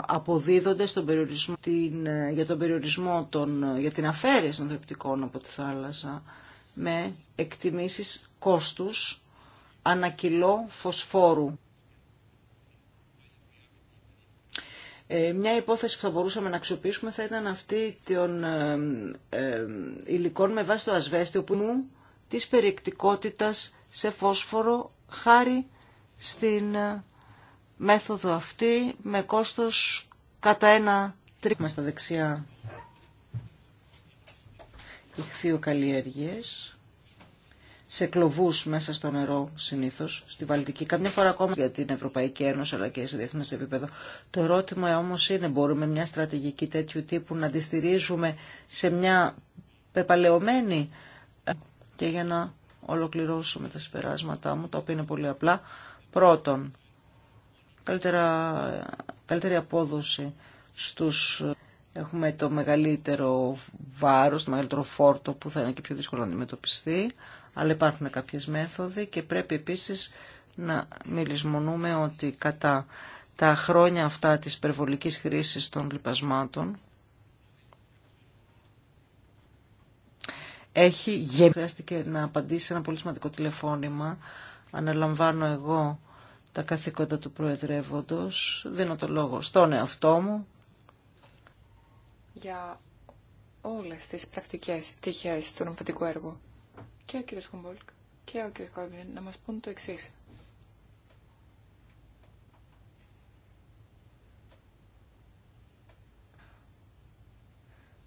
S1: αποδίδονται στον περιορισμό, την, ε, για τον περιορισμό των, για την αφαίρεση των από τη θάλασσα με εκτιμήσεις κόστους ανακυλό φωσφόρου. Ε, μια υπόθεση που θα μπορούσαμε να αξιοποιήσουμε θα ήταν αυτή των ε, ε, υλικών με βάση το ασβέστιο που της περιεκτικότητας σε φόσφορο χάρη στην μέθοδο αυτή με κόστος κατά ένα τρίμα στα δεξιά ηχθείο καλλιέργειες σε κλωβούς μέσα στο νερό συνήθως, στη Βαλτική, καμιά φορά ακόμα για την Ευρωπαϊκή Ένωση αλλά και σε διεθνές επίπεδο. Το ερώτημα όμως είναι μπορούμε μια στρατηγική τέτοιου τύπου να τη στηρίζουμε σε μια πεπαλαιωμένη ε, και για να ολοκληρώσουμε τα συμπεράσματά μου, τα οποία είναι πολύ απλά. Πρώτον, καλύτερα, καλύτερη απόδοση στους Έχουμε το μεγαλύτερο βάρος, το μεγαλύτερο φόρτο που θα είναι και πιο δύσκολο να αντιμετωπιστεί, αλλά υπάρχουν κάποιες μέθοδοι και πρέπει επίσης να μιλισμονούμε ότι κατά τα χρόνια αυτά της περιβολικής χρήσης των λοιπασμάτων έχει χρειάστηκε να απαντήσει ένα πολύ σημαντικό τηλεφώνημα. Αναλαμβάνω εγώ τα καθήκοντα του Προεδρεύοντος, δίνω το λόγο στον εαυτό μου,
S3: για όλες τις πρακτικές πτυχές του νομοθετικού έργου. Και ο κ. Χουμπολκ και ο κ. Κόρμπιν να μας πούν το εξή.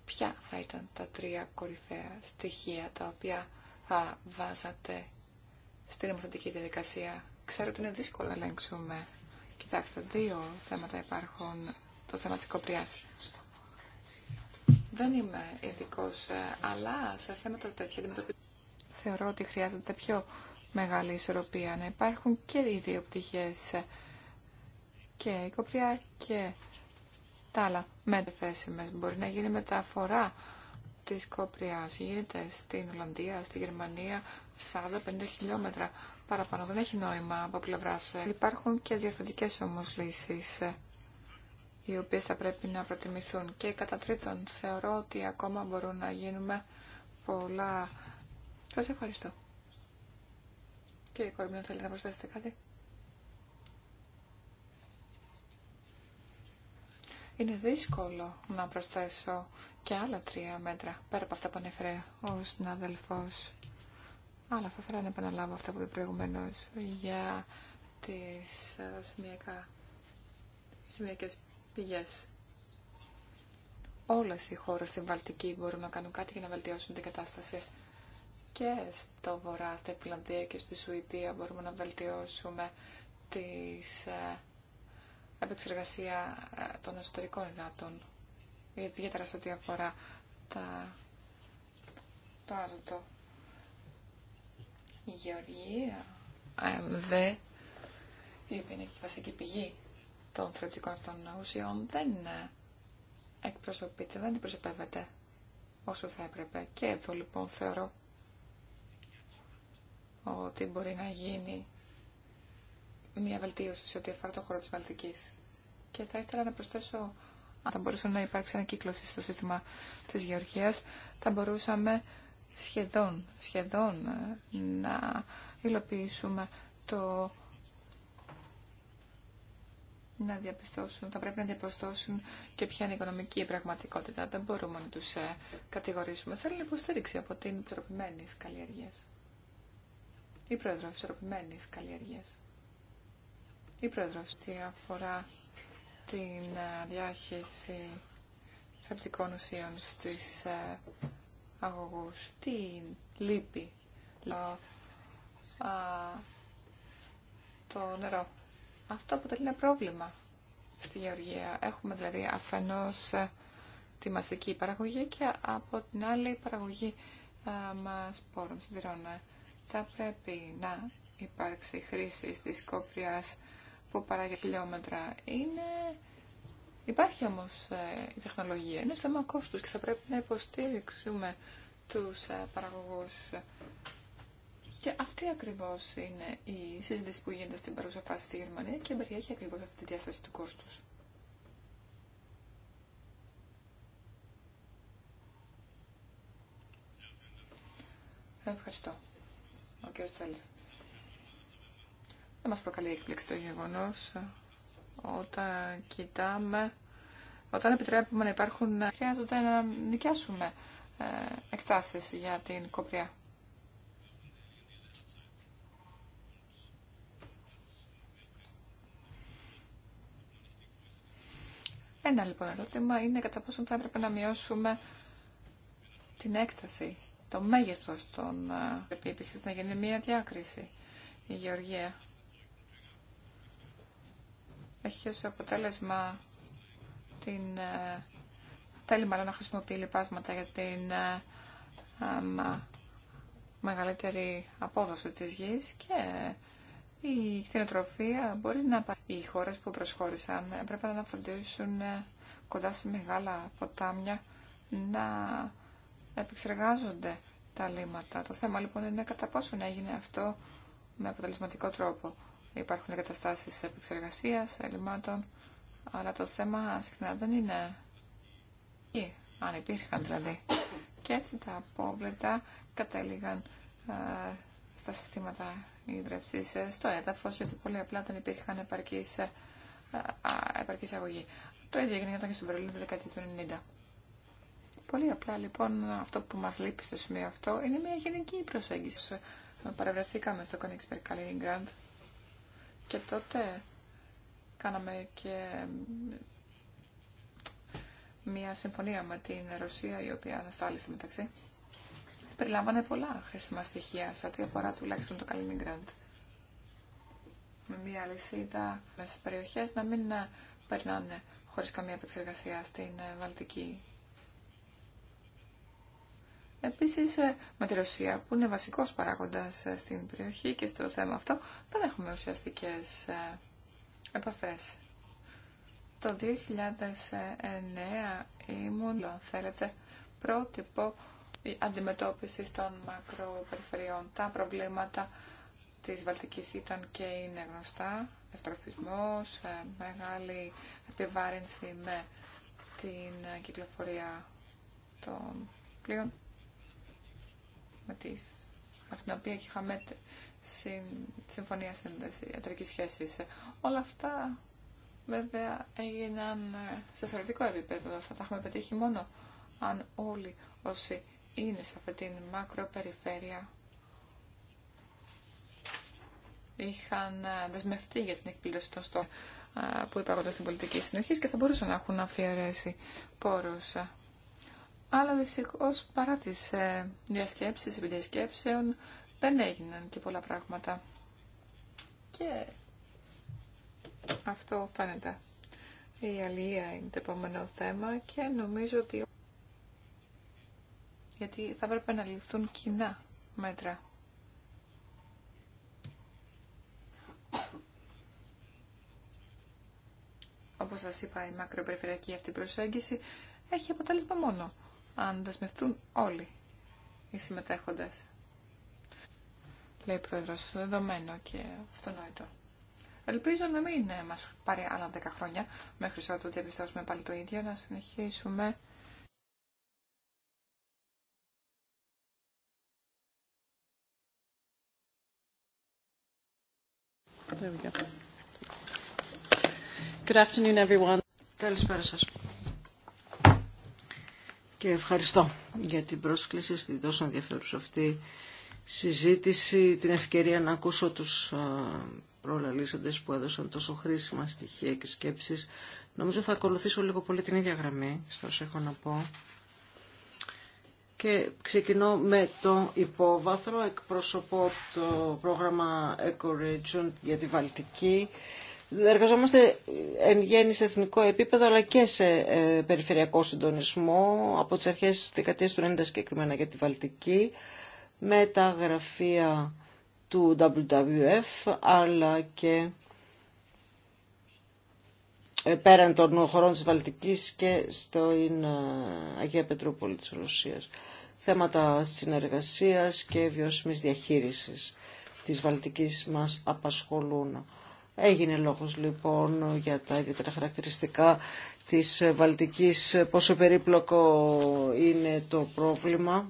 S3: ποια θα ήταν τα τρία κορυφαία στοιχεία τα οποία θα βάζατε στην νομοθετική διαδικασία. Ξέρω ότι είναι δύσκολο να ελέγξουμε. Κοιτάξτε, δύο θέματα υπάρχουν. Το θέμα της κοπριάς δεν είμαι ειδικό, ε, αλλά σε θέματα τέτοια αντιμετωπίζω. Θεωρώ ότι χρειάζεται πιο μεγάλη ισορροπία να υπάρχουν και οι δύο πτυχέ ε, και η κοπριά και τα άλλα μεταθέσιμε. Μπορεί να γίνει μεταφορά τη κοπριά. Γίνεται στην Ολλανδία, στη Γερμανία, 40-50 χιλιόμετρα παραπάνω. Δεν έχει νόημα από πλευρά. Ε. Υπάρχουν και διαφορετικέ όμω λύσει οι οποίες θα πρέπει να προτιμηθούν. Και κατά τρίτον, θεωρώ ότι ακόμα μπορούν να γίνουμε πολλά. Σας ευχαριστώ. Κύριε Κορμίνα, θέλετε να προσθέσετε κάτι. Είναι δύσκολο να προσθέσω και άλλα τρία μέτρα, πέρα από αυτά που ανέφερε ο συναδελφό. Αλλά θα ήθελα να επαναλάβω αυτά που είπε προηγουμένω για τι ε, σημειακέ πηγές. Όλες οι χώρες στην Βαλτική μπορούν να κάνουν κάτι για να βελτιώσουν την κατάσταση. Και στο Βορρά, στα Φιλανδία και στη Σουηδία μπορούμε να βελτιώσουμε τις ε, επεξεργασία ε, των εσωτερικών υδάτων, ιδιαίτερα σε ό,τι αφορά τα... το άζωτο. Η γεωργία, ΑΜΒ, η οποία η βασική πηγή των θρεπτικών αυτών ουσιών δεν ε, εκπροσωπείται, δεν αντιπροσωπεύεται όσο θα έπρεπε. Και εδώ λοιπόν θεωρώ ότι μπορεί να γίνει μια βελτίωση σε ό,τι αφορά το χώρο της Βαλτικής. Και θα ήθελα να προσθέσω, αν θα μπορούσε να υπάρξει ένα ανακύκλωση στο σύστημα της Γεωργίας, θα μπορούσαμε σχεδόν, σχεδόν ε, να υλοποιήσουμε το να διαπιστώσουν, θα πρέπει να διαπιστώσουν και ποια είναι η οικονομική πραγματικότητα. Δεν μπορούμε να τους ε, κατηγορήσουμε. Θέλουν υποστήριξη από την τροπημένη καλλιέργεια. Η πρόεδρο τροπημένη καλλιέργεια. Η πρόεδρο τι αφορά την ε, διάχυση θρεπτικών ουσίων στις ε, αγωγούς. Τι λείπει το νερό αυτό αποτελεί ένα πρόβλημα στη γεωργία. Έχουμε δηλαδή αφενός ε, τη μαζική παραγωγή και από την άλλη παραγωγή ε, μας πόρων συντηρών. Ε, θα πρέπει να υπάρξει χρήση της κόπριας που παράγει χιλιόμετρα. Είναι... Υπάρχει όμως η τεχνολογία. Είναι θέμα κόστους και θα πρέπει να υποστήριξουμε τους παραγωγούς και αυτή ακριβώ είναι η συζήτηση που γίνεται στην παρούσα φάση στη Γερμανία και περιέχει ακριβώ αυτή τη διάσταση του κόστου. Ευχαριστώ. Ο κ. Τσέλερ. Δεν μας προκαλεί έκπληξη το γεγονός ε, όταν κοιτάμε, όταν επιτρέπουμε να υπάρχουν, ε, χρειάζεται να νοικιάσουμε ε, εκτάσεις για την κοπριά. Ένα λοιπόν ερώτημα είναι κατά πόσο θα έπρεπε να μειώσουμε την έκταση, το μέγεθος των... Ε, Πρέπει να γίνει μια διάκριση. Η Γεωργία έχει ως αποτέλεσμα την τέλημα ε, να χρησιμοποιεί λοιπάσματα για την ε, μεγαλύτερη απόδοση της γης και η κτηνοτροφία μπορεί να πάει. Οι χώρες που προσχώρησαν έπρεπε να φροντίσουν ε, κοντά σε μεγάλα ποτάμια να επεξεργάζονται τα λίματα. Το θέμα λοιπόν είναι κατά πόσον έγινε αυτό με αποτελεσματικό τρόπο. Υπάρχουν εγκαταστάσεις επεξεργασίας λιμάτων, αλλά το θέμα συχνά δεν είναι ή αν υπήρχαν δηλαδή. Και έτσι τα απόβλητα κατέληγαν ε, στα συστήματα υδρευσής ε, στο έδαφος, γιατί πολύ απλά δεν υπήρχαν επαρκή ε, αγωγή. Το ίδιο έγινε και στον Βερολίνο το δεκαετία του Πολύ απλά λοιπόν αυτό που μας λείπει στο σημείο αυτό είναι μια γενική προσέγγιση. Παρευρεθήκαμε στο Κόνιξπερ Kaliningrad και τότε κάναμε και μια συμφωνία με την Ρωσία η οποία αναστάλησε μεταξύ περιλάμβανε πολλά χρήσιμα στοιχεία σε ό,τι αφορά τουλάχιστον το Καλινιγκράντ. Με μια αλυσίδα μέσα σε περιοχές να μην ε, περνάνε χωρίς καμία επεξεργασία στην ε, Βαλτική. Επίσης ε, με τη Ρωσία που είναι βασικός παράγοντας στην περιοχή και στο θέμα αυτό δεν έχουμε ουσιαστικές επαφές. Το 2009 ήμουν, αν θέλετε, πρότυπο αντιμετώπιση των μακροπεριφερειών. Τα προβλήματα της Βαλτικής ήταν και είναι γνωστά, ευτροφισμός, ε, μεγάλη επιβάρυνση με την κυκλοφορία των πλοίων, με τις, με την οποία είχαμε συμφωνία σύνδεση, ιατρική σχέση. Όλα αυτά βέβαια έγιναν ε, σε θεωρητικό επίπεδο. Θα τα έχουμε πετύχει μόνο αν όλοι όσοι είναι σε αυτή την μακροπεριφέρεια είχαν ε, δεσμευτεί για την εκπλήρωση των στόχων ε, που υπάρχουν στην πολιτική συνοχή και θα μπορούσαν να έχουν αφιερέσει πόρους. Αλλά δυστυχώ παρά τις ε, διασκέψεις, επιδιασκέψεων, δεν έγιναν και πολλά πράγματα. Και αυτό φαίνεται. Η αλληλεία είναι το επόμενο θέμα και νομίζω ότι ότι θα έπρεπε να ληφθούν κοινά μέτρα. Όπως σας είπα, η μακροπεριφερειακή αυτή προσέγγιση έχει αποτέλεσμα μόνο αν δεσμευτούν όλοι οι συμμετέχοντες. Λέει πρόεδρος, δεδομένο και αυτονόητο. Ελπίζω να μην μας πάρει άλλα 10 χρόνια μέχρι ότου διαπιστώσουμε πάλι το ίδιο, να συνεχίσουμε
S1: Καλησπέρα σας. Και ευχαριστώ για την πρόσκληση στην τόσο ενδιαφέρουσα αυτή συζήτηση, την ευκαιρία να ακούσω τους προλαλήσαντες που έδωσαν τόσο χρήσιμα στοιχεία και σκέψεις. Νομίζω θα ακολουθήσω λίγο πολύ την ίδια γραμμή, στα έχω να πω και ξεκινώ με το υπόβαθρο. Εκπροσωπώ το πρόγραμμα EcoRegion για τη Βαλτική. Εργαζόμαστε εν γέννη σε εθνικό επίπεδο αλλά και σε ε, περιφερειακό συντονισμό από τις αρχές της δεκαετίας του 90 συγκεκριμένα για τη Βαλτική με τα γραφεία του WWF αλλά και ε, πέραν των χωρών της Βαλτικής και στο ε, Αγία Πετρούπολη της Ρωσίας θέματα συνεργασίας και βιώσιμης διαχείρισης της Βαλτικής μας απασχολούν. Έγινε λόγος λοιπόν για τα ιδιαίτερα χαρακτηριστικά της Βαλτικής, πόσο περίπλοκο είναι το πρόβλημα.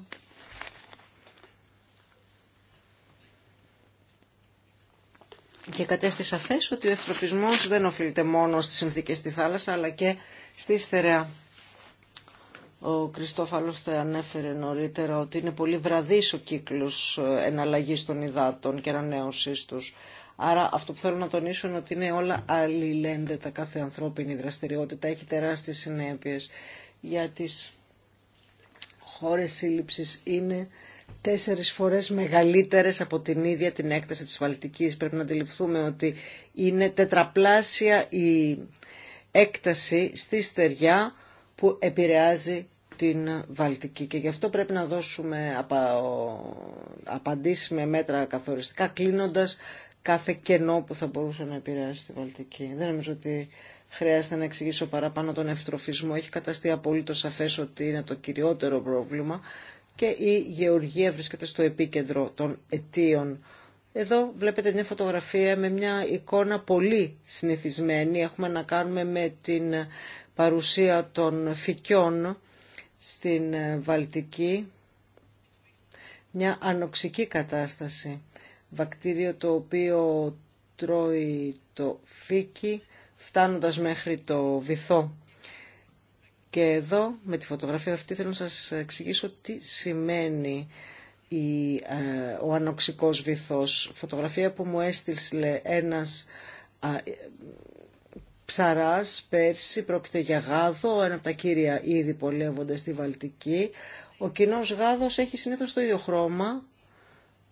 S1: Και κατέστησα σαφές ότι ο ευθροπισμός δεν οφείλεται μόνο στις συνθήκες στη θάλασσα αλλά και στη στερεά. Ο Κριστόφαλος θα ανέφερε νωρίτερα ότι είναι πολύ βραδύς ο κύκλος εναλλαγής των υδάτων και ανανέωσής τους. Άρα αυτό που θέλω να τονίσω είναι ότι είναι όλα αλληλένδετα. Κάθε ανθρώπινη δραστηριότητα έχει τεράστιες συνέπειες για τις χώρες σύλληψης είναι τέσσερις φορές μεγαλύτερες από την ίδια την έκταση της Βαλτικής. Πρέπει να αντιληφθούμε ότι είναι τετραπλάσια η έκταση στη στεριά που επηρεάζει την Βαλτική και γι' αυτό πρέπει να δώσουμε απα... απαντήσεις με μέτρα καθοριστικά κλείνοντας κάθε κενό που θα μπορούσε να επηρεάσει τη Βαλτική. Δεν νομίζω ότι χρειάζεται να εξηγήσω παραπάνω τον ευτροφισμό. Έχει καταστεί απόλυτο σαφές ότι είναι το κυριότερο πρόβλημα και η γεωργία βρίσκεται στο επίκεντρο των αιτίων. Εδώ βλέπετε μια φωτογραφία με μια εικόνα πολύ συνηθισμένη. Έχουμε να κάνουμε με την παρουσία των φυκιών στην ε, Βαλτική μια ανοξική κατάσταση. Βακτήριο το οποίο τρώει το φύκι φτάνοντας μέχρι το βυθό. Και εδώ με τη φωτογραφία αυτή θέλω να σας εξηγήσω τι σημαίνει η, ε, ο ανοξικός βυθός. Φωτογραφία που μου έστειλε ένας ψαράς πέρσι, πρόκειται για γάδο, ένα από τα κύρια ήδη πολεύονται στη Βαλτική. Ο κοινό γάδο έχει συνήθω το ίδιο χρώμα.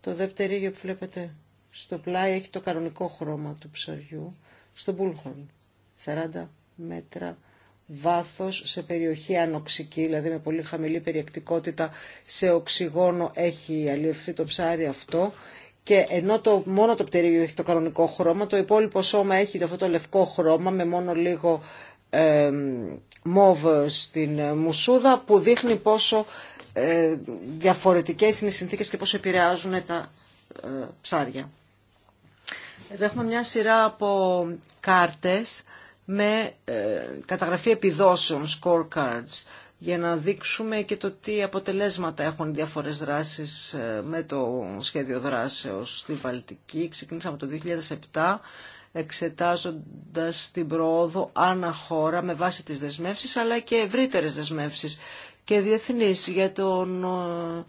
S1: Το δεύτερο ίδιο που βλέπετε στο πλάι έχει το κανονικό χρώμα του ψαριού, στο μπούλχον. 40 μέτρα βάθος σε περιοχή ανοξική, δηλαδή με πολύ χαμηλή περιεκτικότητα σε οξυγόνο έχει αλλιευθεί το ψάρι αυτό και ενώ το, μόνο το πτερίγιο έχει το κανονικό χρώμα, το υπόλοιπο σώμα έχει αυτό το λευκό χρώμα με μόνο λίγο ε, μόβ στην μουσούδα που δείχνει πόσο ε, διαφορετικές είναι οι συνθήκες και πόσο επηρεάζουν τα ε, ψάρια. Εδώ έχουμε μια σειρά από κάρτες με ε, καταγραφή επιδόσεων, scorecards για να δείξουμε και το τι αποτελέσματα έχουν οι διάφορες δράσεις ε, με το σχέδιο δράσεως στη Βαλτική. Ξεκίνησαμε το 2007 εξετάζοντας την προόδο χώρα με βάση τις δεσμεύσεις αλλά και ευρύτερε δεσμεύσεις και διεθνείς για τον ε,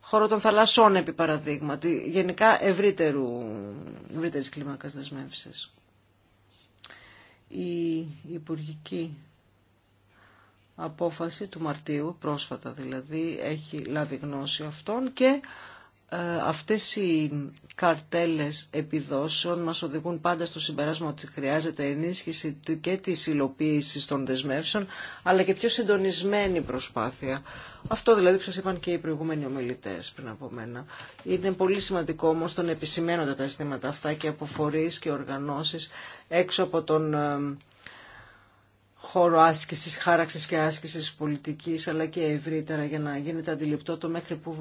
S1: χώρο των θαλασσών επί παραδείγματι, γενικά ευρύτερου, ευρύτερης κλίμακας δεσμεύσεις. Η Υπουργική απόφαση του Μαρτίου, πρόσφατα δηλαδή, έχει λάβει γνώση αυτών και ε, αυτές οι καρτέλες επιδόσεων μας οδηγούν πάντα στο συμπεράσμα ότι χρειάζεται ενίσχυση και της υλοποίηση των δεσμεύσεων, αλλά και πιο συντονισμένη προσπάθεια. Αυτό δηλαδή που σας είπαν και οι προηγούμενοι ομιλητές πριν από μένα. Είναι πολύ σημαντικό όμως το να επισημαίνονται τα αισθήματα αυτά και από και οργανώσεις έξω από τον ε, χώρο άσκησης, χάραξης και άσκησης πολιτικής, αλλά και ευρύτερα για να γίνεται αντιληπτό το μέχρι που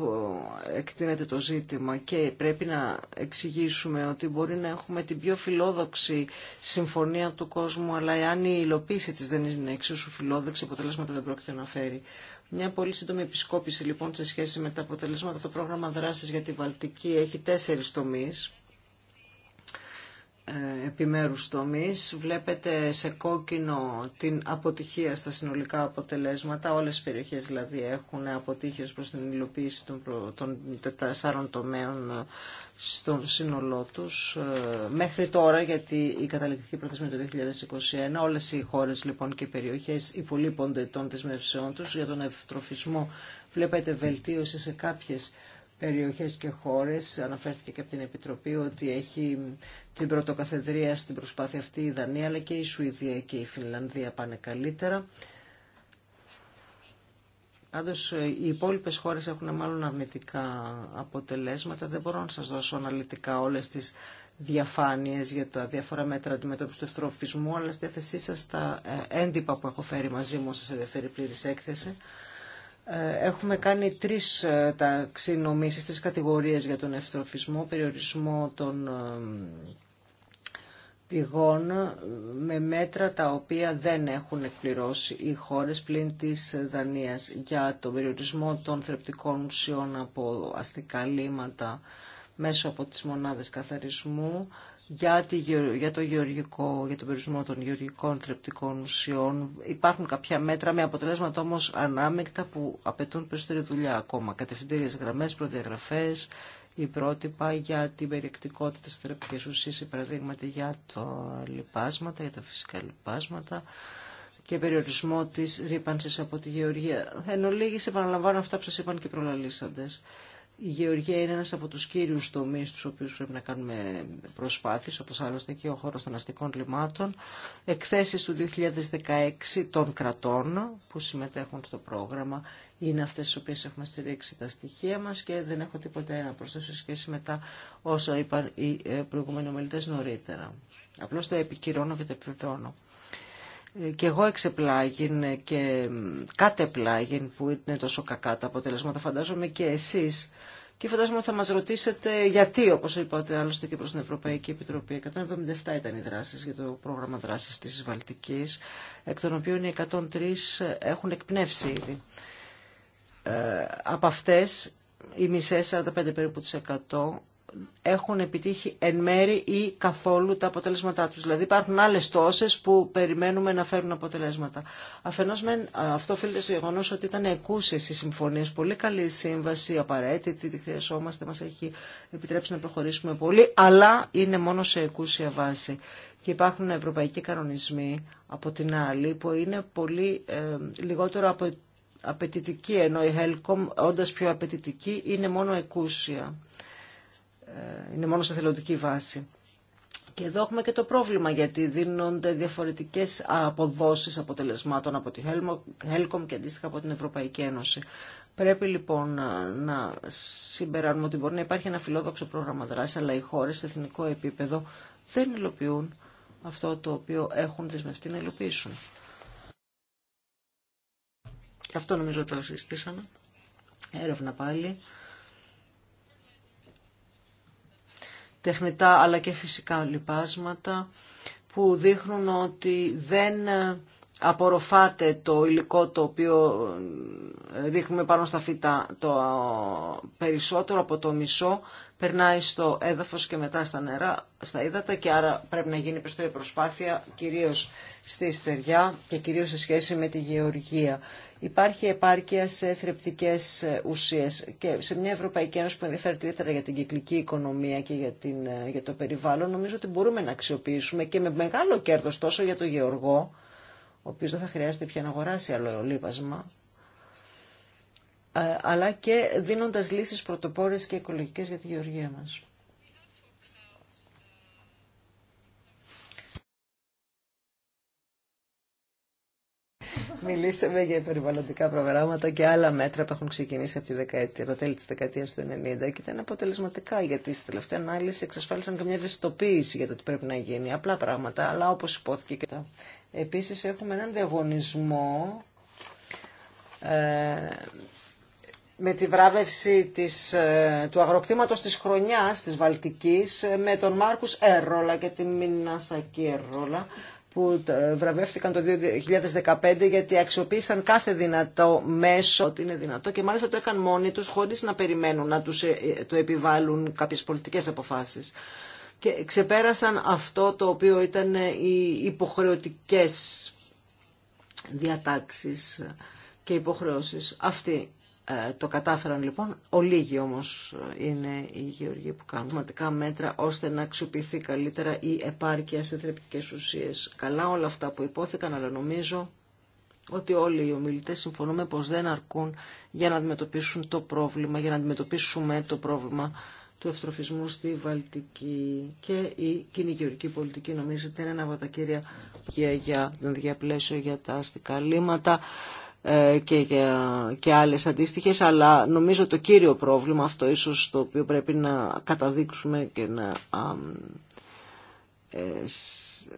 S1: εκτείνεται το ζήτημα. Και πρέπει να εξηγήσουμε ότι μπορεί να έχουμε την πιο φιλόδοξη συμφωνία του κόσμου, αλλά εάν η υλοποίηση της δεν είναι εξίσου φιλόδοξη, αποτελέσματα δεν πρόκειται να φέρει. Μια πολύ σύντομη επισκόπηση λοιπόν σε σχέση με τα αποτελέσματα. Το πρόγραμμα δράσης για τη Βαλτική έχει τέσσερις τομείς ε, επιμέρους τομείς. Βλέπετε σε κόκκινο την αποτυχία στα συνολικά αποτελέσματα. Όλες οι περιοχές δηλαδή έχουν αποτύχει ως προς την υλοποίηση των, προ... τεσσάρων τομέων ε, στον σύνολό τους. Ε, μέχρι τώρα, γιατί η καταληκτική προθεσμία του 2021, όλες οι χώρες λοιπόν και οι περιοχές υπολείπονται των δεσμευσεών τους για τον ευτροφισμό. Βλέπετε βελτίωση σε κάποιες περιοχές και χώρες. Αναφέρθηκε και από την Επιτροπή ότι έχει την πρωτοκαθεδρία στην προσπάθεια αυτή η Δανία, αλλά και η Σουηδία και η Φινλανδία πάνε καλύτερα. Πάντω οι υπόλοιπε χώρε έχουν μάλλον αρνητικά αποτελέσματα. Δεν μπορώ να σα δώσω αναλυτικά όλε τι διαφάνειες για τα διάφορα μέτρα αντιμετώπιση του ευθροφισμού αλλά στη θέση σα τα ε, έντυπα που έχω φέρει μαζί μου, σα ενδιαφέρει πλήρη έκθεση. Ε, έχουμε κάνει τρεις ε, ταξινομήσεις, τρεις κατηγορίες για τον ευτροφισμό, περιορισμό των ε, πηγών με μέτρα τα οποία δεν έχουν εκπληρώσει οι χώρες πλην της Δανίας για τον περιορισμό των θρεπτικών ουσιών από αστικά λίματα μέσω από τις μονάδες καθαρισμού, για, τη, για, το γεωργικό, για τον περιορισμό των γεωργικών θρεπτικών ουσιών. Υπάρχουν κάποια μέτρα με αποτελέσματα όμω ανάμεκτα που απαιτούν περισσότερη δουλειά ακόμα. Κατευθυντήριε γραμμέ, προδιαγραφέ, η πρότυπα για την περιεκτικότητα τη θρεπτικής ουσία, οι παραδείγματα για τα λοιπάσματα, για τα φυσικά λοιπάσματα και περιορισμό τη ρήπανση από τη γεωργία. Εν ολίγη, επαναλαμβάνω αυτά που σα είπαν και οι προλαλήσαντες η γεωργία είναι ένας από τους κύριους τομείς τους οποίους πρέπει να κάνουμε προσπάθειες, όπως άλλωστε και ο χώρος των αστικών λιμάτων, εκθέσεις του 2016 των κρατών που συμμετέχουν στο πρόγραμμα, είναι αυτές τις οποίες έχουμε στηρίξει τα στοιχεία μας και δεν έχω τίποτα να προσθέσω σε σχέση με τα όσα είπαν οι ε, προηγούμενοι ομιλητές νωρίτερα. Απλώς τα επικυρώνω και τα επιβεβαιώνω και εγώ εξεπλάγιν και κάτεπλάγιν που είναι τόσο κακά τα αποτελέσματα φαντάζομαι και εσείς και φαντάζομαι ότι θα μας ρωτήσετε γιατί όπως είπατε άλλωστε και προς την Ευρωπαϊκή Επιτροπή 177 ήταν οι δράσεις για το πρόγραμμα δράσης της Βαλτικής εκ των οποίων οι 103 έχουν εκπνεύσει ήδη. Ε, από αυτές οι μισές 45 περίπου έχουν επιτύχει εν μέρη ή καθόλου τα αποτελέσματά τους. Δηλαδή υπάρχουν άλλες τόσες που περιμένουμε να φέρουν αποτελέσματα. Αφενός με, αυτό οφείλεται στο γεγονός ότι ήταν εκούσες οι συμφωνίες, πολύ καλή σύμβαση, απαραίτητη, τη χρειαζόμαστε, μας έχει επιτρέψει να προχωρήσουμε πολύ, αλλά είναι μόνο σε εκούσια βάση. Και υπάρχουν ευρωπαϊκοί κανονισμοί από την άλλη που είναι πολύ ε, λιγότερο από απαιτητική, ενώ η Helcom όντας πιο απαιτητική είναι μόνο εκούσια. Ε, είναι μόνο σε θελοντική βάση. Και εδώ έχουμε και το πρόβλημα γιατί δίνονται διαφορετικές αποδόσεις αποτελεσμάτων από τη Helcom και αντίστοιχα από την Ευρωπαϊκή Ένωση. Πρέπει λοιπόν να συμπεράνουμε ότι μπορεί να υπάρχει ένα φιλόδοξο πρόγραμμα δράση, αλλά οι χώρες σε εθνικό επίπεδο δεν υλοποιούν αυτό το οποίο έχουν δεσμευτεί να υλοποιήσουν. Και αυτό νομίζω το συζητήσαμε. Έρευνα πάλι. τεχνητά αλλά και φυσικά λοιπάσματα που δείχνουν ότι δεν ε, απορροφάται το υλικό το οποίο ε, ρίχνουμε πάνω στα φυτά το περισσότερο από το μισό περνάει στο έδαφος και μετά στα νερά, στα ύδατα και άρα πρέπει να γίνει περισσότερη προσπάθεια κυρίως στη στεριά και κυρίως σε σχέση με τη γεωργία. Υπάρχει επάρκεια σε θρεπτικές ε, ουσίες και σε μια Ευρωπαϊκή Ένωση που ενδιαφέρεται ιδιαίτερα για την κυκλική οικονομία και για, την, ε, για το περιβάλλον νομίζω ότι μπορούμε να αξιοποιήσουμε και με μεγάλο κέρδος τόσο για το γεωργό ο οποίος δεν θα χρειάζεται πια να αγοράσει άλλο ε, αλλά και δίνοντας λύσεις πρωτοπόρες και οικολογικές για τη γεωργία μας. μιλήσαμε για περιβαλλοντικά προγράμματα και άλλα μέτρα που έχουν ξεκινήσει από τη δεκαετία, από τέλη τη δεκαετία του 90 και ήταν αποτελεσματικά γιατί στη τελευταία ανάλυση εξασφάλισαν καμιά ευαισθητοποίηση για το τι πρέπει να γίνει. Απλά πράγματα, αλλά όπω υπόθηκε και τα. Επίση έχουμε έναν διαγωνισμό. Ε, με τη βράβευση της, ε, του αγροκτήματος της χρονιάς της Βαλτικής ε, με τον Μάρκους Έρολα και τη Μινάσα Κέρολα που βραβεύτηκαν το 2015 γιατί αξιοποίησαν κάθε δυνατό μέσο ότι είναι δυνατό και μάλιστα το έκαναν μόνοι τους χωρίς να περιμένουν να τους ε, ε, το επιβάλλουν κάποιες πολιτικές αποφάσεις. Και ξεπέρασαν αυτό το οποίο ήταν ε, οι υποχρεωτικές διατάξεις και υποχρεώσεις. Αυτή ε, το κατάφεραν λοιπόν, ολίγοι όμω είναι οι γεωργοί που κάνουν πραγματικά μέτρα ώστε να αξιοποιηθεί καλύτερα η επάρκεια σε θρεπτικέ ουσίες. Καλά όλα αυτά που υπόθηκαν, αλλά νομίζω ότι όλοι οι ομιλητές συμφωνούμε πως δεν αρκούν για να αντιμετωπίσουν το πρόβλημα, για να αντιμετωπίσουμε το πρόβλημα του ευτροφισμού στη Βαλτική και η κοινή πολιτική νομίζω ότι είναι ένα από τα κύρια για τον διαπλαίσιο για τα αστικά λύματα. Ε, και, και άλλες αντίστοιχες, αλλά νομίζω το κύριο πρόβλημα, αυτό ίσως το οποίο πρέπει να καταδείξουμε και να ε,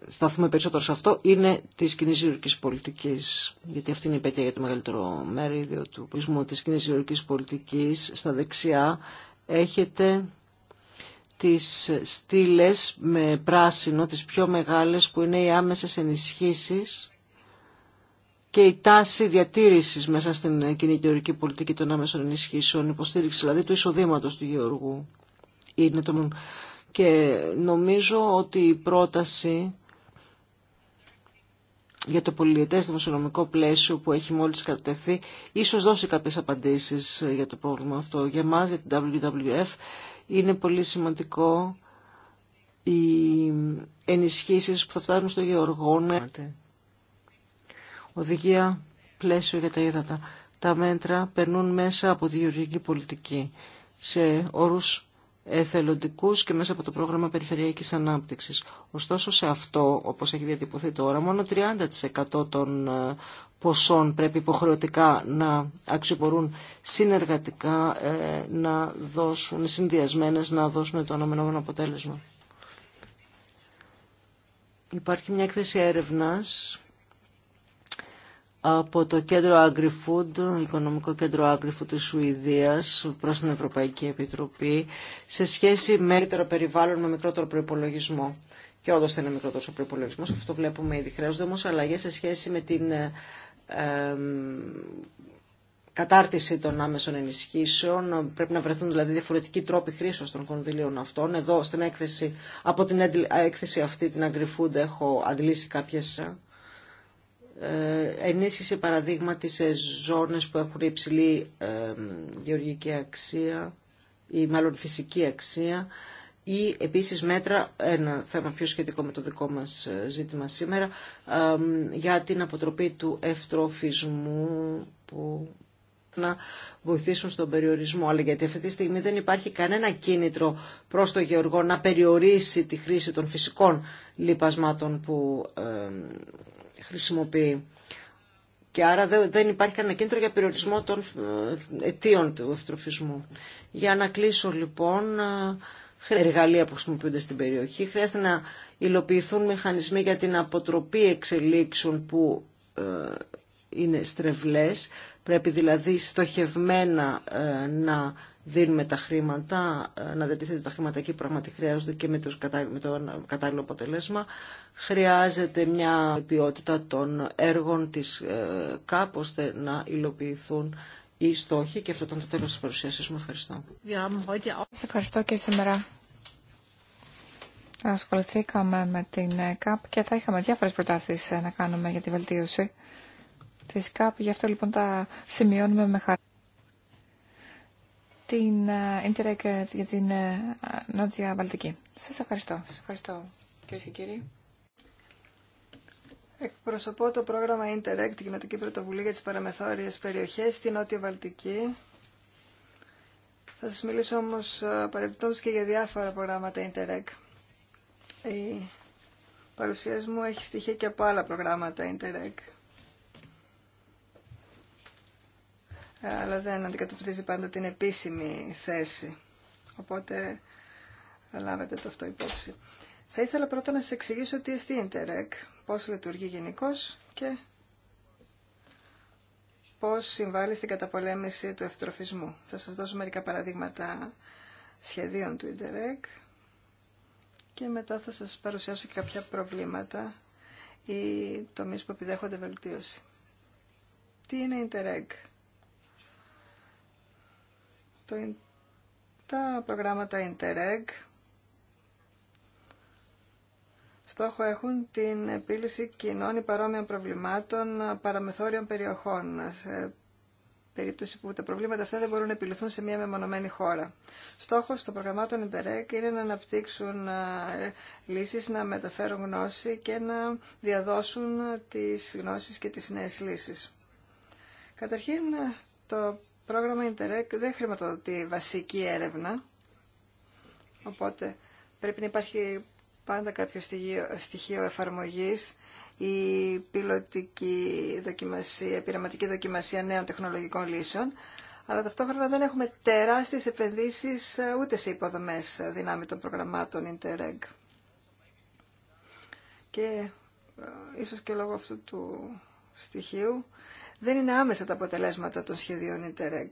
S1: σταθούμε περισσότερο σε αυτό, είναι της κοινή ιερουργικής πολιτικής, γιατί αυτή είναι η πέτεια για το μεγαλύτερο μέρη του πλησμού της κοινή ιερουργικής πολιτικής. Στα δεξιά έχετε τις στήλες με πράσινο, τις πιο μεγάλες που είναι οι άμεσες ενισχύσεις και η τάση διατήρησης μέσα στην κοινή γεωργική πολιτική των άμεσων ενισχύσεων, υποστήριξη δηλαδή του εισοδήματο του γεωργού. Είναι το... Και νομίζω ότι η πρόταση για το πολιτέ δημοσιονομικό πλαίσιο που έχει μόλις κατατεθεί, ίσως δώσει κάποιε απαντήσεις για το πρόβλημα αυτό. Για εμά, για την WWF, είναι πολύ σημαντικό οι ενισχύσεις που θα φτάνουν στο Γεωργό οδηγία πλαίσιο για τα ύδατα. Τα μέτρα περνούν μέσα από τη γεωργική πολιτική σε όρους εθελοντικούς και μέσα από το πρόγραμμα περιφερειακής ανάπτυξης. Ωστόσο σε αυτό, όπως έχει διατυπωθεί τώρα, μόνο 30% των ε, ποσών πρέπει υποχρεωτικά να αξιοπορούν συνεργατικά, ε, να δώσουν συνδυασμένες, να δώσουν το αναμενόμενο αποτέλεσμα. Υπάρχει μια έκθεση έρευνας από το κέντρο AgriFood, οικονομικό κέντρο AgriFood της Σουηδίας προς την Ευρωπαϊκή Επιτροπή σε σχέση με μικρότερο περιβάλλον με μικρότερο προπολογισμό. Και όντω θα είναι μικρότερο ο προπολογισμό, αυτό βλέπουμε ήδη. Χρειάζονται όμω αλλαγές σε σχέση με την ε, κατάρτιση των άμεσων ενισχύσεων. Πρέπει να βρεθούν δηλαδή διαφορετικοί τρόποι χρήσεως των κονδυλίων αυτών. Εδώ στην έκθεση, από την έκθεση αυτή, την AgriFood, έχω αντλήσει κάποιες ε, ενίσχυση παραδείγματι σε ζώνες που έχουν υψηλή ε, γεωργική αξία ή μάλλον φυσική αξία ή επίσης μέτρα, ένα θέμα πιο σχετικό με το δικό μας ε, ζήτημα σήμερα, για την αποτροπή του ευτροφισμού που να βοηθήσουν στον περιορισμό. Αλλά γιατί αυτή τη στιγμή δεν υπάρχει κανένα κίνητρο προς το Γεωργό να περιορίσει τη χρήση των φυσικών λιπασμάτων που χρησιμοποιεί. Και άρα δεν υπάρχει κανένα κίνητρο για περιορισμό των ε, αιτίων του ευτροφισμού. Για να κλείσω λοιπόν ε, εργαλεία που χρησιμοποιούνται στην περιοχή. Χρειάζεται να υλοποιηθούν μηχανισμοί για την αποτροπή εξελίξεων που ε, είναι στρεβλές. Πρέπει δηλαδή στοχευμένα να δίνουμε τα χρήματα, ε, να διατίθεται τα χρήματα εκεί που πραγματικά χρειάζονται και με, τους, με το κατάλληλο αποτελέσμα. Χρειάζεται μια ποιότητα των έργων της ε, ΚΑΠ ώστε να υλοποιηθούν οι στόχοι και αυτό ήταν το τέλος της παρουσίασης μου. Ευχαριστώ. Σας
S3: ευχαριστώ και σήμερα. Ασχοληθήκαμε με την ε, ΚΑΠ και θα είχαμε διάφορες προτάσεις να κάνουμε για τη βελτίωση της ΚΑΠ. Γι' αυτό λοιπόν τα σημειώνουμε με χαρά την ε, Interreg ε, για την ε, Νότια Βαλτική. Σας ευχαριστώ. Σας ευχαριστώ
S2: κύριε και κύριοι. Εκπροσωπώ το πρόγραμμα Interreg, την Κοινοτική Πρωτοβουλία για τις Παραμεθόριες Περιοχές στη Νότια Βαλτική. Θα σας μιλήσω όμως παρεμπιπτόντως και για διάφορα προγράμματα Interreg. Η παρουσία μου έχει στοιχεία και από άλλα προγράμματα Interreg. αλλά δεν αντικατοπτρίζει πάντα την επίσημη θέση. Οπότε λάβετε το αυτό υπόψη. Θα ήθελα πρώτα να σας εξηγήσω τι εστί interreg, πώς λειτουργεί γενικώ και πώς συμβάλλει στην καταπολέμηση του ευτροφισμού. Θα σας δώσω μερικά παραδείγματα σχεδίων του interreg και μετά θα σας παρουσιάσω και κάποια προβλήματα ή τομείς που επιδέχονται βελτίωση. Τι είναι Ιντερεκ το, τα προγράμματα Interreg στόχο έχουν την επίλυση κοινών ή παρόμοιων προβλημάτων παραμεθόριων περιοχών σε περίπτωση που τα προβλήματα αυτά δεν μπορούν να επιληθούν σε μια μεμονωμένη χώρα. Στόχος των προγραμμάτων Interreg είναι να αναπτύξουν λύσεις, να μεταφέρουν γνώση και να διαδώσουν τις γνώσεις και τις νέες λύσεις. Καταρχήν, το πρόγραμμα Interreg δεν χρηματοδοτεί βασική έρευνα, οπότε πρέπει να υπάρχει πάντα κάποιο στοιχείο, εφαρμογής η πιλωτική δοκιμασία, πειραματική δοκιμασία νέων τεχνολογικών λύσεων, αλλά ταυτόχρονα δεν έχουμε τεράστιες επενδύσεις ε, ούτε σε υποδομές ε, δυνάμει των προγραμμάτων Interreg. Και ε, ίσως και λόγω αυτού του στοιχείου δεν είναι άμεσα τα αποτελέσματα των σχεδίων Interreg.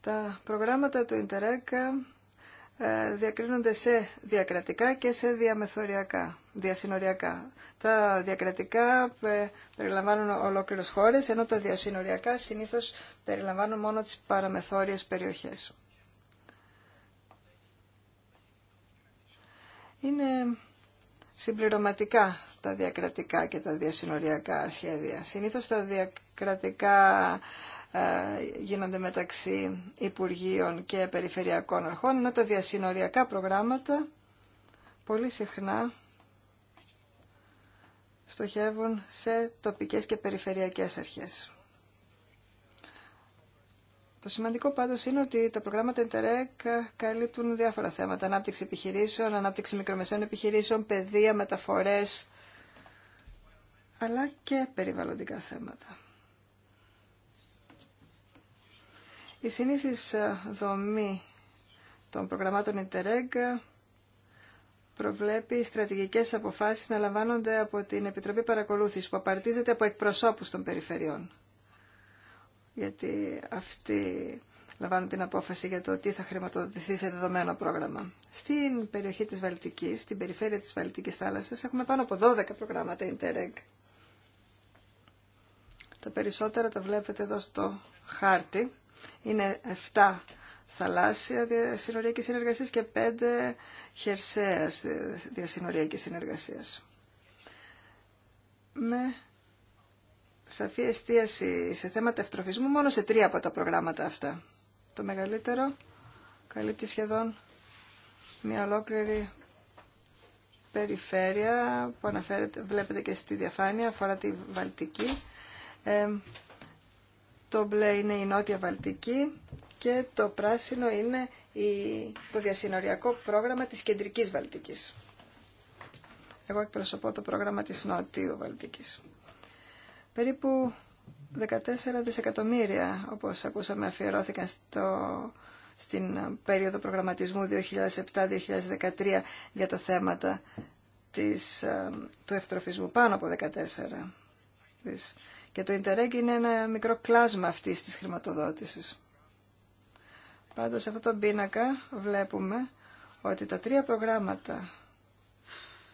S2: Τα προγράμματα του Interreg ε, διακρίνονται σε διακρατικά και σε διαμεθοριακά, διασυνοριακά. Τα διακρατικά ε, περιλαμβάνουν ολόκληρες χώρες, ενώ τα διασυνοριακά συνήθως περιλαμβάνουν μόνο τις παραμεθόριες περιοχές. Είναι συμπληρωματικά τα διακρατικά και τα διασυνοριακά σχέδια. Συνήθως τα διακρατικά ε, γίνονται μεταξύ Υπουργείων και Περιφερειακών Αρχών, ενώ τα διασυνοριακά προγράμματα πολύ συχνά στοχεύουν σε τοπικές και περιφερειακές αρχές. Το σημαντικό πάντως είναι ότι τα προγράμματα Interreg καλύπτουν διάφορα θέματα. Ανάπτυξη επιχειρήσεων, ανάπτυξη μικρομεσαίων επιχειρήσεων, παιδεία, μεταφορές, αλλά και περιβαλλοντικά θέματα. Η συνήθις ε, δομή των προγραμμάτων Interreg ε, προβλέπει στρατηγικές αποφάσεις να λαμβάνονται από την Επιτροπή Παρακολούθησης που απαρτίζεται από εκπροσώπους των περιφερειών. Γιατί αυτοί λαμβάνουν την απόφαση για το τι θα χρηματοδοτηθεί σε δεδομένο πρόγραμμα. Στην περιοχή της Βαλτικής, στην περιφέρεια της Βαλτικής θάλασσας, έχουμε πάνω από 12 προγράμματα Interreg. Τα περισσότερα τα βλέπετε εδώ στο χάρτη. Είναι 7 θαλάσσια διασυνοριακή συνεργασία και 5 χερσαία διασυνοριακή συνεργασία. Με σαφή εστίαση σε θέματα ευτροφισμού μόνο σε τρία από τα προγράμματα αυτά. Το μεγαλύτερο καλύπτει σχεδόν μια ολόκληρη περιφέρεια που αναφέρεται, βλέπετε και στη διαφάνεια, αφορά τη Βαλτική ε, το μπλε είναι η Νότια Βαλτική και το πράσινο είναι το διασυνοριακό πρόγραμμα της Κεντρικής Βαλτικής. Εγώ εκπροσωπώ το πρόγραμμα της Νότιου Βαλτικής. Περίπου 14 δισεκατομμύρια, όπως ακούσαμε, αφιερώθηκαν στο, στην περίοδο προγραμματισμού 2007-2013 για τα θέματα της, ε, του ευτροφισμού, πάνω από 14 και το Interreg είναι ένα μικρό κλάσμα αυτής της χρηματοδότησης. Πάντως σε αυτόν τον πίνακα βλέπουμε ότι τα τρία προγράμματα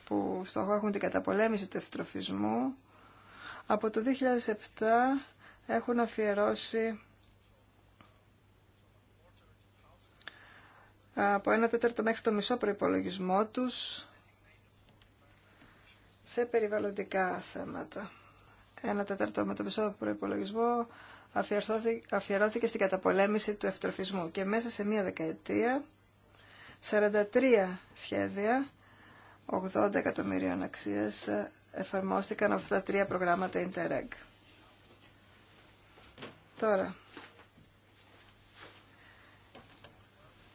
S2: που στόχο έχουν την καταπολέμηση του ευτροφισμού από το 2007 έχουν αφιερώσει από ένα τέταρτο μέχρι το μισό προϋπολογισμό τους σε περιβαλλοντικά θέματα. Ένα τέταρτο με το μισό προπολογισμό αφιερώθηκε στην καταπολέμηση του ευτροφισμού και μέσα σε μία δεκαετία 43 σχέδια 80 εκατομμυρίων αξίες, ε, εφαρμόστηκαν από αυτά τα τρία προγράμματα Interreg. Τώρα,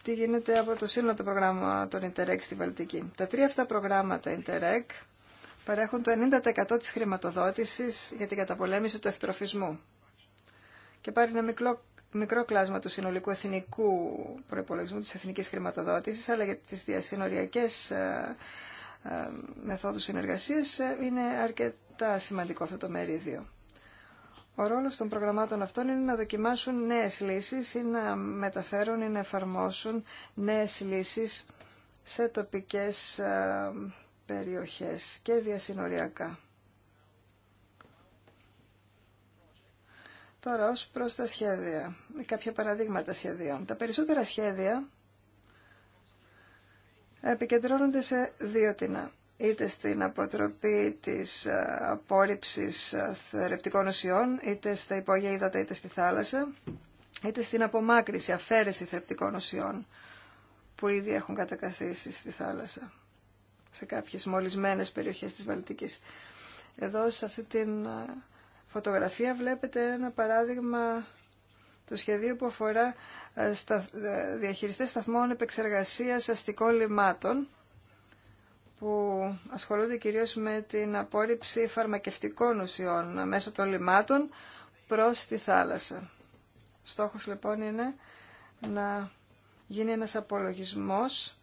S2: τι γίνεται από το σύνολο του προγράμματων των Interreg στη Βαλτική. Τα τρία αυτά προγράμματα Interreg παρέχουν το 90% της χρηματοδότησης για την καταπολέμηση του ευτροφισμού και πάρει ένα μικρό, κλάσμα του συνολικού εθνικού προϋπολογισμού της εθνικής χρηματοδότησης, αλλά για τις διασυνοριακές ε, ε, μεθόδους συνεργασίας ε, είναι αρκετά σημαντικό αυτό το μερίδιο. Ο ρόλος των προγραμμάτων αυτών είναι να δοκιμάσουν νέες λύσεις ή να μεταφέρουν ή να εφαρμόσουν νέες λύσεις σε τοπικές ε, περιοχές και διασυνοριακά. Τώρα ως προς τα σχέδια, κάποια παραδείγματα σχεδίων. Τα περισσότερα σχέδια επικεντρώνονται σε δύο τινά. Είτε στην αποτροπή της ε, απόρριψης ε, θερεπτικών ουσιών, είτε στα υπόγεια ύδατα, είτε στη θάλασσα, είτε στην απομάκρυση, αφαίρεση θερεπτικών ουσιών που ήδη έχουν κατακαθίσει στη θάλασσα σε κάποιες μολυσμένες περιοχές της Βαλτικής. Εδώ σε αυτή την φωτογραφία βλέπετε ένα παράδειγμα του σχεδίου που αφορά στα διαχειριστές σταθμών επεξεργασίας αστικών λιμάτων που ασχολούνται κυρίως με την απόρριψη φαρμακευτικών ουσιών μέσω των λιμάτων προς τη θάλασσα. Στόχος λοιπόν είναι να γίνει ένας απολογισμός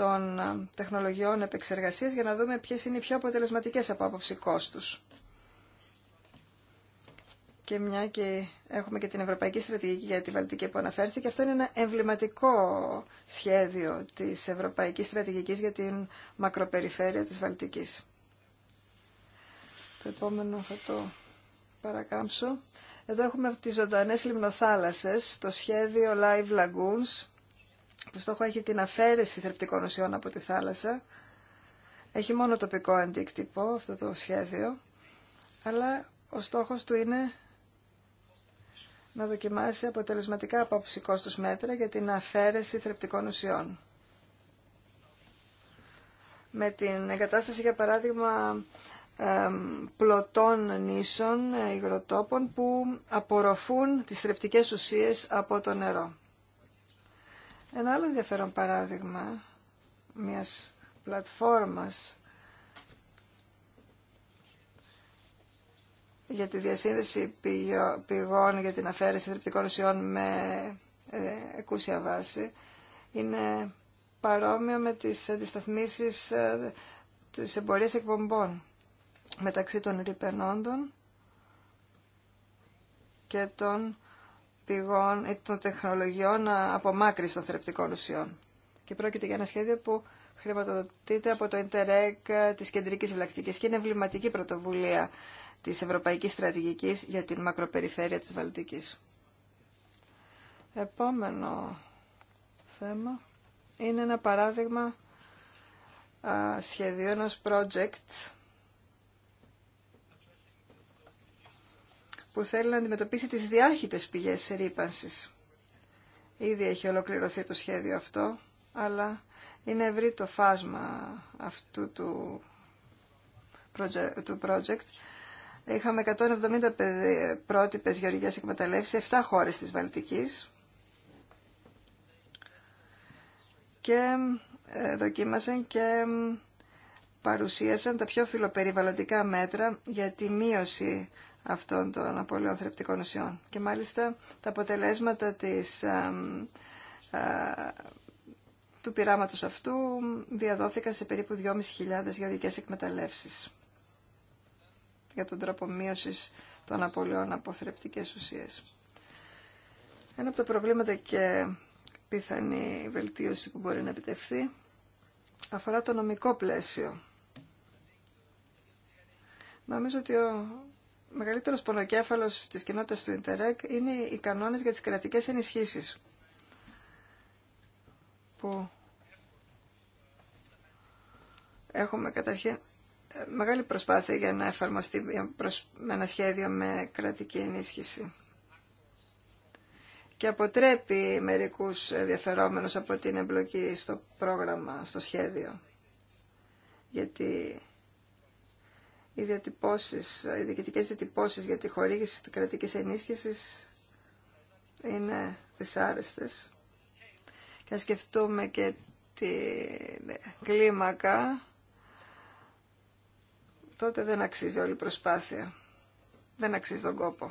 S2: των ε, τεχνολογιών επεξεργασίας για να δούμε ποιες είναι οι πιο αποτελεσματικές από άποψη κόστους. Και μια και έχουμε και την Ευρωπαϊκή Στρατηγική για τη Βαλτική που αναφέρθηκε, αυτό είναι ένα εμβληματικό σχέδιο της Ευρωπαϊκής Στρατηγικής για την μακροπεριφέρεια της Βαλτικής. Το επόμενο θα το παρακάμψω. Εδώ έχουμε τις ζωντανές λιμνοθάλασσες, το σχέδιο Live Lagoons, που στόχο έχει την αφαίρεση θρεπτικών ουσιών από τη θάλασσα. Έχει μόνο τοπικό αντίκτυπο αυτό το σχέδιο, αλλά ο στόχος του είναι να δοκιμάσει αποτελεσματικά ψηκό στους μέτρα για την αφαίρεση θρεπτικών ουσιών. Με την εγκατάσταση, για παράδειγμα, πλωτών νήσων ε, υγροτόπων που απορροφούν τις θρεπτικές ουσίες από το νερό. Ένα άλλο ενδιαφέρον παράδειγμα μιας πλατφόρμας για τη διασύνδεση πηγών για την αφαίρεση θρεπτικών ουσιών με ε, εκούσια βάση είναι παρόμοιο με τις αντισταθμίσεις ε, της εμπορίας εκπομπών μεταξύ των ρηπενόντων και των πηγών ε, των τεχνολογιών ε, απομάκρυνση των θρεπτικών ουσιών. Και πρόκειται για ένα σχέδιο που χρηματοδοτείται από το Interreg ε, τη Κεντρική Βλακτική και είναι εμβληματική πρωτοβουλία τη Ευρωπαϊκή Στρατηγική για την μακροπεριφέρεια τη Βαλτική. Επόμενο θέμα είναι ένα παράδειγμα σχεδίου ενός project που θέλει να αντιμετωπίσει τις διάχυτες πηγές ρήπανσης. Ήδη έχει ολοκληρωθεί το σχέδιο αυτό, αλλά είναι ευρύ το φάσμα αυτού του project. Είχαμε 170 πρότυπες γεωργίας εκμεταλλεύσεις σε 7 χώρες της Βαλτικής και ε, δοκίμασαν και παρουσίασαν τα πιο φιλοπεριβαλλοντικά μέτρα για τη μείωση αυτών των απολύων θρεπτικών ουσιών. Και μάλιστα τα αποτελέσματα της, ε, του πειράματος αυτού διαδόθηκαν σε περίπου 2.500 γεωργικές εκμεταλλεύσεις για τον τρόπο μείωσης των απολειών από θρεπτικές ουσίες. Ένα από τα προβλήματα και πιθανή βελτίωση που μπορεί να επιτευχθεί αφορά το νομικό πλαίσιο. Νομίζω ότι ο Μεγαλύτερο πονοκέφαλο της κοινότητα του Ιντερεκ είναι οι κανόνες για τις κρατικές ενισχύσεις που έχουμε καταρχήν ε, μεγάλη προσπάθεια για να εφαρμοστεί με ένα σχέδιο με κρατική ενίσχυση και αποτρέπει μερικούς ενδιαφερόμενους από την εμπλοκή στο πρόγραμμα, στο σχέδιο. Γιατί οι διατυπώσεις, οι διοικητικές διατυπώσεις για τη χορήγηση της κρατικής ενίσχυσης είναι δυσάρεστες. Και ας σκεφτούμε και την κλίμακα, τότε δεν αξίζει όλη η προσπάθεια. Δεν αξίζει τον κόπο.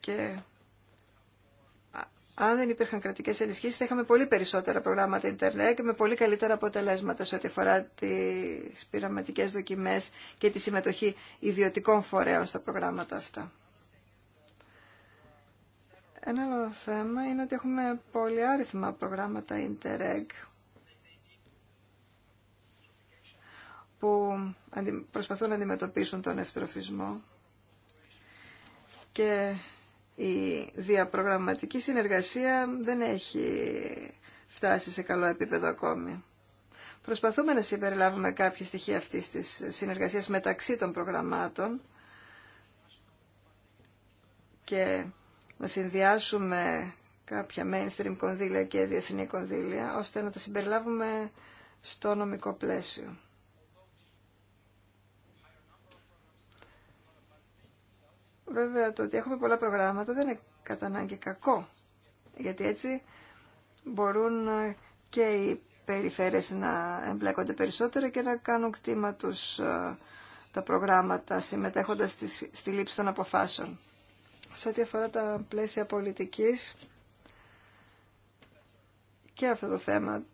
S2: Και αν δεν υπήρχαν κρατικέ ενισχύσει, θα είχαμε πολύ περισσότερα προγράμματα Ιντερνετ και με πολύ καλύτερα αποτελέσματα σε ό,τι αφορά τι πειραματικές δοκιμές και τη συμμετοχή ιδιωτικών φορέων στα προγράμματα αυτά. Ένα άλλο θέμα είναι ότι έχουμε πολύ άριθμα προγράμματα Interreg που προσπαθούν να αντιμετωπίσουν τον ευτροφισμό και η διαπρογραμματική συνεργασία δεν έχει φτάσει σε καλό επίπεδο ακόμη. Προσπαθούμε να συμπεριλάβουμε κάποια στοιχεία αυτής της συνεργασίας μεταξύ των προγραμμάτων και να συνδυάσουμε κάποια mainstream κονδύλια και διεθνή κονδύλια, ώστε να τα συμπεριλάβουμε στο νομικό πλαίσιο. Βέβαια το ότι έχουμε πολλά προγράμματα δεν είναι κατά ανάγκη κακό, γιατί έτσι μπορούν ε, και οι περιφέρειες να εμπλέκονται περισσότερο και να κάνουν κτήμα τους ε, τα προγράμματα συμμετέχοντας στη, στη λήψη των αποφάσεων. Σε ό,τι αφορά τα πλαίσια πολιτικής και αυτό το θέμα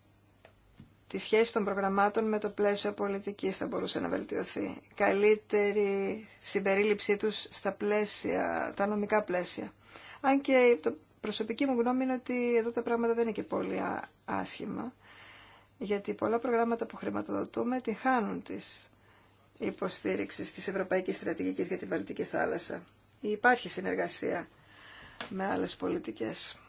S2: τη σχέση των προγραμμάτων με το πλαίσιο πολιτικής θα μπορούσε να βελτιωθεί. Καλύτερη συμπερίληψή τους στα πλαίσια, τα νομικά πλαίσια. Αν και το προσωπική μου γνώμη είναι ότι εδώ τα πράγματα δεν είναι και πολύ άσχημα, γιατί πολλά προγράμματα που χρηματοδοτούμε τη χάνουν τη υποστήριξης της Ευρωπαϊκής Στρατηγικής για την Βαλτική Θάλασσα. Υπάρχει συνεργασία με άλλες πολιτικές.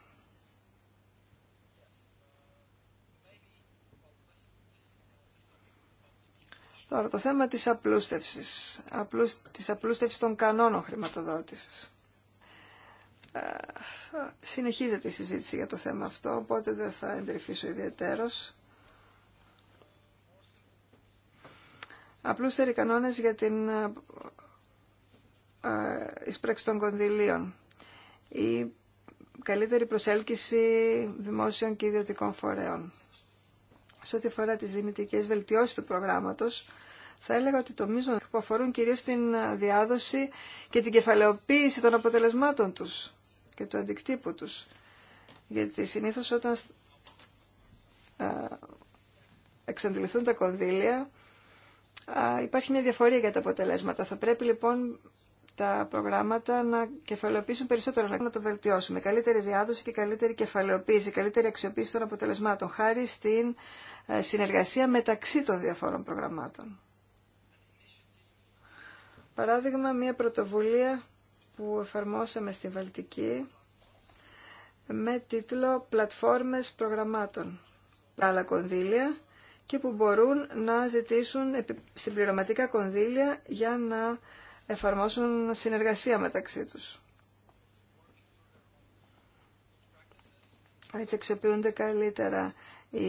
S2: Τώρα το θέμα της απλούστευσης, τη της απλούστευσης των κανόνων χρηματοδότησης. Ε, συνεχίζεται η συζήτηση για το θέμα αυτό, οπότε δεν θα εντρυφήσω ιδιαίτερος. Απλούστεροι κανόνες για την ε, ε, εισπράξη των κονδυλίων. Η καλύτερη προσέλκυση δημόσιων και ιδιωτικών φορέων. Σε ό,τι αφορά τις δυνητικές βελτιώσεις του προγράμματος, θα έλεγα ότι το μείζον που αφορούν κυρίως την διάδοση και την κεφαλαιοποίηση των αποτελεσμάτων τους και του αντικτύπου τους. Γιατί συνήθως όταν ε, εξαντληθούν τα κονδύλια υπάρχει μια διαφορία για τα αποτελέσματα. Θα πρέπει λοιπόν τα προγράμματα να κεφαλαιοποιήσουν περισσότερο, να το βελτιώσουμε. Καλύτερη διάδοση και καλύτερη κεφαλαιοποίηση, καλύτερη αξιοποίηση των αποτελεσμάτων, χάρη στην ε, συνεργασία μεταξύ των διαφόρων προγραμμάτων. Παράδειγμα, μια πρωτοβουλία που εφαρμόσαμε στη Βαλτική με τίτλο «Πλατφόρμες προγραμμάτων» άλλα κονδύλια και που μπορούν να ζητήσουν συμπληρωματικά κονδύλια για να εφαρμόσουν συνεργασία μεταξύ τους. Έτσι αξιοποιούνται καλύτερα οι,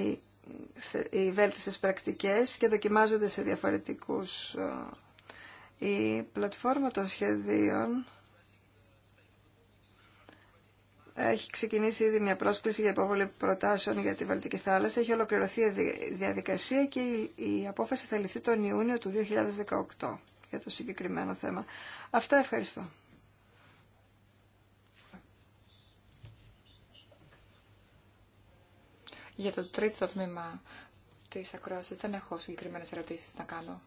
S2: οι βέλτιστες πρακτικές και δοκιμάζονται σε διαφορετικούς. Ε, η πλατφόρμα των σχεδίων έχει ξεκινήσει ήδη μια πρόσκληση για υποβολή προτάσεων για τη Βαλτική θάλασσα. Έχει ολοκληρωθεί η διαδικασία και η απόφαση θα ληφθεί τον Ιούνιο του 2018 για το συγκεκριμένο θέμα. Αυτά ευχαριστώ.
S3: Για το τρίτο τμήμα της ακρόασης δεν έχω συγκεκριμένες ερωτήσεις να κάνω.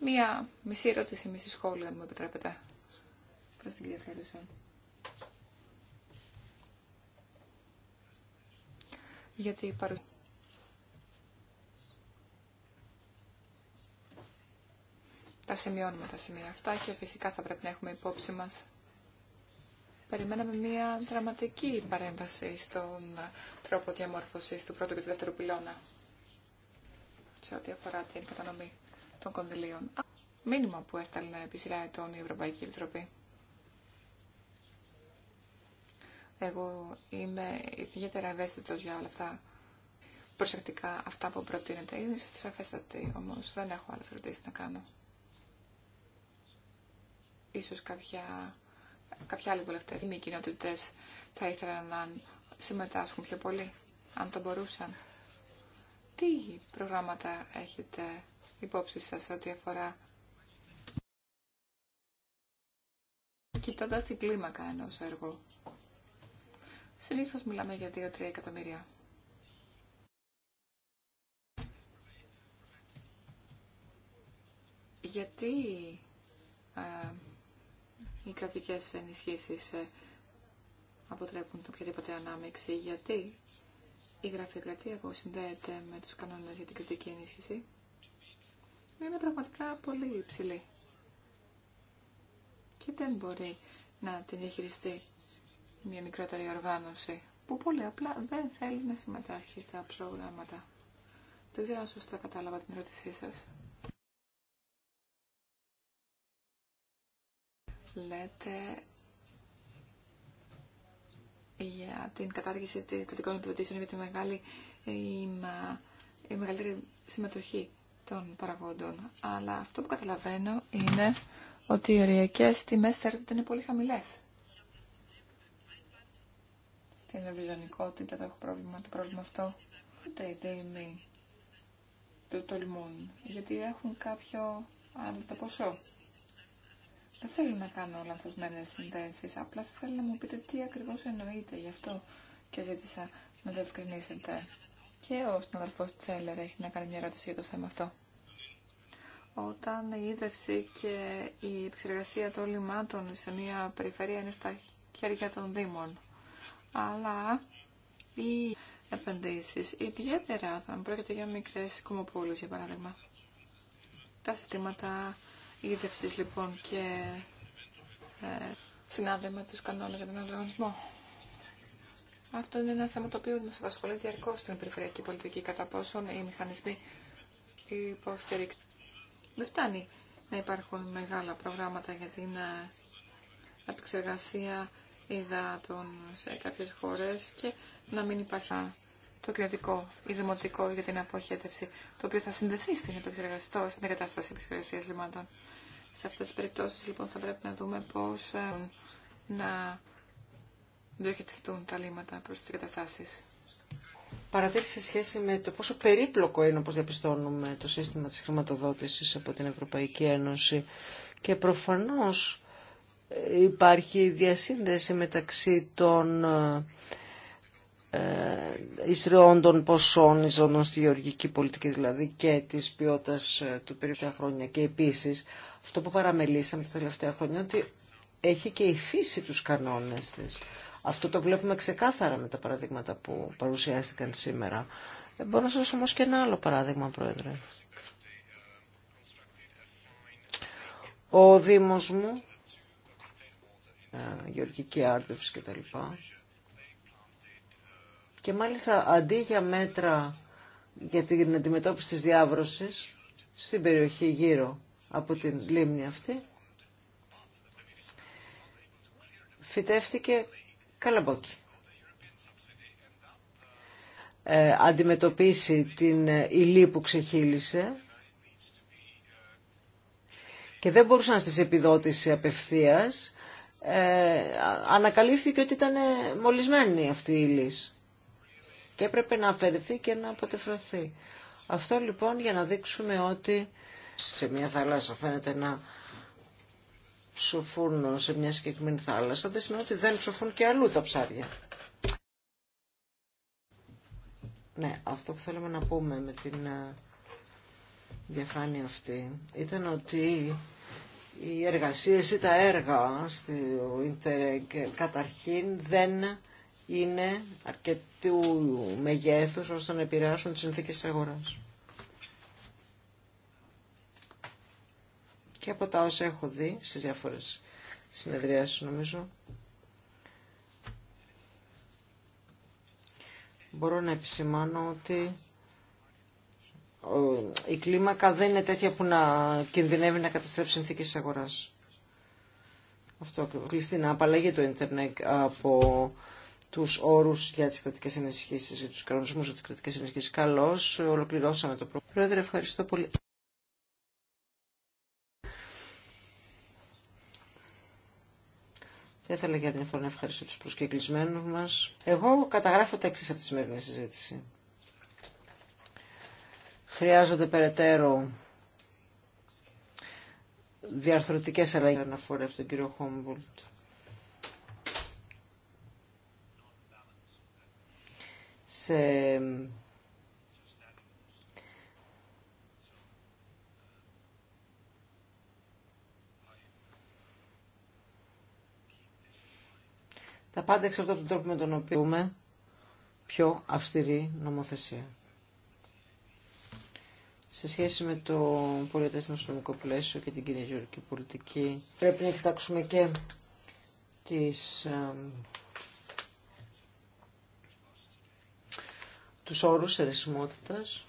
S3: Μία μισή ερώτηση, μισή σχόλια, αν μου επιτρέπετε, προς την κυρία Γιατί παρουσία Τα σημειώνουμε τα σημεία αυτά και φυσικά θα πρέπει να έχουμε υπόψη μας. Περιμέναμε μια δραματική παρέμβαση στον τρόπο διαμόρφωσης του πρώτου και του δεύτερου πυλώνα σε ό,τι αφορά την κατανομή των κονδυλίων. Μήνυμα που έστελνε επί σειρά ετών η Ευρωπαϊκή Επιτροπή. Εγώ είμαι ιδιαίτερα ευαίσθητο για όλα αυτά. Προσεκτικά αυτά που προτείνεται είναι σαφέστατη, όμω δεν έχω άλλε ερωτήσει να κάνω. Ίσως κάποια, κάποια βουλευτέ. Οι μη κοινότητε θα ήθελαν να συμμετάσχουν πιο πολύ, αν το μπορούσαν. Τι προγράμματα έχετε υπόψη σα ό,τι αφορά Κοιτώντα την κλίμακα ενό έργου. Συνήθω μιλάμε για 2-3 εκατομμύρια. Γιατί ε, οι κρατικές ενισχύσεις ε, αποτρέπουν οποιαδήποτε ανάμειξη. Γιατί η γραφειοκρατία που συνδέεται με τους κανόνες για την κριτική ενίσχυση είναι πραγματικά πολύ υψηλή και δεν μπορεί να την διαχειριστεί μια μικρότερη οργάνωση που πολύ απλά δεν θέλει να συμμετάσχει στα προγράμματα. Δεν ξέρω αν σωστά κατάλαβα την ερώτησή σας. λέτε για την κατάργηση των κρατικών επιδοτήσεων για τη μεγάλη, ε, η μεγαλύτερη συμμετοχή των παραγόντων. Αλλά αυτό που καταλαβαίνω είναι ότι οι οριακέ τιμέ θεωρείται ότι είναι πολύ χαμηλέ. Στην ευρυζωνικότητα το έχω πρόβλημα, το πρόβλημα αυτό. Ούτε οι δήμοι το τολμούν, γιατί έχουν κάποιο άλλο το ποσό. Δεν θέλω να κάνω λανθασμένες συνδέσεις, απλά θα θέλω να μου πείτε τι ακριβώς εννοείται, γι' αυτό και ζήτησα να το ευκρινίσετε. Και ο συναδελφός Τσέλερ έχει να κάνει μια ερώτηση για το θέμα αυτό. Όταν η ίδρυυση και η επεξεργασία των λιμάτων σε μια περιφερεια είναι στα χέρια των Δήμων, αλλά οι επενδύσεις, ιδιαίτερα όταν πρόκειται για μικρέ κομμοπόλεις, για παράδειγμα, τα συστήματα λοιπόν και ε, με τους κανόνες για τον οργανισμό. Αυτό είναι ένα θέμα το οποίο μας απασχολεί διαρκώς στην περιφερειακή πολιτική, κατά πόσον οι μηχανισμοί υποστηρίξουν. Δεν φτάνει να υπάρχουν μεγάλα προγράμματα για την ε, επεξεργασία υδάτων σε κάποιες χώρες και να μην υπάρχει το κρατικό ή δημοτικό για την αποχέτευση, το οποίο θα συνδεθεί στην, στην εγκατάσταση εργασία λιμάτων. Σε αυτές τις περιπτώσεις λοιπόν θα πρέπει να δούμε πώς ε, να διοχετευτούν τα λύματα προς τις καταστάσεις.
S1: Παρατήρηση σε σχέση με το πόσο περίπλοκο είναι όπως διαπιστώνουμε το σύστημα της χρηματοδότησης από την Ευρωπαϊκή Ένωση και προφανώς ε, υπάρχει διασύνδεση μεταξύ των ε, εισρεών των ποσών εισρεών στη γεωργική πολιτική δηλαδή και της ποιότητας του περίπτωση χρόνια και επίσης αυτό που παραμελήσαμε τα τελευταία χρόνια, ότι έχει και η φύση τους κανόνες της. Αυτό το βλέπουμε ξεκάθαρα με τα παραδείγματα που παρουσιάστηκαν σήμερα. Ε, μπορώ να σας δώσω όμως και ένα άλλο παράδειγμα, Πρόεδρε. Ο Δήμος μου, ε, γεωργική άρτευση κτλ. Και, και μάλιστα αντί για μέτρα για την αντιμετώπιση της διάβρωσης, στην περιοχή γύρω από την λίμνη αυτή, φυτεύτηκε καλαμπόκι. Ε, αντιμετωπίσει την ύλη που ξεχύλισε και δεν μπορούσαν να επιδότηση απευθείας, ε, ανακαλύφθηκε ότι ήταν μολυσμένη αυτή η ύλη και έπρεπε να αφαιρεθεί και να αποτεφρωθεί. Αυτό λοιπόν για να δείξουμε ότι σε μια θάλασσα φαίνεται να ψοφούν σε μια συγκεκριμένη θάλασσα, δεν σημαίνει ότι δεν σουφούν και αλλού τα ψάρια. Ναι, αυτό που θέλουμε να πούμε με την ε, διαφάνεια αυτή ήταν ότι οι εργασίες ή τα έργα στο καταρχήν δεν είναι αρκετού μεγέθους ώστε να επηρεάσουν τις συνθήκες της αγοράς. και από τα όσα έχω δει στις διάφορες συνεδριάσεις νομίζω μπορώ να επισημάνω ότι η κλίμακα δεν είναι τέτοια που να κινδυνεύει να καταστρέψει συνθήκες της αγοράς. Αυτό κλειστή να απαλλαγεί το ίντερνετ από τους όρους για τις κρατικές ενισχύσεις, για τους κανονισμούς για τις κρατικές ενισχύσεις. Καλώς, ολοκληρώσαμε το πρόβλημα. Πρόεδρε, ευχαριστώ πολύ. Θα ήθελα για μια φορά να ευχαριστήσω τους προσκεκλημένους μας. Εγώ καταγράφω τα εξή από τη σημερινή συζήτηση. Χρειάζονται περαιτέρω διαρθρωτικές αλλαγέ να από τον κύριο Χόμπολτ. Σε Τα πάντα εξαρτώνται από τον τρόπο με τον οποίο έχουμε πιο αυστηρή νομοθεσία. Σε σχέση με το πολιτεύσιμο νομικό πλαίσιο και την κυριαρχική πολιτική, πρέπει να κοιτάξουμε και τις, τους όρους ερεσιμότητας.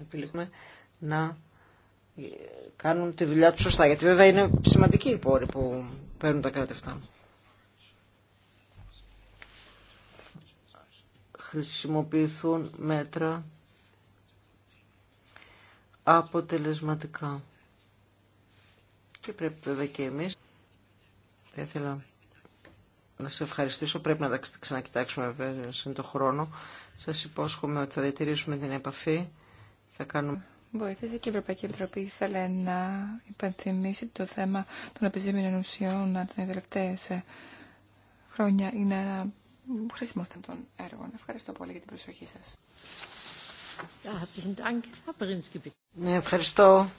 S1: Επιλέγουμε να ε, κάνουν τη δουλειά τους σωστά. Γιατί βέβαια είναι σημαντική η πόρη που παίρνουν τα κράτη αυτά. χρησιμοποιηθούν μέτρα αποτελεσματικά. Και πρέπει βέβαια και εμείς. Θα ήθελα να σε ευχαριστήσω. Πρέπει να τα ξανακοιτάξουμε βέβαια σε το χρόνο. Σας υπόσχομαι ότι θα διατηρήσουμε την επαφή. Θα κάνουμε...
S3: Βοήθησε και η Ευρωπαϊκή Επιτροπή ήθελε να υπενθυμίσει το θέμα των επιζήμινων ουσιών τα τελευταία χρόνια. Είναι ένα χρήσιμο των έργων. Ευχαριστώ πολύ για την προσοχή σας.
S1: Ναι, ευχαριστώ.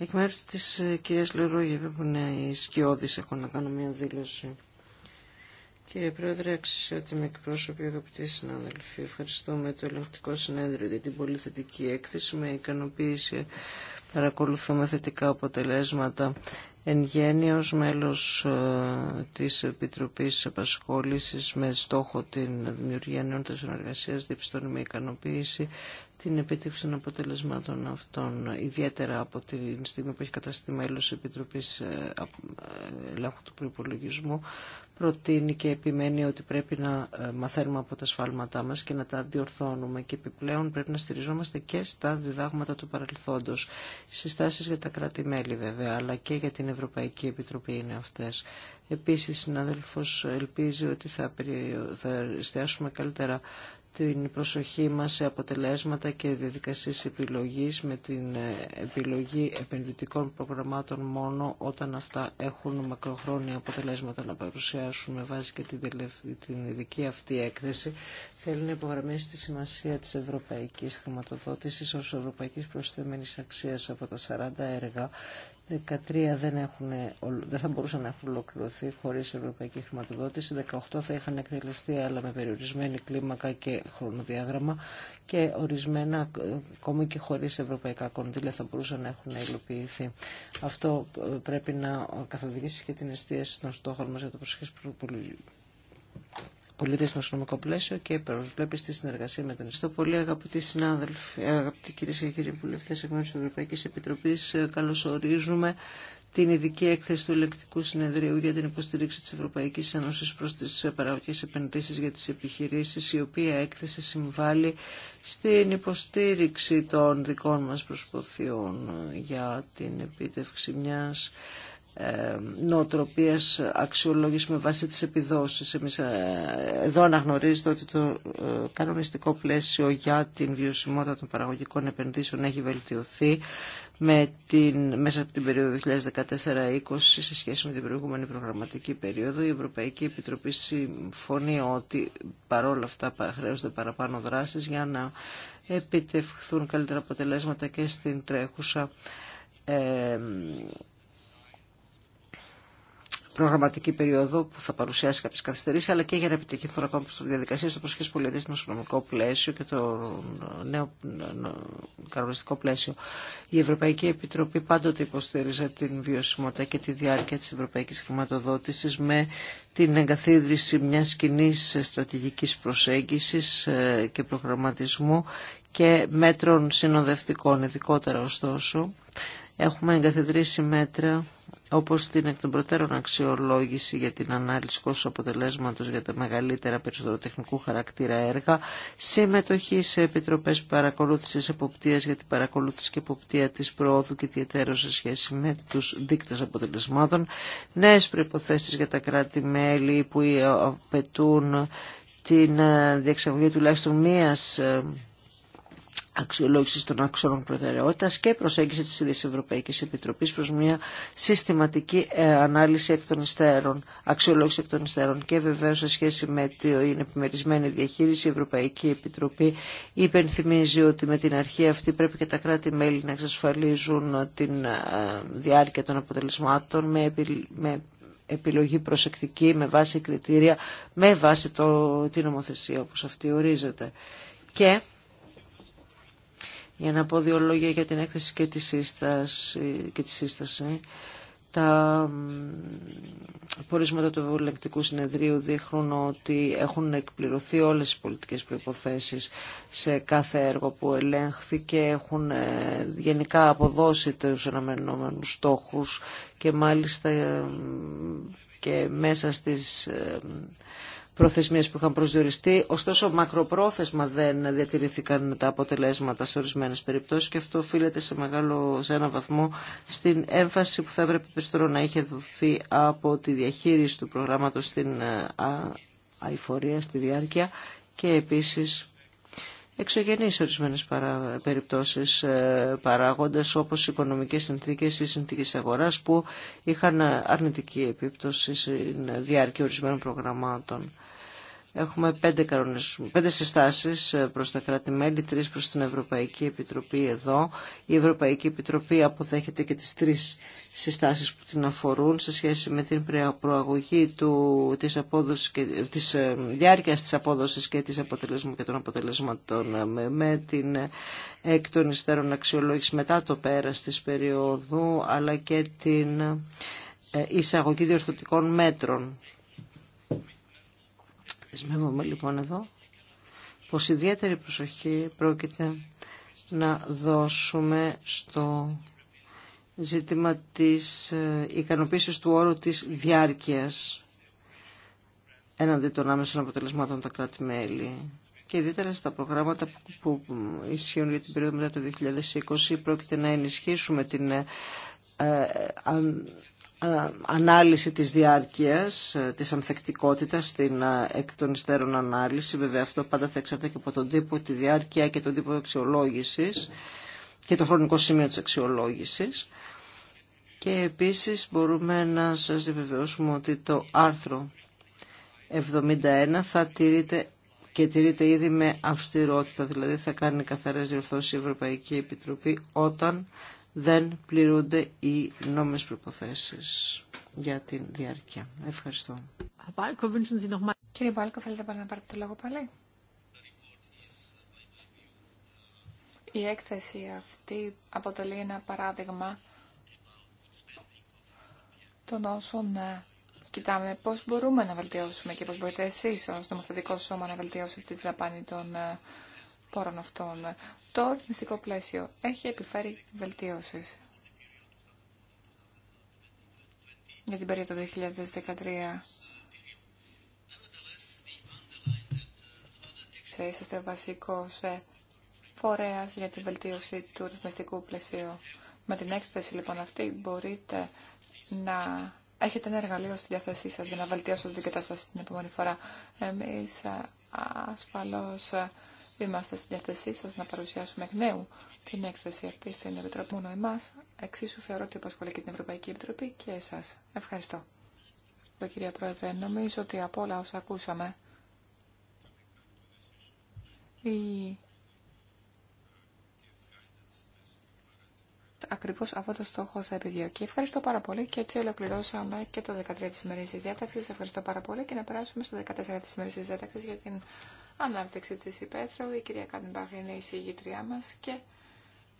S1: Εκ μέρους της ε, κυρίας Λερόγεβε που είναι η Σκιώδης έχω να κάνω μια δήλωση. Κύριε Πρόεδρε, με εκπρόσωποι, αγαπητοί συνάδελφοι, με το ελεγκτικό συνέδριο για την πολύ θετική έκθεση. Με ικανοποίηση παρακολουθούμε θετικά αποτελέσματα. Εν γένει ως μέλος ε, της Επιτροπής Επασχόλησης με στόχο την δημιουργία νέων θέσεων εργασίας με ικανοποίηση την επίτευξη των αποτελεσμάτων αυτών, ιδιαίτερα από την στιγμή που έχει καταστεί μέλος της Επιτροπής ε, ε, Ελέγχου του Προϋπολογισμού, προτείνει και επιμένει ότι πρέπει να ε, μαθαίνουμε από τα σφάλματά μας και να τα διορθώνουμε και επιπλέον πρέπει να στηριζόμαστε και στα διδάγματα του παρελθόντος. Συστάσεις για τα κράτη-μέλη βέβαια, αλλά και για την Ευρωπαϊκή Επιτροπή είναι αυτές. Επίσης, συνάδελφος ε, ελπίζει ότι θα εστιάσουμε καλύτερα την προσοχή μας σε αποτελέσματα και διαδικασίες επιλογής με την ε, επιλογή επενδυτικών προγραμμάτων μόνο όταν αυτά έχουν μακροχρόνια αποτελέσματα να παρουσιάσουν με βάση και την ειδική αυτή έκθεση. Θέλει να υπογραμμίσει τη σημασία της ευρωπαϊκής χρηματοδότησης ως ευρωπαϊκής προσθέμενης αξίας από τα 40 έργα 13 δεν, δεν θα μπορούσαν να έχουν ολοκληρωθεί χωρίς ευρωπαϊκή χρηματοδότηση, 18 θα είχαν εκτελεστεί αλλά με περιορισμένη κλίμακα και χρονοδιάγραμμα και ορισμένα ε, ακόμη και χωρίς ευρωπαϊκά κονδύλια θα μπορούσαν να έχουν υλοποιηθεί. Αυτό ε, πρέπει να καθοδηγήσει και την εστίαση των στόχων μας για το πολιτική πολιτές στο πλαίσιο και προσβλέπει στη συνεργασία με τον Ιστό. Πολύ αγαπητοί συνάδελφοι, αγαπητοί κυρίε και κύριοι βουλευτέ εκ τη Ευρωπαϊκή Επιτροπή, ε, καλωσορίζουμε την ειδική έκθεση του ελεκτικού συνεδρίου για την υποστήριξη τη Ευρωπαϊκή Ένωση προ τι ε, παραγωγικέ επενδύσει για τι επιχειρήσει, η οποία έκθεση συμβάλλει στην υποστήριξη των δικών μα προσπαθειών ε, για την επίτευξη μια νοοτροπίας αξιολόγηση με βάση τις επιδόσεις. Εμείς ε, εδώ αναγνωρίζετε ότι το ε, κανονιστικό πλαίσιο για την βιωσιμότητα των παραγωγικών επενδύσεων έχει βελτιωθεί με την, μέσα από την περίοδο 2014-2020 σε σχέση με την προηγούμενη προγραμματική περίοδο. Η Ευρωπαϊκή Επιτροπή συμφωνεί ότι παρόλα αυτά χρειάζονται παραπάνω δράσεις για να επιτευχθούν καλύτερα αποτελέσματα και στην τρέχουσα ε, προγραμματική περίοδο που θα παρουσιάσει κάποιε καθυστερήσει, αλλά και για να επιτυχηθούν ακόμα προ διαδικασίε στο προσχέσει πολιτή οικονομικό πλαίσιο και το νέο κανονιστικό πλαίσιο. Η Ευρωπαϊκή Επιτροπή πάντοτε υποστήριζε την βιωσιμότητα και τη διάρκεια τη ευρωπαϊκή χρηματοδότηση με την εγκαθίδρυση μια κοινή στρατηγική προσέγγιση ε, και προγραμματισμού και μέτρων συνοδευτικών, ειδικότερα ωστόσο. Έχουμε εγκαθιδρύσει μέτρα όπως την εκ των προτέρων αξιολόγηση για την ανάλυση κόστου αποτελέσματος για τα μεγαλύτερα περισσότερο χαρακτήρα έργα, συμμετοχή σε επιτροπές παρακολούθησης εποπτείας για την παρακολούθηση και εποπτεία της προόδου και ιδιαίτερα σε σχέση με τους δείκτες αποτελεσμάτων, νέες προϋποθέσεις για τα κράτη-μέλη που απαιτούν την ε, διεξαγωγή τουλάχιστον μίας ε, αξιολόγηση των άξιων προτεραιότητας και προσέγγιση της ίδιας Ευρωπαϊκής Επιτροπής προς μια συστηματική ε, ανάλυση εκ των υστέρων, αξιολόγηση εκ των υστέρων και βεβαίως σε σχέση με την επιμερισμένη διαχείριση η Ευρωπαϊκή Επιτροπή υπενθυμίζει ότι με την αρχή αυτή πρέπει και τα κράτη-μέλη να εξασφαλίζουν την ε, διάρκεια των αποτελεσμάτων με επιλογή προσεκτική, με βάση κριτήρια, με βάση το, την νομοθεσία όπως αυτή ορίζεται. Και για να πω δύο λόγια για την έκθεση και τη σύσταση. Και Τα πορίσματα του Ευρωλεκτικού Συνεδρίου δείχνουν ότι έχουν εκπληρωθεί όλες οι πολιτικές προϋποθέσεις σε κάθε έργο που ελέγχθηκε, έχουν ε, γενικά αποδώσει τους αναμενόμενους στόχους και μάλιστα ε, και μέσα στις ε, προθεσμίες που είχαν προσδιοριστεί. Ωστόσο, μακροπρόθεσμα δεν διατηρήθηκαν τα αποτελέσματα σε ορισμένε περιπτώσει, και αυτό οφείλεται σε, μεγάλο, σε ένα βαθμό στην έμφαση που θα έπρεπε περισσότερο να είχε δοθεί από τη διαχείριση του προγράμματο στην ε, αηφορία, στη διάρκεια και επίση εξωγενείς σε ορισμένες παρα... περιπτώσεις ε, παράγοντες όπως οι οικονομικές συνθήκες ή συνθήκες αγοράς που είχαν αρνητική επίπτωση στην διάρκεια ορισμένων προγραμμάτων. Έχουμε πέντε, καρονες, πέντε συστάσεις ε, προς τα κράτη-μέλη, τρεις προς την Ευρωπαϊκή Επιτροπή εδώ. Η Ευρωπαϊκή Επιτροπή αποδέχεται και τις τρεις συστάσεις που την αφορούν σε σχέση με την προαγωγή του, της, απόδοσης και, ε, της ε, διάρκειας της απόδοσης και, της αποτελεσμα, και των αποτελεσματών με, την εκ των υστέρων αξιολόγηση μετά το πέρας της περίοδου αλλά και την εισαγωγή διορθωτικών μέτρων Δεσμεύομαι λοιπόν εδώ πως ιδιαίτερη προσοχή πρόκειται να δώσουμε στο ζήτημα της ε, ικανοποίησης του όρου της διάρκειας έναντι των άμεσων αποτελεσμάτων τα κράτη-μέλη. Και ιδιαίτερα στα προγράμματα που ισχύουν για την περίοδο μετά το 2020 πρόκειται να ενισχύσουμε την ε, ε, ε, ανάλυση της διάρκειας, ε, της ανθεκτικότητας στην ε, εκ των υστέρων ανάλυση. Βέβαια αυτό πάντα θα εξαρτάται και από τον τύπο, τη διάρκεια και τον τύπο αξιολόγηση και το χρονικό σημείο της αξιολόγηση. Και επίσης μπορούμε να σας διαβεβαιώσουμε ότι το άρθρο 71 θα τηρείται και τηρείται ήδη με αυστηρότητα, δηλαδή θα κάνει καθαρές διορθώσεις η Ευρωπαϊκή Επιτροπή όταν δεν πληρούνται οι νόμιμες προϋποθέσεις για την διάρκεια. Ευχαριστώ.
S3: Κύριε Μπάλκο, θέλετε να πάρετε το λόγο πάλι. Η έκθεση αυτή αποτελεί ένα παράδειγμα των όσων ε, κοιτάμε πώς μπορούμε να βελτιώσουμε και πώς μπορείτε εσείς ως νομοθετικό σώμα να βελτιώσετε τη δαπάνη των ε, πόρων αυτών το ρυθμιστικό πλαίσιο έχει επιφέρει βελτιώσεις. Για την περίοδο 2013 θα είσαστε βασικό ε, φορέας για την βελτίωση του ρυθμιστικού πλαισίου. Με την έκθεση λοιπόν αυτή μπορείτε να έχετε ένα εργαλείο στη διάθεσή σας για να βελτιώσετε την κατάσταση την επόμενη φορά. Εμείς ε, ασφαλώς ε, είμαστε στην διάθεσή σας να παρουσιάσουμε εκ νέου την έκθεση αυτή στην Επιτροπή μόνο εμάς. Εξίσου θεωρώ ότι απασχολεί και την Ευρωπαϊκή Επιτροπή και εσά. Ευχαριστώ. Το κυρία Πρόεδρε, νομίζω ότι από όλα όσα ακούσαμε η... Ακριβώς αυτό το στόχο θα επιδιωκεί. Ευχαριστώ πάρα πολύ και έτσι ολοκληρώσαμε και το 13 της ημερήσης διάταξη. Ευχαριστώ πάρα πολύ και να περάσουμε στο 14 η ημερήσης διάταξη για την ανάπτυξη της υπαίθρου. Η κυρία Κάντεμπαχ είναι η συγγήτριά μας και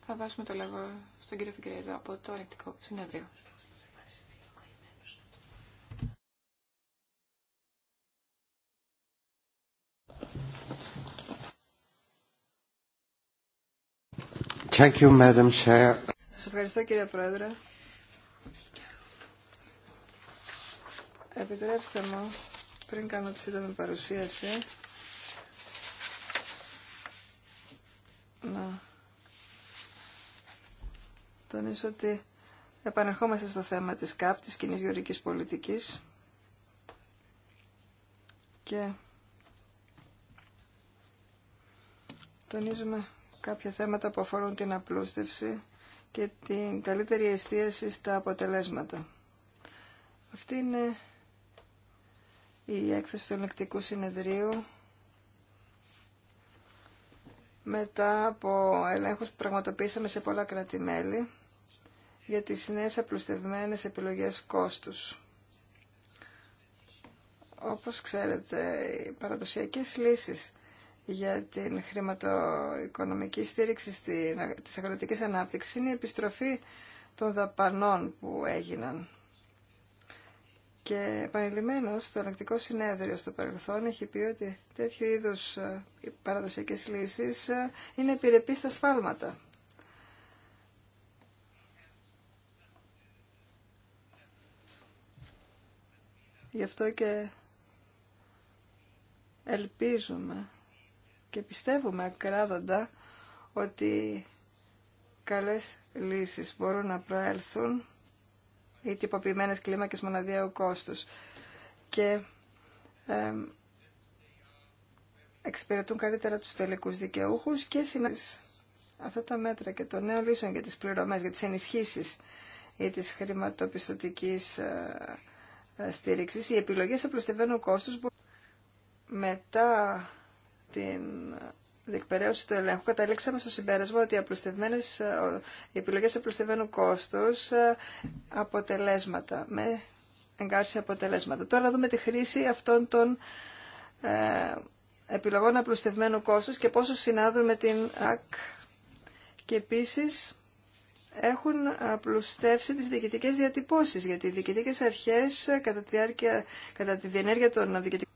S3: θα δώσουμε το λόγο στον κύριο Φιγκρέδο από το ανεκτικό Συνέδριο. Thank you, Madam Chair.
S2: Σας ευχαριστώ κύριε Πρόεδρε. Επιτρέψτε μου, πριν κάνω τη σύντομη παρουσίαση, να τονίσω ότι επανερχόμαστε στο θέμα της ΚΑΠ, της κοινής γεωρικής πολιτικής και τονίζουμε κάποια θέματα που αφορούν την απλούστευση και την καλύτερη εστίαση στα αποτελέσματα. Αυτή είναι η έκθεση του ελεκτικού συνεδρίου μετά από ελέγχους που πραγματοποίησαμε σε πολλά κράτη-μέλη για τις νέες απλουστευμένες επιλογές κόστους. Όπως ξέρετε, οι παραδοσιακές λύσεις για την χρηματοοικονομική στήριξη της αγροτικής ανάπτυξης είναι η επιστροφή των δαπανών που έγιναν και επανειλημμένω το Ανακτικό Συνέδριο στο παρελθόν έχει πει ότι τέτοιου είδου ε, παραδοσιακέ λύσει ε, είναι επιρρεπεί στα σφάλματα. Γι' αυτό και ελπίζουμε και πιστεύουμε ακράδαντα ότι καλές λύσεις μπορούν να προέλθουν ή τυποποιημένε κλίμακες μοναδιαίου κόστου. Και ε, εξυπηρετούν καλύτερα του τελικούς δικαιούχου και συνάδελφους. Αυτά τα μέτρα και των νέων λύσεων για τις πληρωμές, για τις ενισχύσεις ή της χρηματοπιστωτικής ε, ε, στήριξη. οι επιλογές απλουστευμένου κόστους μετά την διεκπαιρέωση του ελέγχου, καταλήξαμε στο συμπέρασμα ότι οι, ε, επιλογές απλουστευμένου κόστους ε, αποτελέσματα, με εγκάρση αποτελέσματα. Τώρα δούμε τη χρήση αυτών των ε, επιλογών απλουστευμένου κόστους και πόσο συνάδουν με την ΑΚ και επίσης έχουν απλουστεύσει τις διοικητικές διατυπώσεις, γιατί οι διοικητικές αρχές κατά τη, κατά τη διενέργεια των διοικητικών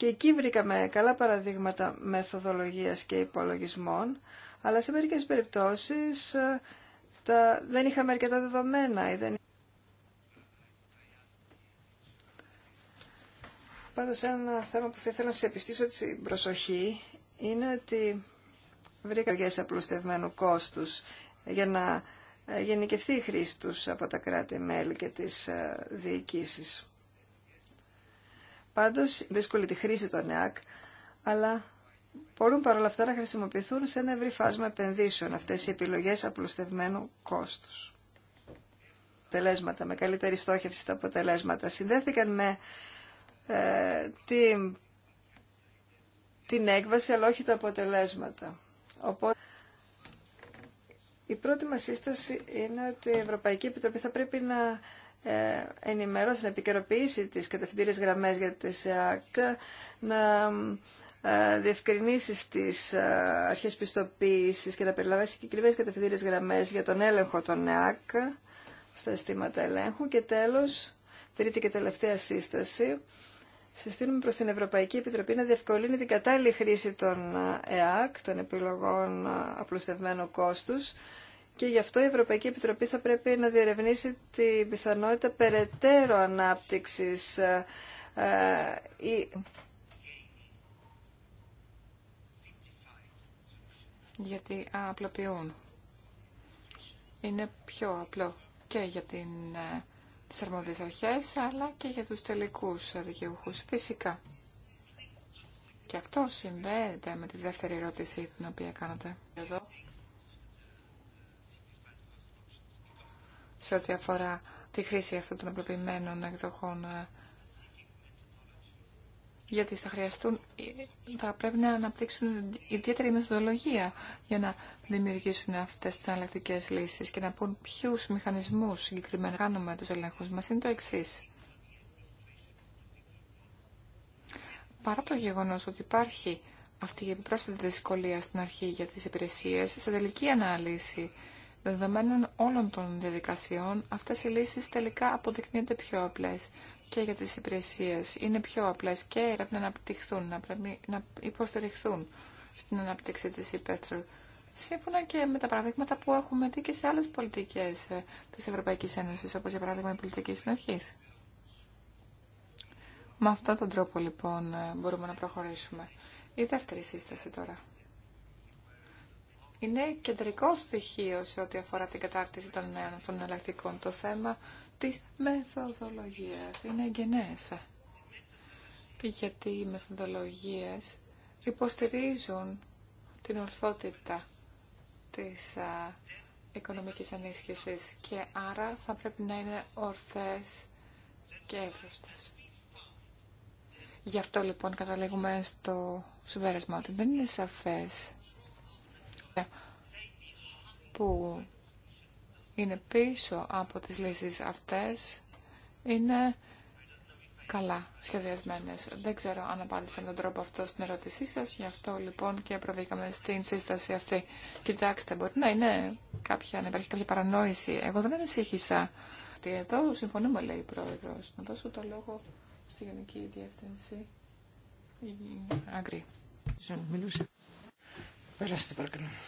S2: και εκεί βρήκαμε καλά παραδείγματα μεθοδολογίας και υπολογισμών, αλλά σε μερικές περιπτώσεις ε, τα, δεν είχαμε αρκετά δεδομένα. Ή δεν... Πάντως ένα θέμα που θα ήθελα να σας επιστήσω την προσοχή είναι ότι βρήκα αργές απλουστευμένου κόστους για να ε, γενικευθεί η χρήση τους από τα κράτη-μέλη και τις ε, διοικήσεις. Πάντως, δύσκολη τη χρήση των ΕΑΚ, αλλά μπορούν παρόλα αυτά να χρησιμοποιηθούν σε ένα ευρύ φάσμα επενδύσεων αυτές οι επιλογές απλουστευμένου κόστους. Τελέσματα με καλύτερη στόχευση τα αποτελέσματα συνδέθηκαν με ε, την, την έκβαση αλλά όχι τα αποτελέσματα. Οπότε, η πρώτη μας σύσταση είναι ότι η Ευρωπαϊκή Επιτροπή θα πρέπει να ε, ενημερώσει, να επικαιροποιήσει τις κατευθυντήριες γραμμές για τις ΕΑΚ, να ε, διευκρινίσει τις ε, αρχές πιστοποίησης και να περιλαμβάνει συγκεκριμένες κατευθυντήριες γραμμές για τον έλεγχο των ΕΑΚ στα αισθήματα ελέγχου και τέλος, τρίτη και τελευταία σύσταση, συστήνουμε προς την Ευρωπαϊκή Επιτροπή να διευκολύνει την κατάλληλη χρήση των ΕΑΚ, των επιλογών απλουστευμένου κόστους, και γι' αυτό η Ευρωπαϊκή Επιτροπή θα πρέπει να διερευνήσει την πιθανότητα περαιτέρω ανάπτυξης ε, ε,
S3: γιατί απλοποιούν. Είναι πιο απλό και για την, ε, τις αρμόδιες αρχές, αλλά και για τους τελικούς δικαιούχους, φυσικά. Και αυτό συνδέεται με τη δεύτερη ερώτηση την οποία κάνατε. Εδώ σε ό,τι αφορά τη χρήση αυτών των απλοποιημένων εκδοχών. Γιατί θα χρειαστούν, θα πρέπει να αναπτύξουν ιδιαίτερη μεθοδολογία για να δημιουργήσουν αυτές τις αναλλακτικέ λύσεις και να πούν ποιου μηχανισμού συγκεκριμένα κάνουμε του ελέγχους μας. Είναι το εξή. Παρά το γεγονό ότι υπάρχει αυτή η επιπρόσθετη δυσκολία στην αρχή για τι υπηρεσίε, σε τελική ανάλυση Δεδομένων όλων των διαδικασιών, αυτές οι λύσεις τελικά αποδεικνύονται πιο απλές και για τις υπηρεσίες. Είναι πιο απλές και πρέπει να αναπτυχθούν, να, πρέπει να υποστηριχθούν στην αναπτύξη της υπέθρου, Σύμφωνα και με τα παραδείγματα που έχουμε δει και σε άλλες πολιτικές ε, της Ευρωπαϊκής Ένωσης, όπως για παράδειγμα η πολιτική συνοχή. Με αυτόν τον τρόπο λοιπόν ε, μπορούμε να προχωρήσουμε. Η δεύτερη σύσταση τώρα είναι κεντρικό στοιχείο σε ό,τι αφορά την κατάρτιση των νέων των εναλλακτικών Το θέμα της μεθοδολογίας είναι εγγενές. Γιατί οι μεθοδολογίες υποστηρίζουν την ορθότητα της α, οικονομικής ανίσχυσης και άρα θα πρέπει να είναι ορθές και εύρωστες. Γι' αυτό λοιπόν καταλήγουμε στο συμπέρασμα ότι δεν είναι σαφές που είναι πίσω από τις λύσεις αυτές είναι καλά σχεδιασμένες. Δεν ξέρω αν απάντησα με τον τρόπο αυτό στην ερώτησή σας, γι' αυτό λοιπόν και προβήκαμε στην σύσταση αυτή. Κοιτάξτε, μπορεί να είναι κάποια, να υπάρχει κάποια παρανόηση. Εγώ δεν ανησύχησα. Εδώ συμφωνούμε, λέει η Πρόεδρος. Να δώσω το λόγο στη Γενική Διεύθυνση.
S1: Αγκρή. Μιλούσε. Πέρασε, παρακαλώ.